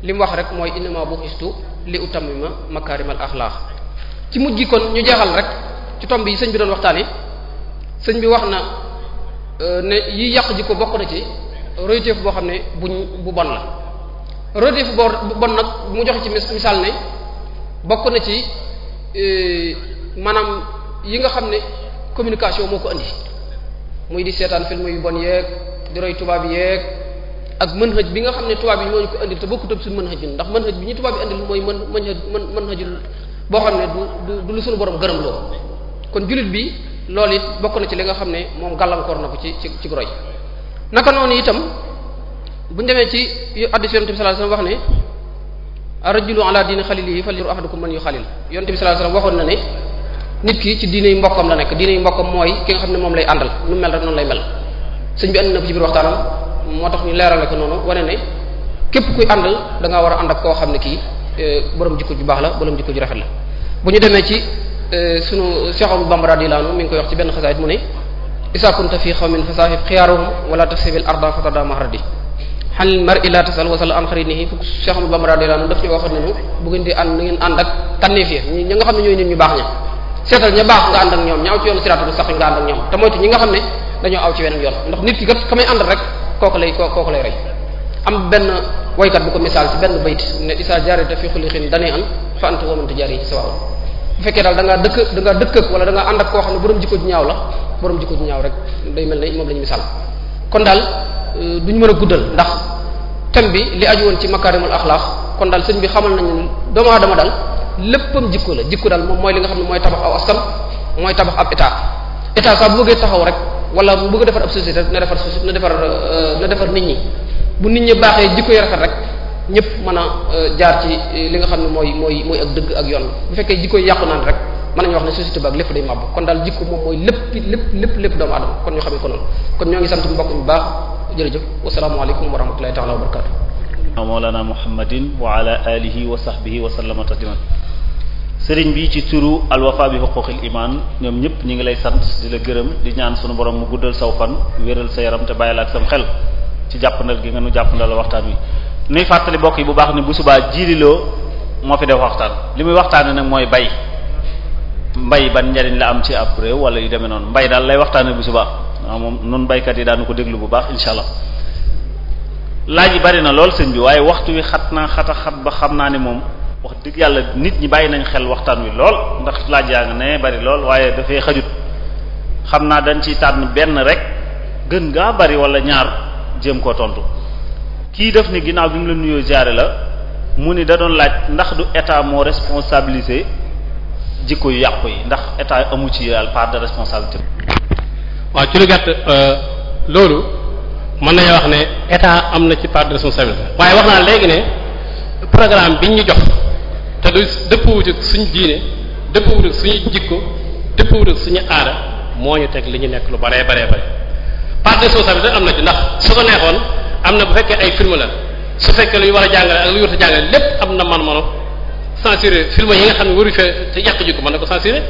li mu wax rek mooy innama buxistu li utammima makarimal axlaax ci mujj gi kon ñu jeexal rek ci tomb yi sëñ bi doon waxtaanee sëñ bi wax na euh, ne yi yàq jikko bokk na ci royteef boo xam ne buñ bu bon la relatif bu bon nag mu joxe ci misaal ne bokk na ci e, maanaam yi nga xam ne communication moo ko indi muy di seetaan film yu bon yeeg di roy tubaab yeeg ak manhaj bi nga xam ne tubaab yi ñoo ñu ko indil te bokkut ak suñu manhaj ndax manhaj bi ñu tubaab yi indil mooy man manhaj manhajul boo xam ne du du lu suñu borom gërëm loo kon jullit bi loolu it bokk na ci li nga xam ne moom gàllankoor na ko ci ci ci roy naka noonu itam. bu buñu demee ci hadith yonent bi sallallahu alayhi wasallam wax ne ar-rajulu ala diini xalilihi falyur ahadukum man yu xalil yonent bi sallallahu alayhi wasallam waxoon na ne nit ki ci diiney mbokkam la nekk diiney mbokkam mooy ki nga xam ne moom lay àndal nu mel rek noonu lay mel sëñ bi andi na ko ci biir waxtaanam moo tax ñu leerale ko noonu wane ne képp kuy àndal da war a ànd ak koo xam ne kii e, borom jikko ju baax la borom jikko ju rafet la bu ñu demee ci e, sunu Cheikh Ahmadou Bamba radiyallahu anhu mi ngi koy wax ci benn xasaayit mu ne isa kunta fi xawmin fasahib xiyaaruhum wala tasbil arda fatada mahradi xanil mar ila tasal wasal an xarinihi fukk Cheikh Ahmadou Bamba radiyallahu bu ngeen di ànd na ngeen ànd ak tànneef ya ñi nga xam ne ñooy nit dañoo aw ci weneen yoon ndax nit ki kat ka ànd rek kooku lay kooku lay rey am benn waykat bu ko misaal ci benn bayt ne isa jaarita fi xulixin danee an fa ant wa man tujaari ci sawa bu fekkee daal da dëkk da dëkk ak wala ànd ak koo xam ne borom jikko ju ñaaw la borom jikko ju ñaaw rek day mel ne moom lañu misaal kon daal du euh, duñu mën a guddal ndax thème bi li aju woon ci makaarimul axlaax kon daal sëñ bi xamal nañu doomu aadama daal léppam jikko la jikko daal moom mooy li nga xam ne mooy tabax aw askan mooy tabax ab état état saa bu bëggee taxaw rek wala bu bëgg defar ab société rek na defar société na defar euh, na defar nit ñi bu nit ñi baaxee jikko yi rafet rek ñëpp mën a euh, jaar ci li nga xam ne mooy mooy mooy ak dëgg ak yoon bu fekkee jikko yi naan rek mën nañu wax ne société ba ak lépp day màbb kon daal jikko moom mooy lépp lépp lépp lépp doomu aadama kon ñoo xam ko noonu kon ñoo ngi sant mbokk ñu baax jërëjëf wasalaamualeykum wa rahmatullahi taala wa barakatu mawlana muhammadin wa ala alihi wa sahbihi wa sallama tasliman sëriñ bi ci turu alwafa bi xuquqil iman ñoom ñëpp ñi ngi lay sant di la gërëm di ñaan sunu borom mu guddal saw fan wéral sa yaram te bàyyi la sam xel ci jàppandal gi nu jàppandal waxtaan wi nuy fàttali bokk yi bu baax ni bu subaa jiililoo moo fi def waxtaan li muy waxtaane nag mooy bay mbay ban njariñ la am ci ab réew wala yu demee noonu mbay daal lay waxtaane bu subaa waaw ah, moom noonu baykat yi daanu ko déglu bu baax insha allah laaj yi bari na lool sëñ bi waaye waxtu wi xat naa xata xat ba xam naa ne moom wax dëgg yàlla nit ñi bàyyi nañ xel waxtaan wi lool ndax laaj yaa nga ne bari lool waaye dafay xajut xam naa dañ ciy tànn benn rek gën gaa bari wala ñaar jéem koo tontu kii def ni ginnaaw bi mu la nuyoo ziare la mu ni da doon laaj ndax du état moo responsabilisé jikko yu yàqu yi ndax état amu ci yàlla part de responsabilité waaw ci lu gàtt euh, loolu mën nañoo wax ne état am na ci part de responsabilité waaye wax naa léegi ne programme biñ ñu jox te du dëppwut ak suñu diine dëppwut ak suñu jikko dëppwut ak suñu aada moo ñu teg li ñu nekk lu baree baree bare part de responsabilité am na ci ndax su ko neexoon am na bu fekkee ay film la su fekkee lu ñu war a jàngale ak lu ñu jàngale lépp am na man-mano censuré film yi nga xam ne waru fee te jikko mën na ko censuré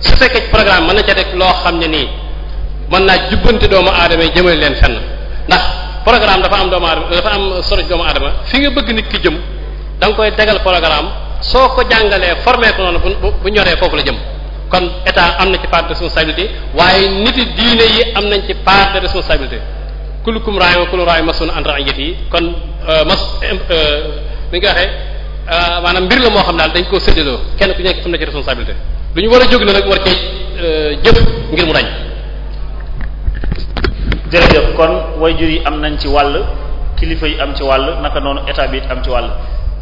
su fekkee ci programme mën na ca teg loo xam ne nii man naa jubbante doomu aadama yi jëmale leen fenn ndax programme dafa am doomu aadama dafa am solo doomu aadama fi nga bëgg nit ki jëm danga koy tegal programme soo ko jàngalee formé ko noonu bu bu ñoree foofu la jëm kon état am na ci part de responsabilité waaye nit yi diine yi am nañ ci part de responsabilité kullukum raa'in wa kullu raa'in mas'uulun an ra'iyyatihi yi kon euh, mas li euh, nga waxee euh, maanaam mbir la moo xam daal dañ koo séddaloo kenn ku nekk am na ci responsabilité lu ñu war a jóg la nag war cee jëf ngir mu dañ jërëjëf kon wayjur yi am nañ ci wàll kilifa yi am ci wàll naka noonu état bi am ci wàll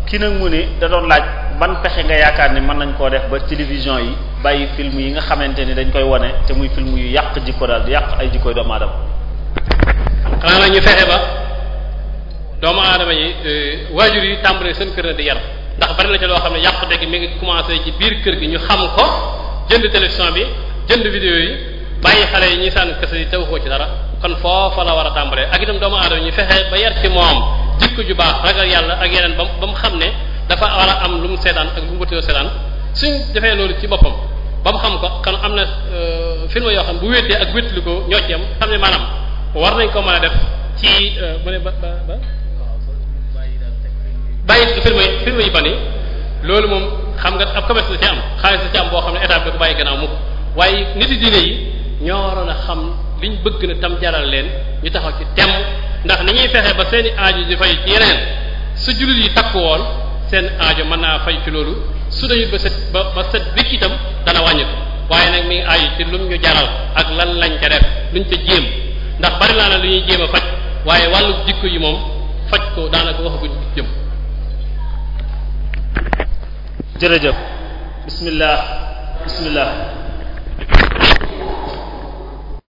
ki nag mu ne da doon laaj ban pexe nga yaakaar ni mën nañ koo def ba télévision yi bàyyi film yi nga xamante ni dañ koy wone te muy film yu yàq jikko daal di yàq ay jikko doomu aadama xanaa ñu fexe ba doomu aadama yi euh, waajur yi tàmbalee seen kër na di yar ndax bari na ci loo xam ne yàqute gi mi ngi commencé ci biir kër gi ñu xam ko jënd télévision bi jënd vidéo yi bàyyi xale yi ñuy sànn kese te waxoo ci dara kon foofa la war a tàmbalee ak itam doomu aadama ñu fexe ba yar ci moom jikko ju baax ragal yàlla ak yeneen ba mu xam ne dafa war a am lu mu seetaan ak lu mu bëttoo seetaan suñ ci boppam ba mu xam ko kon am na euh, film yoo xam bu wéetee ak wéetlu ko ñoo ci am xam ne maanaam war nañ ko mën ci euh, mu ba ba ba bàyyi film yi film yi loolu moom xam nga ab commerce la ci am xaalis la ci am boo xam ne état bi da ko bàyyi gannaaw mukk waaye nit diine yi ñoo waroon a xam liñ bëgg na tam jaral leen ñu taxaw ci temm ndax ni ñuy fexe ba seen i aajo di fay ci yeneen su jullit yi takku woon seen aajo mën naa fay ci loolu su dañu ba set ba set bi itam dana wàññi ko waaye nag mi ngi aajo ci lum ñu jaral ak lan lañ ca def luñ ca jéem ndax bari naa na lu ñuy jéem a faj waaye wàllu jikko yi moom faj ko daanaka waxaguñ jëm. jërëjëf bismillah bismillah.